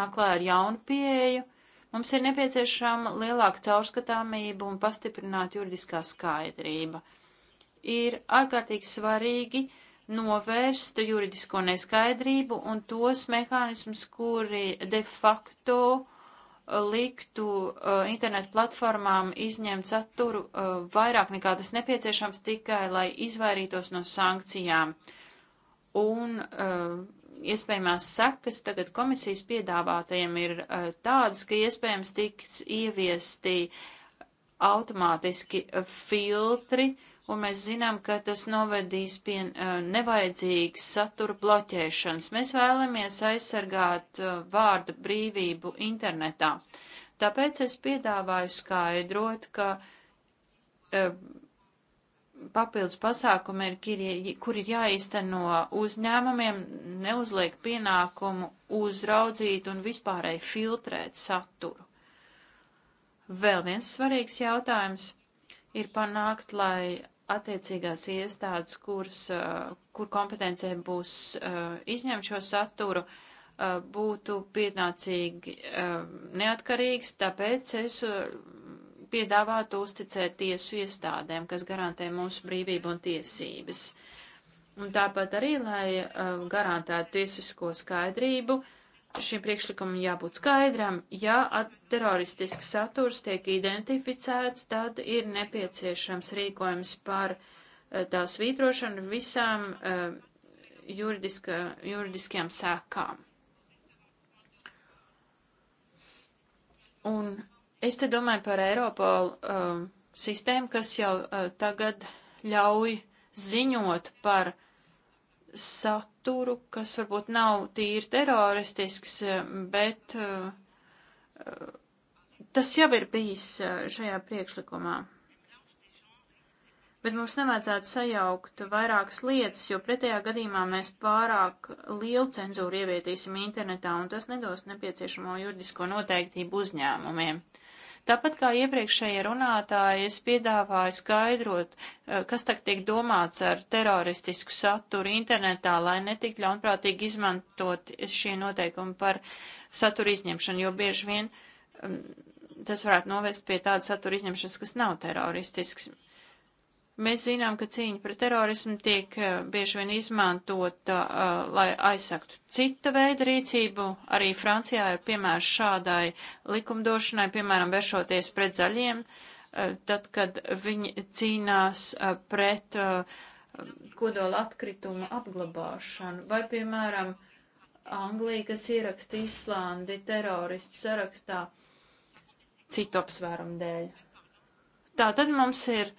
naklē ar jaunu pieeju. Mums ir nepieciešama lielāka caurskatāmība un pastiprināta juridiskā skaidrība. Ir ārkārtīgi svarīgi, uh, novērst juridisko neskaidrību un tos mehānismus, kuri de facto uh, liktu uh, internetu platformām izņemt saturu uh, vairāk nekā tas nepieciešams tikai, lai izvairītos no sankcijām. Un uh, iespējamās sekas tagad komisijas piedāvātajiem ir uh, tādas, ka iespējams tiks ieviesti automātiski filtri, un mēs zinām, ka tas novedīs pie uh, nevajadzīgas satura bloķēšanas. Mēs vēlamies aizsargāt uh, vārda brīvību internetā. Tāpēc es piedāvāju skaidrot, ka uh, papildus pasākumi, ir, kur ir jāīsteno uzņēmumiem, neuzliek pienākumu uzraudzīt un vispārēji filtrēt saturu. Vēl viens svarīgs jautājums ir panākt, lai attiecīgās iestādes, kuras, kur kompetencija būs izņemt šo saturu, būtu pienācīgi neatkarīgs, tāpēc es piedāvātu uzticēt tiesu iestādēm, kas garantē mūsu brīvību un tiesības. Un tāpat arī, lai garantētu tiesisko skaidrību, uh, šim priekšlikumam jābūt skaidram. Ja teroristisks saturs tiek identificēts, tad ir nepieciešams rīkojums par eh, tā svītrošanu visām uh, juridiska, juridiskajām sēkām. Un es te domāju par Eiropolu uh, eh, sistēmu, kas jau uh, tagad ļauj ziņot par saturu saturu, kas varbūt nav tīri teroristisks, bet eh, tas jau ir bijis eh, šajā priekšlikumā. Bet mums nevajadzētu sajaukt vairākas lietas, jo pretējā gadījumā mēs pārāk lielu cenzūru ievietīsim internetā, un tas nedos nepieciešamo juridisko noteiktību uzņēmumiem. Uh, Tāpat kā iepriekšējie runātāji, es piedāvāju skaidrot, eh, kas tak tiek domāts ar teroristisku saturu internetā, lai netik ļaunprātīgi izmantot šie noteikumi par saturu izņemšanu, jo bieži vien um, tas varētu novest pie tāda satura izņemšanas, kas nav teroristisks. Mēs zinām, ka cīņa pret terorismu tiek eh, bieži vien izmantota, eh, lai aizsaktu cita veida rīcību. Arī Francijā ir piemērs šādai likumdošanai, piemēram, vēršoties pret zaļiem, eh, tad, kad viņi cīnās pret kodola atkritumu apglabāšanu. Vai, piemēram, Anglija, kas ieraksta Islandi teroristu sarakstā citu apsvērumu dēļ. Tā tad mums ir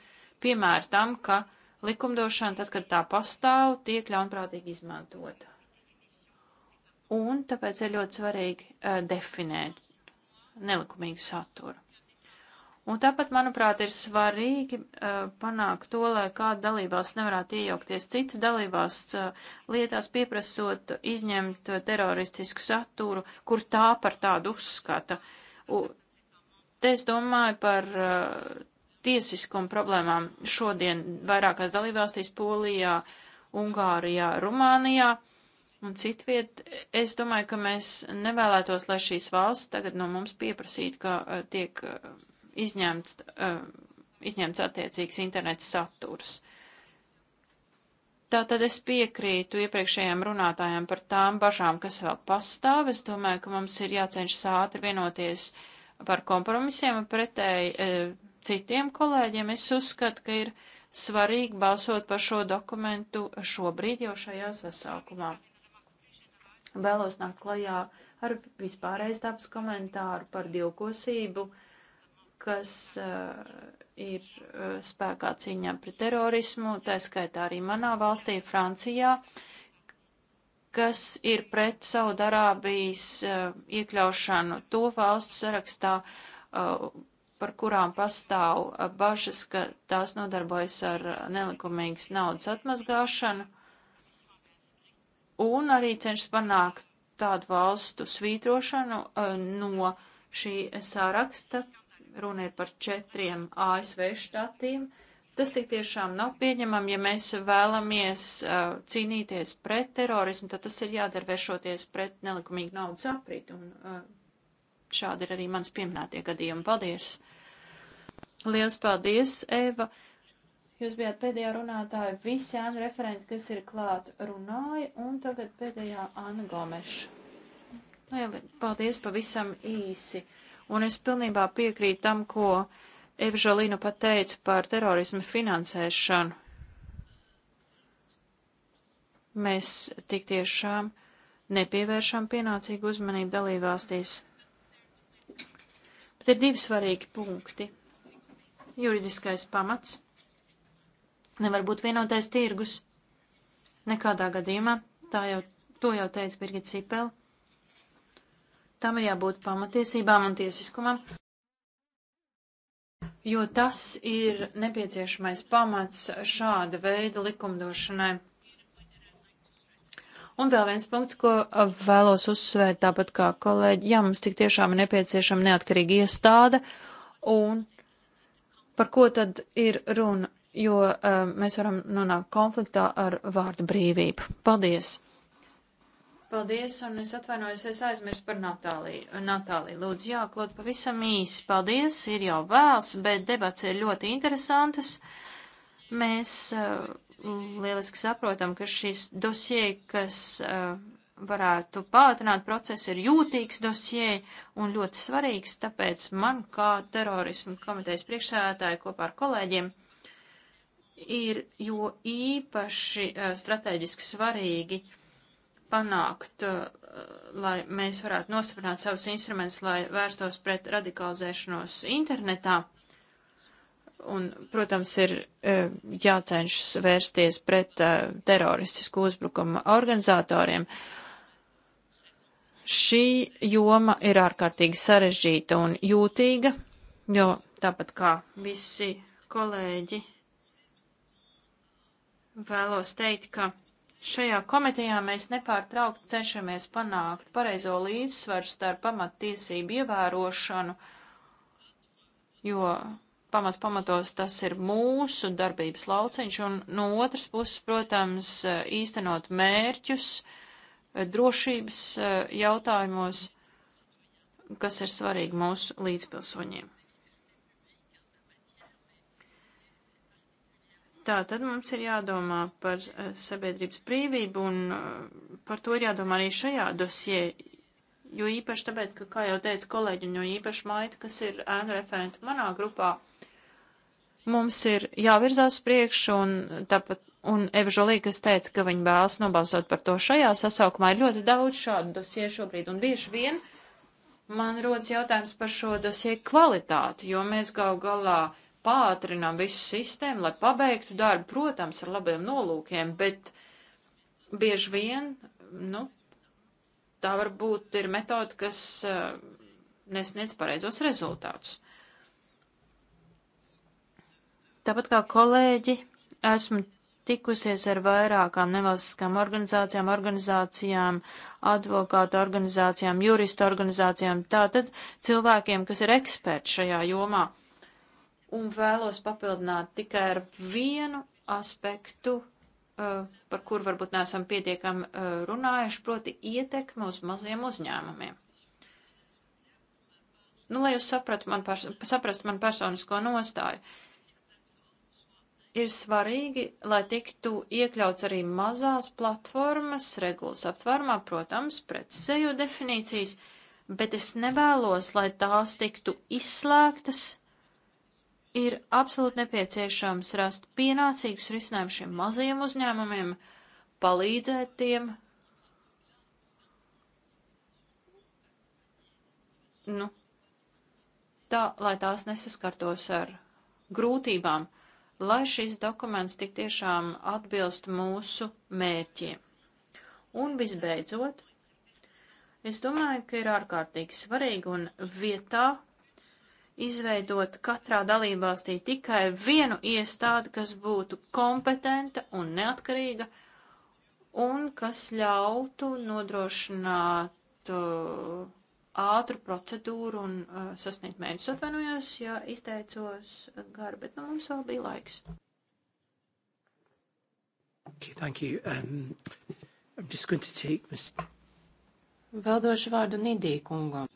piemēra tam, ka likumdošana, tad, kad tā pastāv, tiek ļaunprātīgi izmantota. Un tāpēc ir ļoti svarīgi uh, definēt nelikumīgu saturu. Un tāpat, manuprāt, ir svarīgi uh, panākt to, lai kāda dalībās nevarētu iejaukties citas dalībās uh, e, lietās, pieprasot izņemt teroristisku saturu, kur tā par tādu uzskata. U, te es domāju par uh, tiesiskuma problēmām šodien vairākās dalībvalstīs - Polijā, Ungārijā, Rumānijā un citviet. Es domāju, ka mēs nevēlētos, lai šīs valsts tagad no mums pieprasītu, ka eh, tiek eh, izņemts, eh, izņemts attiecīgs internets saturs. Tātad es piekrītu iepriekšējiem runātājiem par tām bažām, kas vēl pastāv. Es domāju, ka mums ir jācenšas ātri vienoties par kompromisiem, un pretēji citiem kolēģiem, es uzskatu, ka ir svarīgi balsot par šo dokumentu šobrīd jau šajā sasaukumā. Vēlos nākt klajā ar vispārreiz dabas komentāru par divkosību, kas uh, ir uh, spēkā cīņā pret terorismu, tā skaitā arī manā valstī, Francijā, kas ir pret Saudarābijas uh, iekļaušanu to valstu sarakstā, uh, par kurām pastāv bažas, ka tās nodarbojas ar nelikumīgas naudas atmazgāšanu, un arī cenšas panākt tādu valstu svītrošanu no šī sāraksta. Runa ir par četriem ASV štatiem. Tas tik tiešām nav pieņemam, ja mēs vēlamies uh, cīnīties pret terorismu, tad tas ir jādara vēršoties pret nelikumīgu naudas aprītu un uh, Šādi ir arī mans pieminētie gadījumi. Paldies! Liels paldies, Eva! Jūs bijāt pēdējā runātāja, visi Ānu referenti, kas ir klāt, runāja, un tagad pēdējā Āna Gomeša. Paldies pavisam īsi, un es pilnībā piekrītu tam, ko Eva Žalīna pateica par terorismu finansēšanu. Mēs tik tiešām nepievēršam pienācīgu uzmanību dalībvalstīs. Te ir divi svarīgi punkti. Juridiskais pamats. Nevar būt vienotais tirgus. Nekādā gadījumā. Tā jau, to jau teica Birgit Sipel. Tam ir jābūt pamatiesībām un tiesiskumam jo tas ir nepieciešamais pamats šāda veida likumdošanai. Un vēl viens punkts, ko vēlos uzsvērt, tāpat kā kolēģi, jā, mums tik tiešām ir nepieciešama neatkarīga iestāde, un par ko tad ir runa, jo uh, mēs varam nonākt konfliktā ar vārdu brīvību. Paldies! Paldies, un es atvainojos, es aizmirsu par Natāliju. Natālija, lūdzu, jāklot pavisam īsi. Paldies, ir jau vēls, bet debats ir ļoti interesantas. Mēs uh, lieliski saprotam, ka šis dosie, kas uh, varētu pātrināt procesu, ir jūtīgs dosie un ļoti svarīgs, tāpēc man kā terorismu komitejas priekšsēdētāji kopā ar kolēģiem ir jo īpaši uh, strateģiski svarīgi panākt, uh, lai mēs varētu nostiprināt savus instrumentus, lai vērstos pret radikalizēšanos internetā. Uh, Un, protams, ir e, jācenšas vērsties pret uh, teroristisku uzbrukumu organizatoriem. Šī joma ir ārkārtīgi sarežģīta un jūtīga, jo tāpat kā visi kolēģi vēlos teikt, ka šajā komitejā mēs nepārtraukti cenšamies panākt pareizo līdzsvaru starp pamattiesību ievērošanu, jo pamat pamatos tas ir mūsu darbības lauciņš, un no otras puses, protams, īstenot mērķus eh, drošības eh, jautājumos, kas ir svarīgi mūsu līdzpilsoņiem. Tā tad mums ir jādomā par eh, sabiedrības brīvību, un par to ir jādomā arī šajā dosjē, Jo īpaši tāpēc, ka, kā jau teica kolēģi, un jo īpaši maita, kas ir ēnu referenta manā grupā, Mums ir jāvirzās priekšu un tāpat. Un Eva Žolī, kas teica, ka viņa vēlas nobalsot par to šajā sasaukumā, ir ļoti daudz šādu dosie šobrīd. Un bieži vien man rodas jautājums par šo dosie kvalitāti, jo mēs gau galā pātrinām visu sistēmu, lai pabeigtu darbu, protams, ar labiem nolūkiem, bet bieži vien, nu, tā varbūt ir metode, kas uh, nesniedz pareizos rezultātus. Tāpat kā kolēģi, esmu tikusies ar vairākām nevalstiskām organizācijām, organizācijām, advokātu organizācijām, juristu organizācijām, tātad cilvēkiem, kas ir eksperti šajā jomā. Un vēlos papildināt tikai ar vienu aspektu, eh, par kur varbūt neesam pietiekami eh, runājuši, proti ietekme uz maziem uzņēmumiem. Nu, lai jūs sapratu man, pers saprastu man personisko nostāju. Uh, ir svarīgi, lai tiktu iekļauts arī mazās platformas regulas aptvērumā, protams, precizēju definīcijas, bet es nevēlos, lai tās tiktu izslēgtas. Ir absolūti nepieciešams rast pienācīgus risinājumus šiem mazajiem uzņēmumiem, palīdzēt tiem. Nu, tā, lai tās nesaskartos ar grūtībām lai šis dokuments tik tiešām atbilst mūsu mērķiem. Un visbeidzot, es domāju, ka ir ārkārtīgi svarīgi un vietā izveidot katrā dalībvalstī tikai vienu iestādi, kas būtu kompetenta un neatkarīga un kas ļautu nodrošināt uh, ātru procedūru un uh, sasniegt mērķus. Atvainojos, ja izteicos garu, bet nu, mums vēl bija laiks. Okay, thank you. Um, I'm just going to take Ms. Vēl došu vārdu Nidī kungam.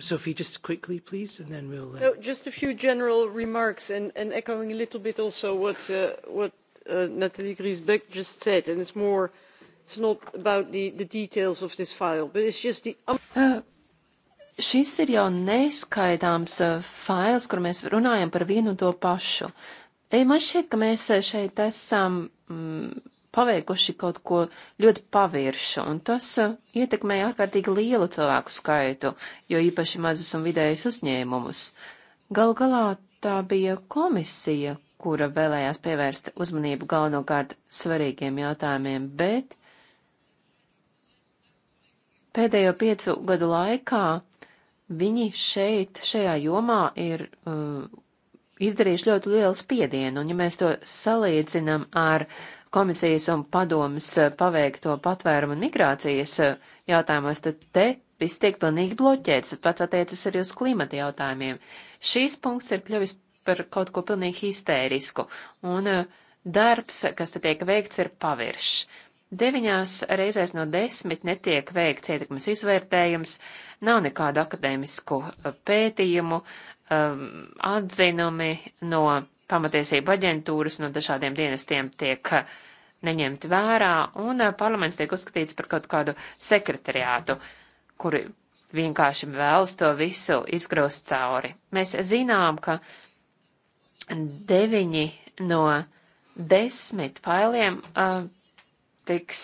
Sophie, just quickly, please, and then we'll. Uh... No, just a few general remarks and, and echoing a little bit also what, uh, what uh, Nathalie Griesbeck just said, and it's more, it's not about the, the details of this file, but it's just the. Um uh, šis ir jau neskaidāms eh, fails, kur mēs runājam par vienu un to pašu. Ei, man šķiet, ka mēs eh, šeit esam mm, paveikuši kaut ko ļoti paviršu, un tas eh, ietekmē ārkārtīgi lielu cilvēku skaitu, jo īpaši mazus un vidējus uzņēmumus. Galu galā tā bija komisija, kura vēlējās pievērst uzmanību galvenokārt svarīgiem jautājumiem, bet pēdējo piecu gadu laikā Viņi šeit, šajā jomā ir uh, izdarījuši ļoti lielu spiedienu, un ja mēs to salīdzinām ar komisijas un padomas uh, paveikto patvērumu un migrācijas uh, jautājumos, tad te viss tiek pilnīgi bloķēts, tas pats attiecas arī uz klimata jautājumiem. Šīs punkts ir kļuvis par kaut ko pilnīgi histērisku, un uh, darbs, kas te tiek veikts, ir paviršs. Deviņās reizēs no desmit netiek veikts ietekmes izvērtējums, nav nekādu akadēmisku eh, pētījumu, ehm, atzinumi no pamatiesību aģentūras, no dažādiem dienestiem tiek eh, neņemti vērā, un eh, parlaments tiek uzskatīts par kaut kādu sekretariātu, kuri vienkārši vēlas to visu izgrūst cauri. Mēs zinām, ka deviņi no desmit failiem uh, tiks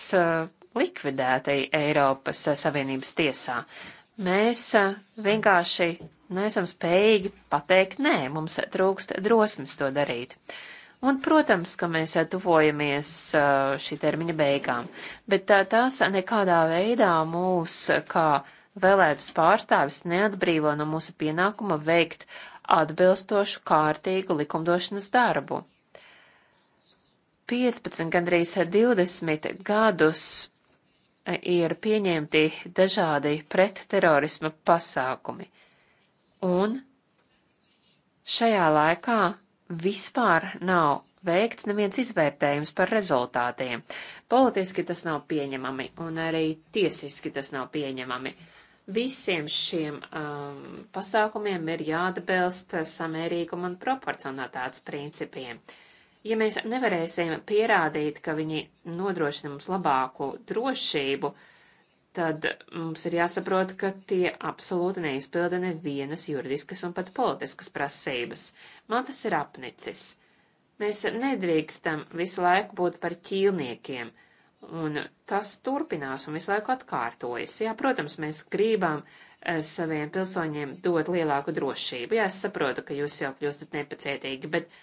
likvidēti Eiropas Savienības tiesā. Mēs vienkārši neesam spējīgi pateikt nē, mums trūkst drosmes to darīt. Un, protams, ka mēs tuvojamies šī termiņa beigām, bet tās nekādā veidā mūs, kā vēlētas pārstāvis, neatbrīvo no mūsu pienākuma veikt atbilstošu kārtīgu likumdošanas darbu. 15, gandrīz 20 gadus e, ir pieņemti dažādi pretterorisma pasākumi. Un šajā laikā vispār nav veikts neviens izvērtējums par rezultātiem. Politiski tas nav pieņemami, un arī tiesiski tas nav pieņemami. Visiem šiem um, pasākumiem ir jāatbilst samērīguma un proporcionatāts principiem. Uh, Ja mēs nevarēsim pierādīt, ka viņi nodrošina mums labāku drošību, tad mums ir jāsaprot, ka tie absolūti neizpilda nevienas juridiskas un pat politiskas prasības. Man tas ir apnicis. Mēs nedrīkstam visu laiku būt par ķīlniekiem. Un tas turpinās un visu laiku atkārtojas. Jā, protams, mēs gribam eh, saviem pilsoņiem dot lielāku drošību. Jā, es saprotu, ka jūs jau kļūstat nepacietīgi, bet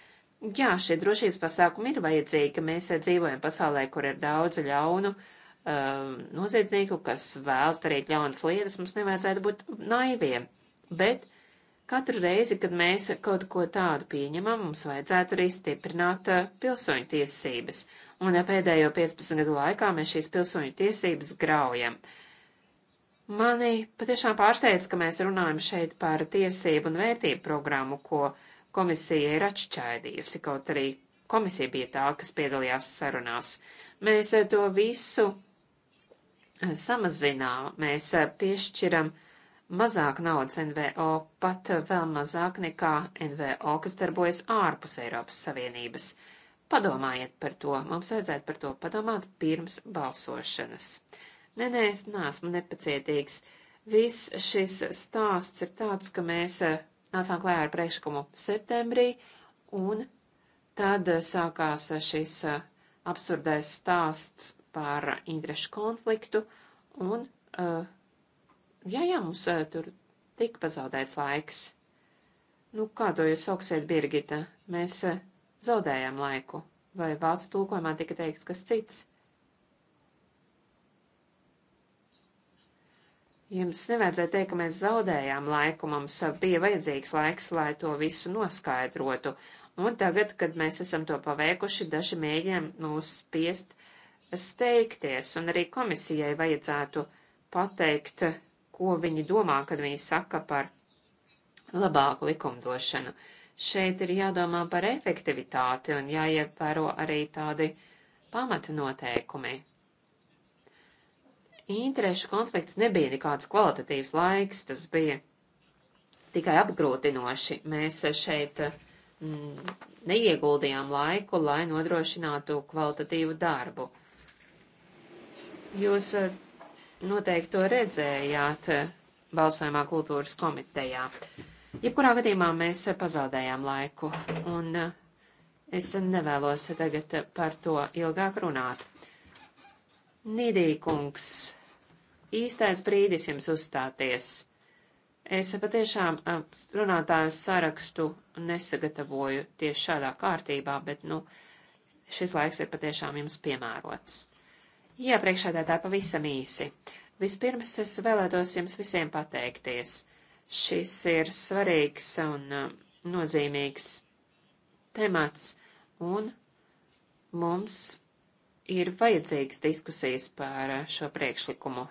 Jā, šie drošības pasākumi ir vajadzīgi. Mēs eh, dzīvojam pasaulē, kur ir daudz ļaunu um, noziedznieku, kas vēlas darīt ļaunas lietas. Mums nevajadzētu būt naiviem. Bet katru reizi, kad mēs kaut ko tādu pieņemam, mums vajadzētu arī stiprināt uh, pilsoņu tiesības. Un ja pēdējo 15 gadu laikā mēs šīs pilsoņu tiesības graujam. Mani patiešām pārsteidz, ka mēs runājam šeit par tiesību un vērtību programmu, ko uh, Komisija ir atšķaidījusi, kaut arī komisija bija tā, kas piedalījās sarunās. Mēs eh, to visu eh, samazinām, mēs eh, piešķiram mazāk naudas NVO, pat vēl mazāk nekā NVO, kas darbojas ārpus Eiropas Savienības. Padomājiet par to, mums vajadzētu par to padomāt pirms balsošanas. Nē, nē, es neesmu nepacietīgs. Viss šis stāsts ir tāds, ka mēs nācām klējā ar priekšlikumu septembrī, un tad eh, sākās eh, šis eh, absurdais stāsts par interešu konfliktu, un, jā, jā, mums tur tika pazaudēts laiks. Nu, kā to jūs sauksiet, Birgita? Mēs zaudējām laiku, vai vācu tulkojumā tika teikts kas cits? Jums nevajadzēja teikt, ka mēs zaudējām laiku, mums bija vajadzīgs laiks, lai to visu noskaidrotu, un tagad, kad mēs esam to paveikuši, daži mēģina mūs spiest steigties, un arī komisijai vajadzētu pateikt, ko viņi domā, kad viņi saka par labāku likumdošanu. Šeit ir jādomā par efektivitāti un jāievēro arī tādi pamata noteikumi interešu konflikts nebija nekāds kvalitatīvs laiks, tas bija tikai apgrūtinoši. Mēs šeit mm, neieguldījām laiku, lai nodrošinātu kvalitatīvu darbu. Jūs eh, noteikti to redzējāt eh, balsojumā kultūras komitejā. Jebkurā gadījumā mēs pazaudējām laiku, un eh, es nevēlos tagad par to ilgāk runāt. Nidīkungs, īstais brīdis jums uzstāties. Es patiešām runātāju sarakstu nesagatavoju tieši šādā kārtībā, bet, nu, šis laiks ir patiešām jums piemērots. Jā, priekšādētāji pavisam īsi. Vispirms es vēlētos jums visiem pateikties. Šis ir svarīgs un nozīmīgs temats, un mums ir vajadzīgas diskusijas par šo priekšlikumu.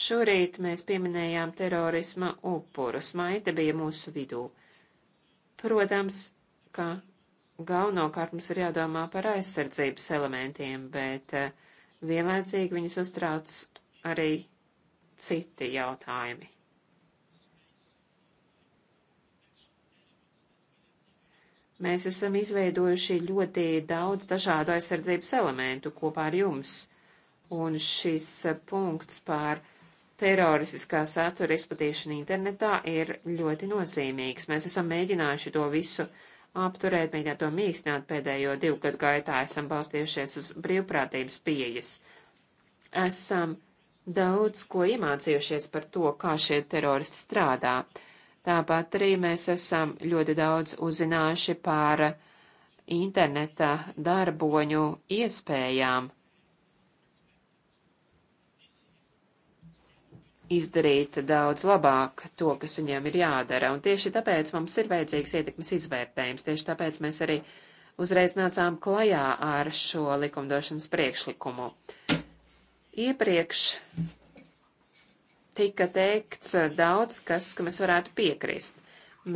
Šorīt mēs pieminējām terorisma upurus. Maita bija mūsu vidū. Protams, ka galvenokārt mums ir jādomā par aizsardzības elementiem, bet eh, vienlaicīgi viņus uztrauc arī citi jautājumi. Mēs esam izveidojuši ļoti daudz dažādu aizsardzības elementu kopā ar jums, un šis punkts pār teroristiskā satura izplatīšanu internetā ir ļoti nozīmīgs. Mēs esam mēģinājuši to visu apturēt, mēģināt to mīkstināt pēdējo divu gadu gaitā, esam balstījušies uz brīvprātības pieejas. Esam daudz ko iemācījušies par to, kā šie teroristi strādā. Uh, Tāpat arī mēs esam ļoti daudz uzzinājuši par interneta darboņu iespējām izdarīt daudz labāk to, kas viņiem ir jādara. Un tieši tāpēc mums ir vajadzīgs ietekmes izvērtējums. Tieši tāpēc mēs arī uzreiz nācām klajā ar šo likumdošanas priekšlikumu. Iepriekš tika teikts eh, daudz kas, ka mēs varētu piekrist.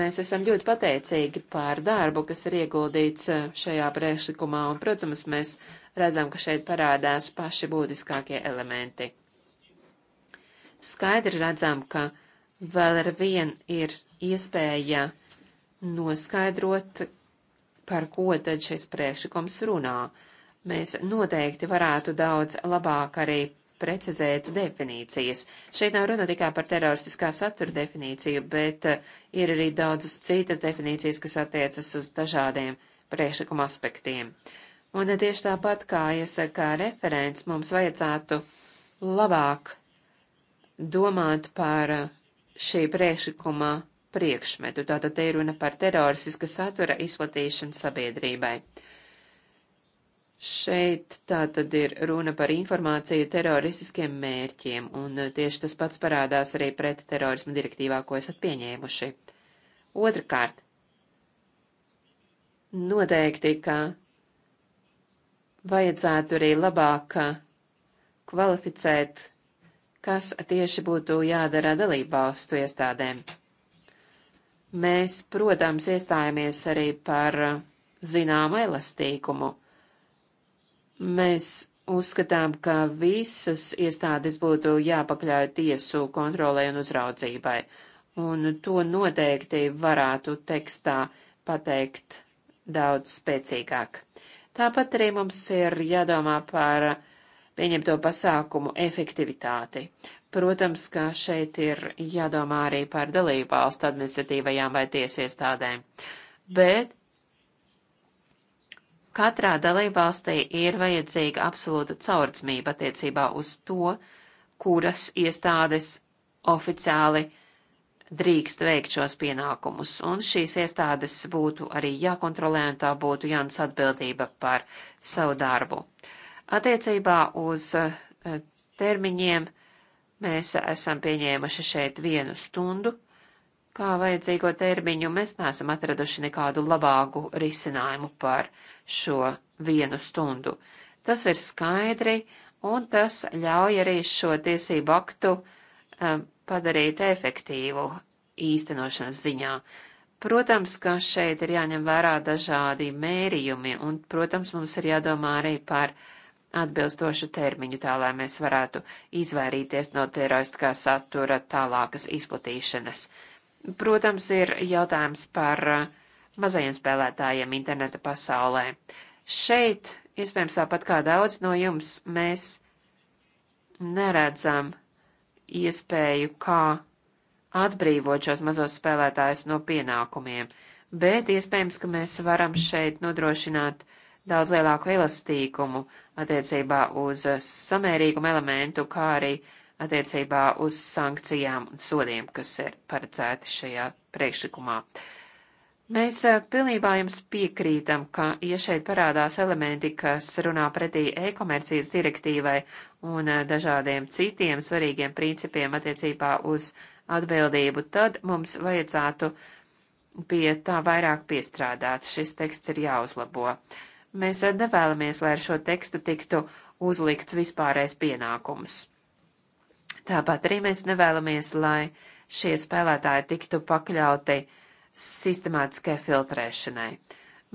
Mēs esam ļoti pateicīgi par darbu, kas ir ieguldīts eh, šajā priekšlikumā, un, protams, mēs redzam, ka šeit parādās paši būtiskākie elementi. Skaidri redzam, ka vēl ar vien ir iespēja noskaidrot, par ko tad šis priekšlikums runā. Mēs noteikti varētu daudz labāk arī precizēt definīcijas. Šeit nav runa tikai par teroristiskā satura definīciju, bet eh, ir arī daudzas citas definīcijas, kas attiecas uz dažādiem priekšlikuma aspektiem. Un eh, tieši tāpat kā iesaka eh, referents, mums vajadzētu labāk domāt par šī priekšlikuma priekšmetu. Tātad te ir runa par teroristiska satura izplatīšanu sabiedrībai. Šeit tā tad ir runa par informāciju teroristiskiem mērķiem, un uh, tieši tas pats parādās arī pret terorismu direktīvā, ko esat pieņēmuši. Otrakārt, noteikti, ka vajadzētu arī labāk uh, kvalificēt, kas tieši būtu jādara dalībvalstu iestādēm. Mēs, protams, iestājāmies arī par uh, zināmu elastīkumu Mēs uzskatām, ka visas iestādes būtu jāpakļauj tiesu kontrolē un uzraudzībai, un to noteikti varētu tekstā pateikt daudz spēcīgāk. Tāpat arī mums ir jādomā par pieņemto pasākumu efektivitāti. Protams, ka šeit ir jādomā arī par dalību valstu administratīvajām vai tiesu iestādēm. Bet Katrā dalībvalstī ir vajadzīga absolūta caurdzmība attiecībā uz to, kuras iestādes oficiāli drīkst veikt šos pienākumus, un šīs iestādes būtu arī jākontrolē, un tā būtu Jānis atbildība par savu darbu. Attiecībā uz eh, termiņiem mēs esam pieņēmuši šeit vienu stundu, kā vajadzīgo termiņu, mēs neesam atraduši nekādu labāku risinājumu par šo vienu stundu. Tas ir skaidri, un tas ļauj arī šo tiesību aktu um, padarīt efektīvu īstenošanas ziņā. Protams, ka šeit ir jāņem vērā dažādi mērījumi, un, protams, mums ir jādomā arī par atbilstošu termiņu, tā lai mēs varētu izvairīties no teroristiskā satura tālākas izplatīšanas. Uh, Protams, ir jautājums par eh, mazajiem spēlētājiem interneta pasaulē. Šeit, iespējams, tāpat kā daudz no jums, mēs neredzam iespēju, kā atbrīvot šos mazos spēlētājus no pienākumiem, bet iespējams, ka mēs varam šeit nodrošināt daudz lielāku elastīkumu attiecībā uz samērīgumu elementu, kā arī uh, attiecībā uz sankcijām un sodiem, kas ir paredzēti šajā priekšlikumā. Mēs eh, pilnībā jums piekrītam, ka, ja šeit parādās elementi, kas runā pretī e-komercijas direktīvai un eh, dažādiem citiem svarīgiem principiem attiecībā uz atbildību, tad mums vajadzētu pie tā vairāk piestrādāt. Šis teksts ir jāuzlabo. Mēs eh, nevēlamies, lai ar šo tekstu tiktu uzlikts vispārējais pienākums. Tāpat arī mēs nevēlamies, lai šie spēlētāji tiktu pakļauti sistemātiskai filtrēšanai.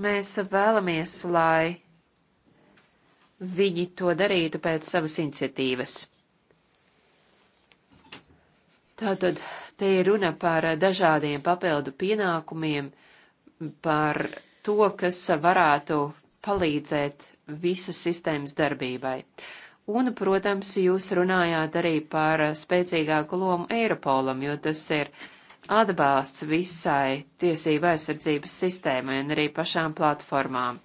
Mēs vēlamies, lai viņi to darītu pēc savas iniciatīvas. Tātad te ir runa par dažādiem papildu pienākumiem, par to, kas varētu palīdzēt visas sistēmas darbībai. Uh, Un, protams, jūs runājāt arī par spēcīgāku lomu Eiropolam, jo tas ir atbalsts visai tiesība aizsardzības sistēmai un arī pašām platformām.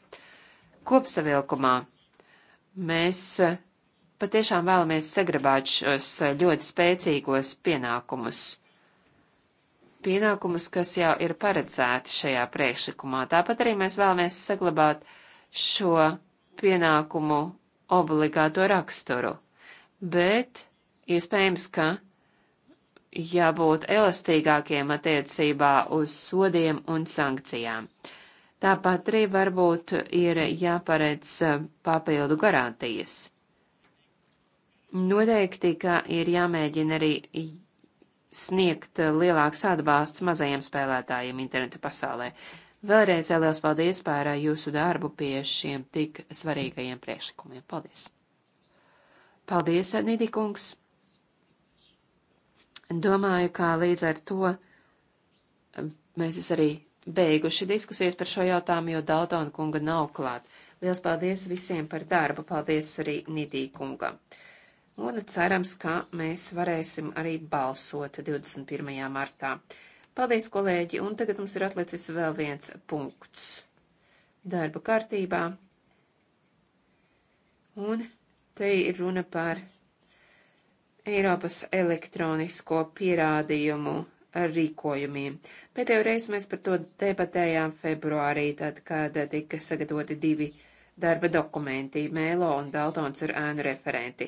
Kopsavilkumā mēs eh, patiešām vēlamies sagrabāt šos eh, ļoti spēcīgos pienākumus pienākumus, kas jau ir paredzēti šajā priekšlikumā. Tāpat arī mēs vēlamies saglabāt šo pienākumu obligāto raksturu, bet iespējams, ka jābūt elastīgākiem attiecībā uz sodiem un sankcijām. Tāpat arī varbūt ir jāparedz eh, papildu garantijas. Noteikti, ka ir jāmēģina arī sniegt eh, lielāks atbalsts mazajiem spēlētājiem interneta pasaulē. Vēlreiz liels paldies par jūsu darbu pie šiem tik svarīgajiem priekšlikumiem. Paldies! Paldies, Nidikungs! Domāju, ka līdz ar to mēs es arī beiguši diskusijas par šo jautājumu, jo Daltona kunga nav klāt. Liels paldies visiem par darbu, paldies arī Nidīkungam. Un cerams, ka mēs varēsim arī balsot 21. martā. Paldies, kolēģi, un tagad mums ir atlicis vēl viens punkts darba kārtībā. Un te ir runa par Eiropas elektronisko pierādījumu rīkojumiem. Pēdējo reizi mēs par to debatējām februārī, tad, kad tika sagatavoti divi uh, darba dokumenti. Mēlo un Daltons ir ēnu referenti.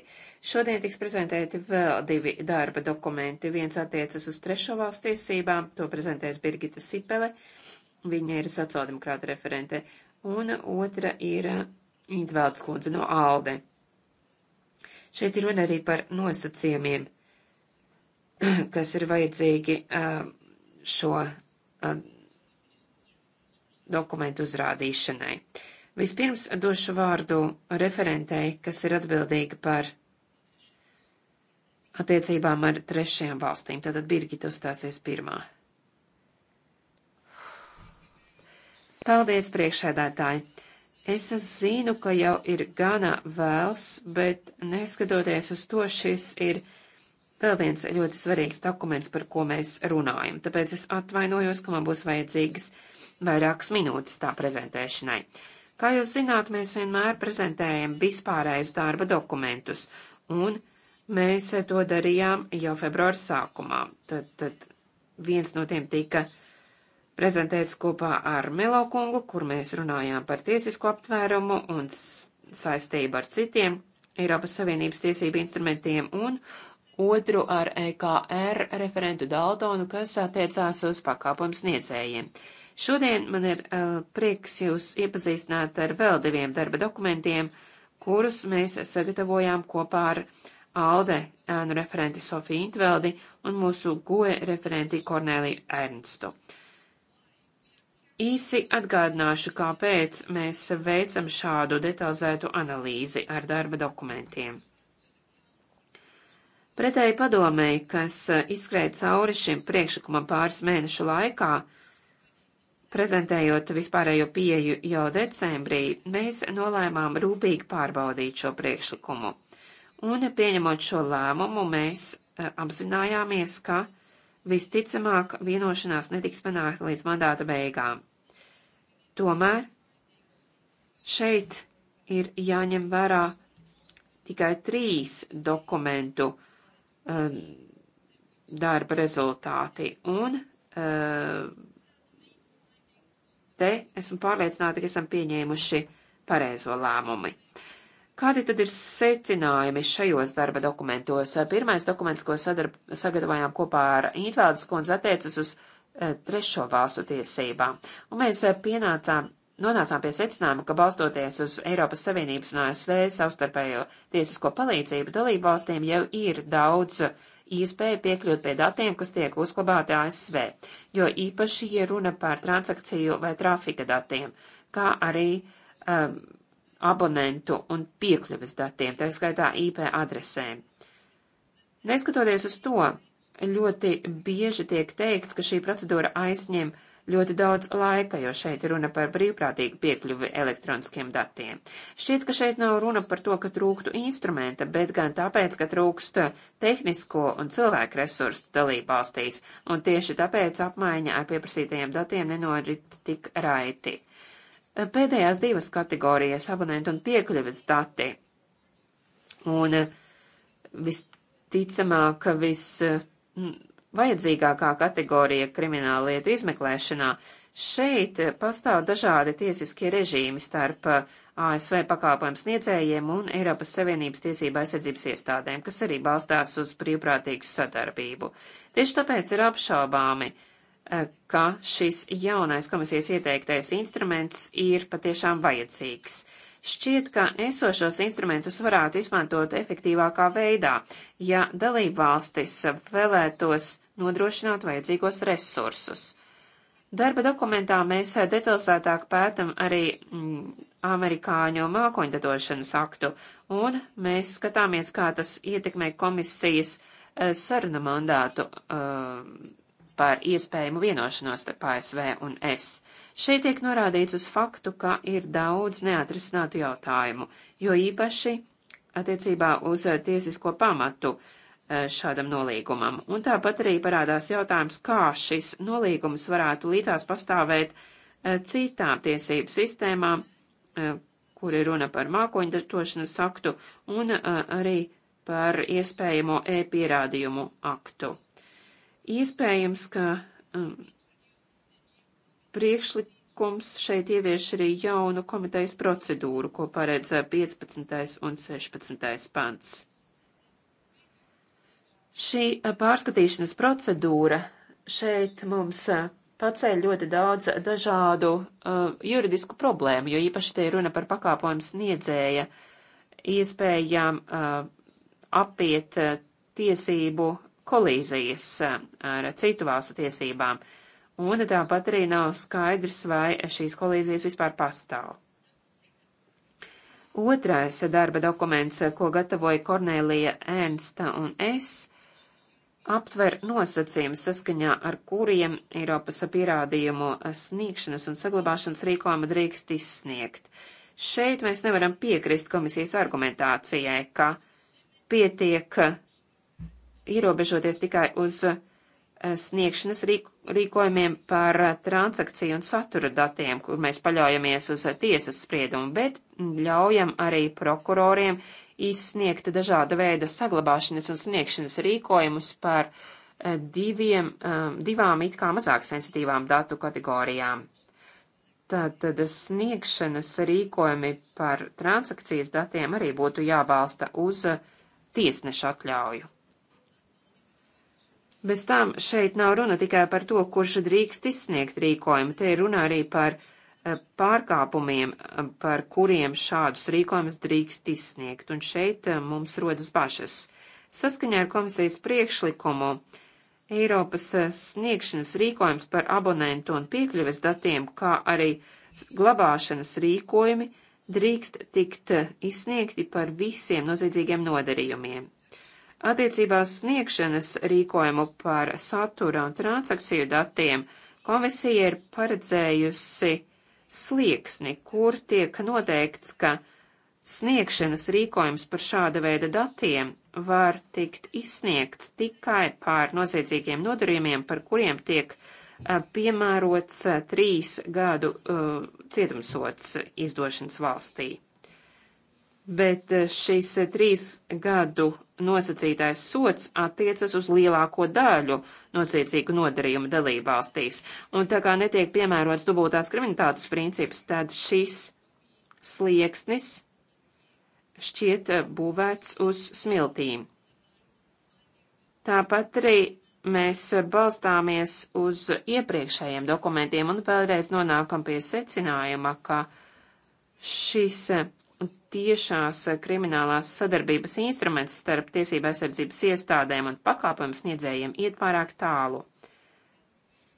Šodien tiks prezentēti vēl divi darba dokumenti. Viens attiecas uz trešo valstu tiesībām, to prezentēs Birgita Sipele, viņa ir sociāldemokrāta referente, un otra ir Intvelds kundze no Alde. Šeit ir runa arī par nosacījumiem, (clears throat) kas ir vajadzīgi uh, šo uh, dokumentu uzrādīšanai. Uh, Vispirms došu vārdu referentei, kas ir atbildīga par attiecībām ar trešajām valstīm. Tātad Birgita uzstāsies pirmā. Paldies, priekšēdētāji! Es zinu, ka jau ir gana vēls, bet neskatoties uz to, šis ir vēl viens ļoti svarīgs dokuments, par ko mēs runājam. Tāpēc es atvainojos, ka man būs vajadzīgas vairākas minūtes tā prezentēšanai. Kā jūs zināt, mēs vienmēr prezentējam vispārējais darba dokumentus, un mēs to darījām jau februāra sākumā. Tad, tad viens no tiem tika prezentēts kopā ar Melo kungu, kur mēs runājām par tiesisko aptvērumu un saistību ar citiem Eiropas Savienības tiesību instrumentiem un otru ar EKR referentu Daltonu, kas attiecās uz pakāpums niedzējiem. Uh, Šodien man ir uh, prieks jūs iepazīstināt ar vēl diviem darba dokumentiem, kurus mēs sagatavojām kopā ar ALDE ēnu referenti Sofiju Intveldi un mūsu GOE referenti Korneliju Ernstu. Īsi atgādināšu, kāpēc mēs veicam šādu detalizētu analīzi ar darba dokumentiem. Pretēji padomēji, kas eh, izskrēja cauri šim priekšlikumam pāris mēnešu laikā, uh, Prezentējot vispārējo pieju jau decembrī, mēs nolēmām rūpīgi pārbaudīt šo priekšlikumu. Un pieņemot šo lēmumu, mēs eh, apzinājāmies, ka visticamāk vienošanās netiks panākta līdz mandāta beigām. Tomēr šeit ir jāņem vērā tikai trīs dokumentu um, darba rezultāti un uh, um, Te esmu pārliecināta, ka esam pieņēmuši pareizo lēmumu. Kādi tad ir secinājumi šajos darba dokumentos? Pirmais dokuments, ko sadarb, sagatavojām kopā ar Intvēldes kundzi, attiecas uz eh, trešo valstu tiesībām. Un mēs eh, pienācām, nonācām pie secinājuma, ka balstoties uz Eiropas Savienības un ASV savstarpējo tiesisko palīdzību dalību valstīm jau ir daudz uh, iespēja piekļūt pie datiem, kas tiek uzglabāti ASV, jo īpaši, ja runa par transakciju vai trafika datiem, kā arī um, abonentu un piekļuves datiem, tā skaitā IP adresēm. Neskatoties uz to, ļoti bieži tiek teikts, ka šī procedūra aizņem uh, ļoti daudz laika, jo šeit ir runa par brīvprātīgu piekļuvi elektroniskiem datiem. Šķiet, ka šeit nav runa par to, ka trūktu instrumenta, bet gan tāpēc, ka trūkst tehnisko un cilvēku resursu dalībvalstīs, un tieši tāpēc apmaiņa ar pieprasītajiem datiem nenorit tik raiti. Pēdējās divas kategorijas - abonentu un piekļuves dati. Un eh, visticamāk, vis mm, vajadzīgākā kategorija krimināla lietu izmeklēšanā. Šeit pastāv dažādi tiesiskie režīmi starp uh, ASV pakāpojumu sniedzējiem un Eiropas Savienības tiesība aizsardzības iestādēm, kas arī balstās uz brīvprātīgu sadarbību. Tieši tāpēc ir apšaubāmi, uh, ka šis jaunais komisijas ieteiktais instruments ir patiešām vajadzīgs šķiet, ka esošos instrumentus varētu izmantot efektīvākā veidā, ja dalībvalstis vēlētos nodrošināt vajadzīgos resursus. Darba dokumentā mēs detalizētāk pētam arī mm, amerikāņu mākoņdadošanas aktu, un mēs skatāmies, kā tas ietekmē komisijas eh, saruna mandātu uh, par iespējamu vienošanos starp ASV un es. Šeit tiek norādīts uz faktu, ka ir daudz neatrisinātu jautājumu, jo īpaši attiecībā uz tiesisko pamatu uh, Eh, šādam nolīgumam. Un tāpat arī parādās jautājums, kā šis nolīgums varētu līdzās pastāvēt eh, citām tiesību sistēmām, eh, kur ir runa par mākoņdatošanas aktu un arī par iespējamo e-pierādījumu aktu. Iespējams, ka um, priekšlikums šeit ievieš arī jaunu komitejas procedūru, ko paredz 15. un 16. pants. Šī eh, pārskatīšanas procedūra šeit mums eh, pacēla ļoti daudz dažādu uh, juridisku problēmu, jo īpaši te ir runa par pakāpojumu sniedzēja iespējām uh, apiet uh, tiesību kolīzijas uh, ar citu valstu tiesībām, un tāpat arī nav skaidrs, vai šīs kolīzijas vispār pastāv. Otrais darba dokuments, ko gatavoja Kornēlija Ernsta un es, aptver nosacījums, saskaņā ar kuriem Eiropas pierādījumu sniegšanas un saglabāšanas rīkojuma drīkst izsniegt. Šeit mēs nevaram piekrist komisijas argumentācijai, ka pietiek ierobežoties tikai uz eh, sniegšanas rīkojumiem par eh, transakciju un satura datiem, kur mēs paļaujamies uz eh, tiesas spriedumu, bet ļaujam arī prokuroriem izsniegt dažāda veida saglabāšanas un sniegšanas rīkojumus par eh, diviem, eh, divām it kā mazāk sensitīvām datu kategorijām. Tātad sniegšanas rīkojumi par transakcijas datiem arī būtu jābalsta uz eh, tiesneša atļauju. Bez tām šeit nav runa tikai par to, kurš drīkst izsniegt rīkojumu, te ir runa arī par uh, Eh, pārkāpumiem, eh, par kuriem šādus rīkojumus drīkst izsniegt, un šeit eh, mums rodas bažas. Saskaņā ar komisijas priekšlikumu Eiropas sniegšanas rīkojums par abonentu un piekļuves datiem, kā arī glabāšanas rīkojumi drīkst tikt izsniegti par visiem noziedzīgiem nodarījumiem. Attiecībā uz sniegšanas rīkojumu par satura un transakciju datiem komisija ir paredzējusi uh, slieksni, kur tiek noteikts, ka sniegšanas rīkojums par šāda veida datiem var tikt izsniegts tikai pār noziedzīgiem nodarījumiem, par kuriem tiek eh, piemērots eh, trīs gadu uh, cietumsots izdošanas valstī bet eh, šis eh, trīs gadu nosacītais sots attiecas uz lielāko daļu nosiecīgu nodarījumu dalībvalstīs, un tā kā netiek piemērots dubultās kriminalitātes princips, tad šis slieksnis šķiet eh, būvēts uz smiltīm. Tāpat arī mēs balstāmies uz iepriekšējiem dokumentiem un vēlreiz nonākam pie secinājuma, ka šis tiešās kriminālās sadarbības instruments starp tiesība aizsardzības iestādēm un pakāpojumu sniedzējiem iet pārāk tālu.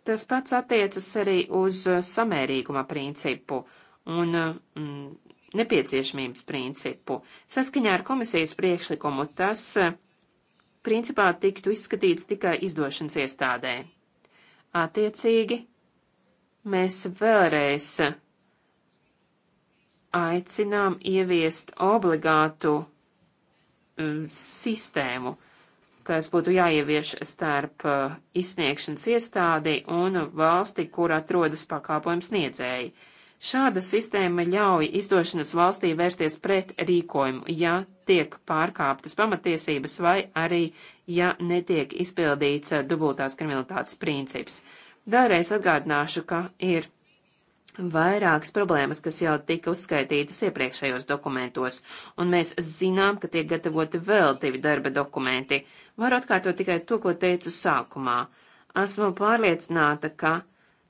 Tas pats attiecas arī uz samērīguma principu un mm, nepieciešamības principu. Saskaņā ar komisijas priekšlikumu tas eh, principā tiktu izskatīts tikai izdošanas iestādē. Attiecīgi, mēs vēlreiz aicinām ieviest obligātu um, sistēmu, kas būtu jāievieš starp uh, izsniegšanas iestādi un valsti, kur atrodas pakāpojums sniedzēji. Šāda sistēma ļauj izdošanas valstī vērsties pret rīkojumu, ja tiek pārkāptas pamatiesības vai arī, ja netiek izpildīts uh, dubultās kriminalitātes princips. Vēlreiz atgādināšu, ka ir vairākas problēmas, kas jau tika uzskaitītas iepriekšējos dokumentos, un mēs zinām, ka tiek gatavoti vēl divi darba dokumenti. Varu atkārtot tikai to, ko teicu sākumā. Esmu pārliecināta, ka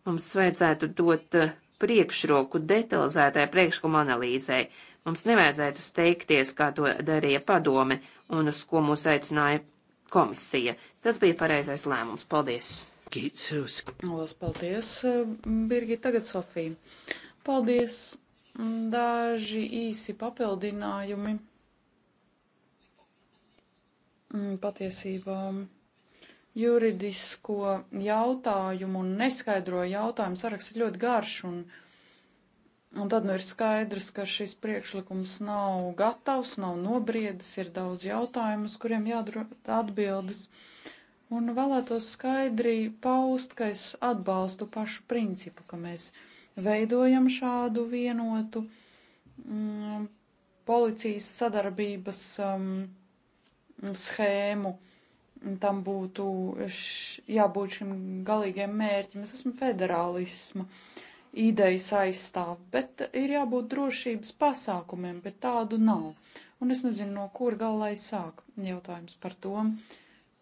mums vajadzētu dot priekšroku detalizētai priekšlikuma analīzei. Mums nevajadzētu steigties, kā to darīja padome un uz ko mūs aicināja komisija. Tas bija pareizais lēmums. Paldies! Kīcevs. Lielas paldies, Birgi, tagad Sofija. Paldies, daži īsi papildinājumi. Mm, patiesībā juridisko jautājumu un neskaidro jautājumu saraksts ir ļoti garš, un, un tad nu ir skaidrs, ka šis priekšlikums nav gatavs, nav nobriedis, ir daudz jautājumu, uz kuriem jādara atbildes. Uh, un vēlētos skaidri paust, ka es atbalstu pašu principu, ka mēs veidojam šādu vienotu mm, policijas sadarbības um, schēmu. Tam būtu š, jābūt šim galīgiem mērķim. Es esmu federālisma idejas aizstāv, bet ir jābūt drošības pasākumiem, bet tādu nav. Un es nezinu, no kur galā sāk jautājums par to. Uh,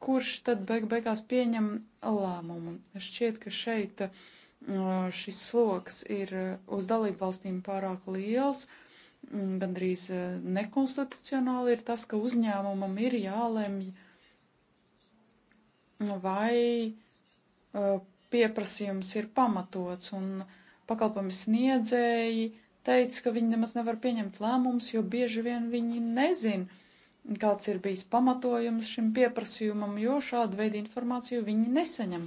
kurš tad beig beigās pieņem lēmumu. Šķiet, ka šeit šis sloks ir uz dalību valstīm pārāk liels, mm, gandrīz nekonstitucionāli ir tas, ka uzņēmumam ir jālemj, vai pieprasījums ir pamatots, un pakalpojumi sniedzēji teica, ka viņi nemaz nevar pieņemt lēmumus, jo bieži vien viņi nezina, kāds ir bijis pamatojums šim pieprasījumam, jo šādu veidu informāciju viņi nesaņem.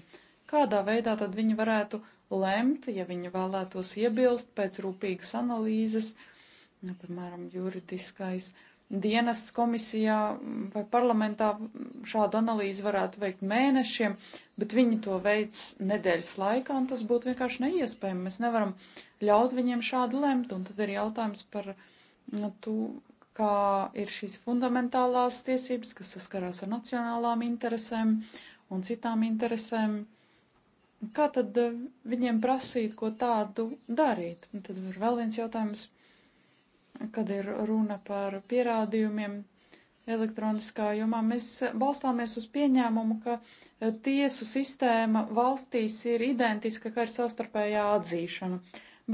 Kādā veidā tad viņi varētu lemt, ja viņi vēlētos iebilst pēc rūpīgas analīzes, ja, nu, piemēram, juridiskais dienests komisijā vai parlamentā šādu analīzi varētu veikt mēnešiem, bet viņi to veids nedēļas laikā, un tas būtu vienkārši neiespējami. Mēs nevaram ļaut viņiem šādi lemt, un tad ir jautājums par nu, tu, kā ir šīs fundamentālās tiesības, kas saskarās ar nacionālām interesēm un citām interesēm. Kā tad eh, viņiem prasīt, ko tādu darīt? Un tad ir vēl viens jautājums, kad ir runa par pierādījumiem elektroniskā jomā. Mēs balstāmies uz pieņēmumu, ka eh, tiesu sistēma valstīs ir identiska, kā ir savstarpējā atzīšana.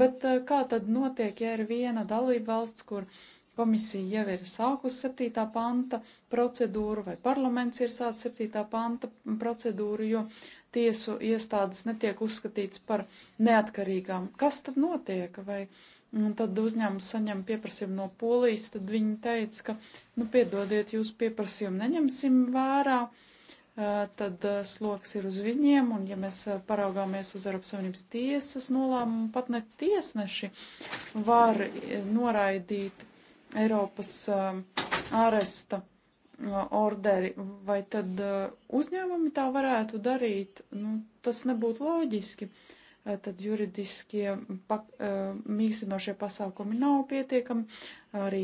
Bet eh, kā tad notiek, ja ir viena dalība valsts, kur uh, Komisija jau ir sākusi 7. panta procedūru, vai parlaments ir sācis 7. panta procedūru, jo tiesu iestādes netiek uzskatīts par neatkarīgām. Kas tad notiek? Vai Un tad uzņēmums saņem pieprasījumu no polijas, tad viņi teica, ka, nu, piedodiet, jūs pieprasījumu neņemsim vērā, tad sloks ir uz viņiem, un ja mēs paraugāmies uz Eiropas Savienības tiesas nolēmumu, pat ne tiesneši var noraidīt Eiropas um, āresta uh, orderi, vai tad uh, uzņēmumi tā varētu darīt? Nu, tas nebūtu loģiski. Uh, tad juridiskie pak, mīsinošie pasākumi nav pietiekami. Arī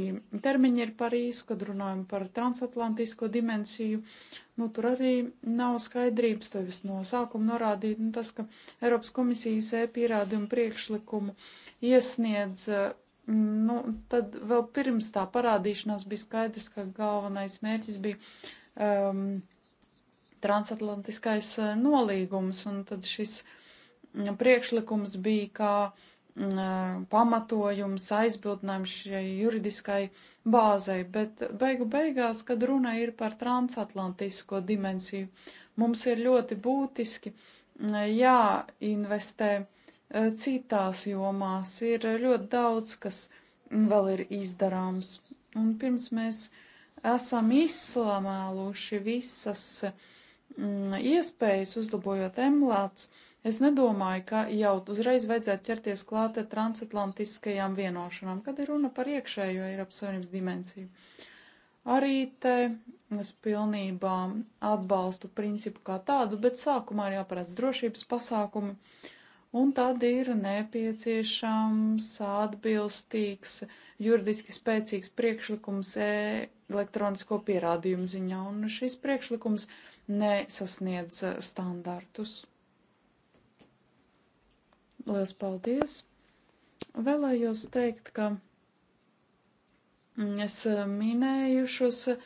termiņi ir par īsu, kad runājam par transatlantisko dimensiju. Nu, tur arī nav skaidrības, to es no sākuma norādīju. Nu, tas, ka Eiropas komisijas e-pierādījumu priekšlikumu iesniedz Nu, tad vēl pirms tā parādīšanās bija skaidrs, ka galvenais mērķis bija um, transatlantiskais uh, nolīgums, un tad šis mm, priekšlikums bija kā um, pamatojums, aizbildinājums šai juridiskai bāzei, bet beigu beigās, kad runa ir par transatlantisko dimensiju, mums ir ļoti būtiski mm, jāinvestē. Uh, Eh, citās jomās ir eh, ļoti daudz, kas mm, vēl ir izdarāms. Un pirms mēs esam izslamēluši visas mm, iespējas uzlabojot emlāts, es nedomāju, ka jau uzreiz vajadzētu ķerties klāt transatlantiskajām vienošanām, kad ir runa par iekšējo Eiropas Savienības dimensiju. Arī te es pilnībā atbalstu principu kā tādu, bet sākumā ir jāparāds drošības pasākumi. Uh, un tad ir nepieciešams atbilstīgs juridiski spēcīgs priekšlikums e elektronisko pierādījumu ziņā, un šis priekšlikums nesasniedz e, standartus. Lielas paldies! Vēlējos teikt, ka es e, minēju šos e,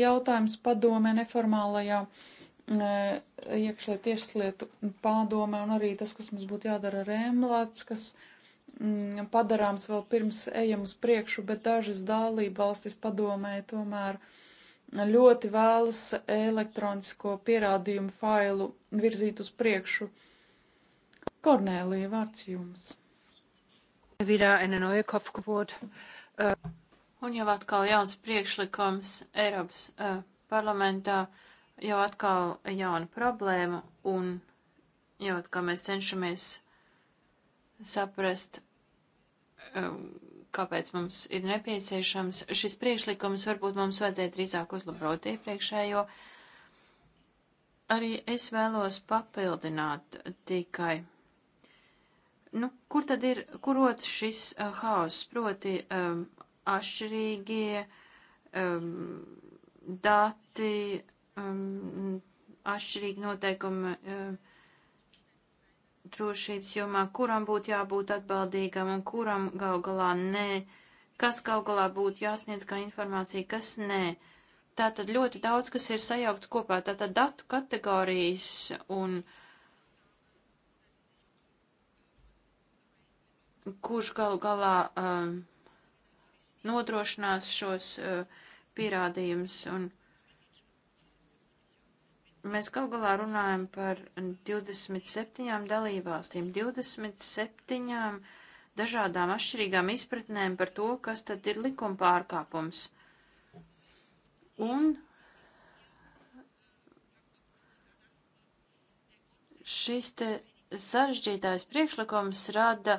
jautājumus padomē neformālajā. Ja iekšlietu tieslietu pārdomē un arī tas, kas mums būtu jādara rēmlāts, kas mm, padarāms vēl pirms ejam uz priekšu, bet dažas dalība valstis padomē tomēr ļoti vēlas elektronisko pierādījumu failu virzīt uz priekšu. Kornēlija, vārds jums. Äh, un jau atkal jauns priekšlikums Eiropas uh, parlamentā. Uh, jau atkal jauna problēma, un jau atkal mēs cenšamies saprast, um, kāpēc mums ir nepieciešams šis priekšlikums. Varbūt mums vajadzēja drīzāk uzlabot iepriekšējo. Arī es vēlos papildināt tikai. Nu, kur tad ir, kurot šis uh, haoss, proti um, atšķirīgie um, dati, um, mm, atšķirīgi noteikumi uh, drošības jomā, kuram būtu jābūt atbildīgam un kuram gal galā nē, kas gal galā būtu jāsniedz kā informācija, kas nē. Tātad ļoti daudz, kas ir sajaukts kopā, tātad datu kategorijas un kurš gal galā um, nodrošinās šos uh, pierādījumus un Mēs gal galā runājam par 27 dalībvalstīm, 27 dažādām atšķirīgām izpratnēm par to, kas tad ir likuma pārkāpums. Un šis te sarežģītājs priekšlikums rada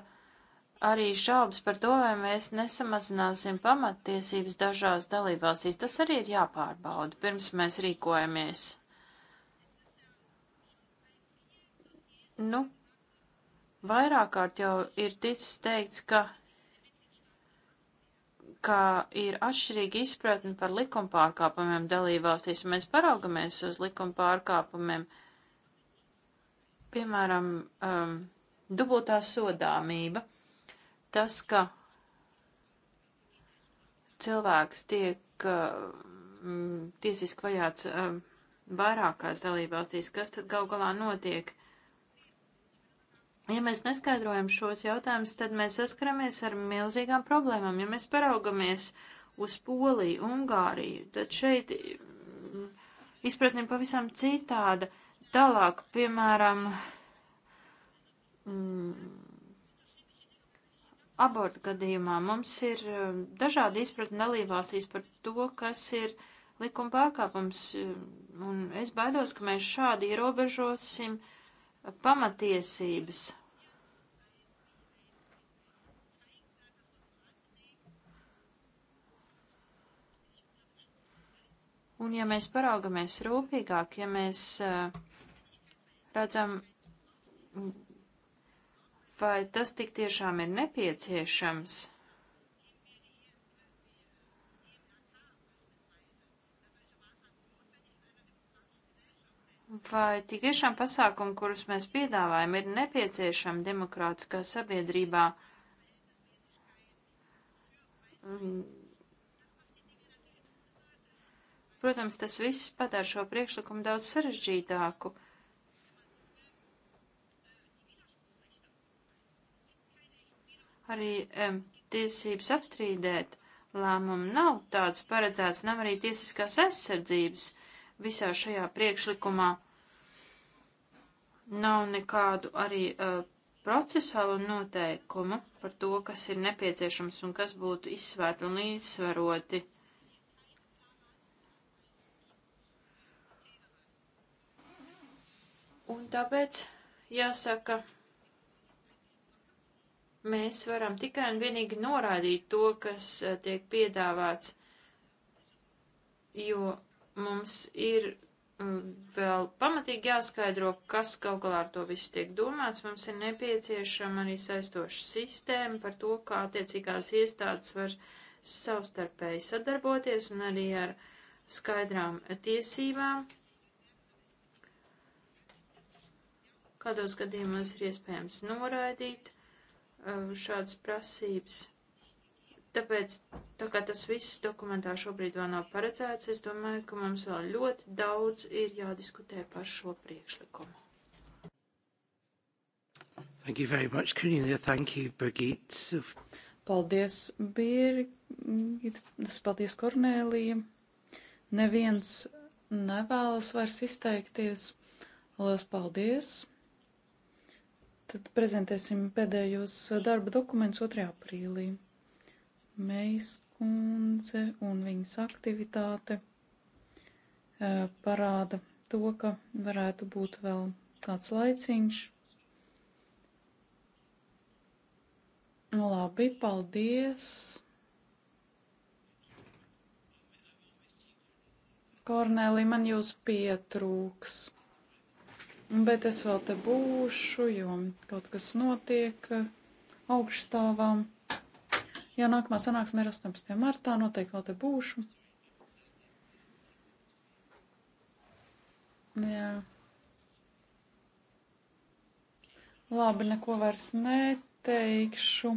arī šaubas par to, vai mēs nesamazināsim pamattiesības dažās dalībvalstīs. Tas arī ir jāpārbauda, pirms mēs rīkojamies. Nu, vairāk kārt jau ir ticis teikts, ka, ka ir atšķirīga izpratne par likuma pārkāpumiem dalībvalstīs, un mēs paraugamies uz likuma pārkāpumiem, piemēram, um, dubultā sodāmība, tas, ka cilvēks tiek uh, tiesiski vajāts uh, vairākās dalībvalstīs, kas tad gal galā notiek? Ja mēs neskaidrojam šos jautājumus, tad mēs saskaramies ar milzīgām problēmām. Ja mēs paraugamies uz Poliju, Ungāriju, tad šeit mm, izpratne ir pavisam citāda. Tālāk, piemēram, mm, abortu gadījumā mums ir mm, dažādi izpratni dalībvalstīs par to, kas ir likuma pārkāpums, un es baidos, ka mēs šādi ierobežosim uh, pamatiesības. Un ja mēs paraugamies rūpīgāk, ja mēs uh, redzam, vai tas tik tiešām ir nepieciešams. Vai tik tiešām pasākumi, kurus mēs piedāvājam, ir nepieciešami demokrātiskā sabiedrībā? Mm. Protams, tas viss padara šo priekšlikumu daudz sarežģītāku. Arī um, tiesības apstrīdēt lēmumu nav tāds paredzēts, nav arī tiesiskās aizsardzības visā šajā priekšlikumā. Nav nekādu arī uh, procesālu noteikumu par to, kas ir nepieciešams un kas būtu izsvērti un līdzsvaroti. Un tāpēc jāsaka, mēs varam tikai un vienīgi norādīt to, kas uh, tiek piedāvāts, jo mums ir Um, vēl pamatīgi jāskaidro, kas kaut galā ar to visu tiek domāts. Mums ir nepieciešama arī saistoša sistēma par to, kā attiecīgās iestādes var savstarpēji sadarboties un arī ar skaidrām tiesībām. Kādos gadījumos ir iespējams noraidīt um, šādas prasības? Tāpēc, tā kā tas viss dokumentā šobrīd vēl nav paredzēts, es domāju, ka mums vēl ļoti daudz ir jādiskutē par šo priekšlikumu. Thank you very much, Cornelia. Thank you, Birgit. So... Paldies, Birgit. Paldies, Kornēlija. Neviens nevēlas vairs izteikties. Lielas paldies. Tad prezentēsim pēdējos darba dokumentus 2. aprīlī. Meis kundze un viņas aktivitāte parāda to, ka varētu būt vēl kāds laiciņš. Labi, paldies! Kornēlī, man jūs pietrūks. Bet es vēl te būšu, jo kaut kas notiek augšstāvām jo nākamā sanāksme ir 18. martā, noteikti vēl te būšu. Jā. Labi, neko vairs neteikšu.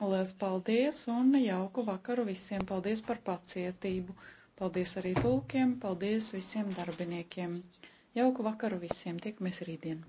Lielas paldies un jauku vakaru visiem. Paldies par pacietību. Paldies arī tulkiem, paldies visiem darbiniekiem. Jauku vakaru visiem. Tiekamies rītdien!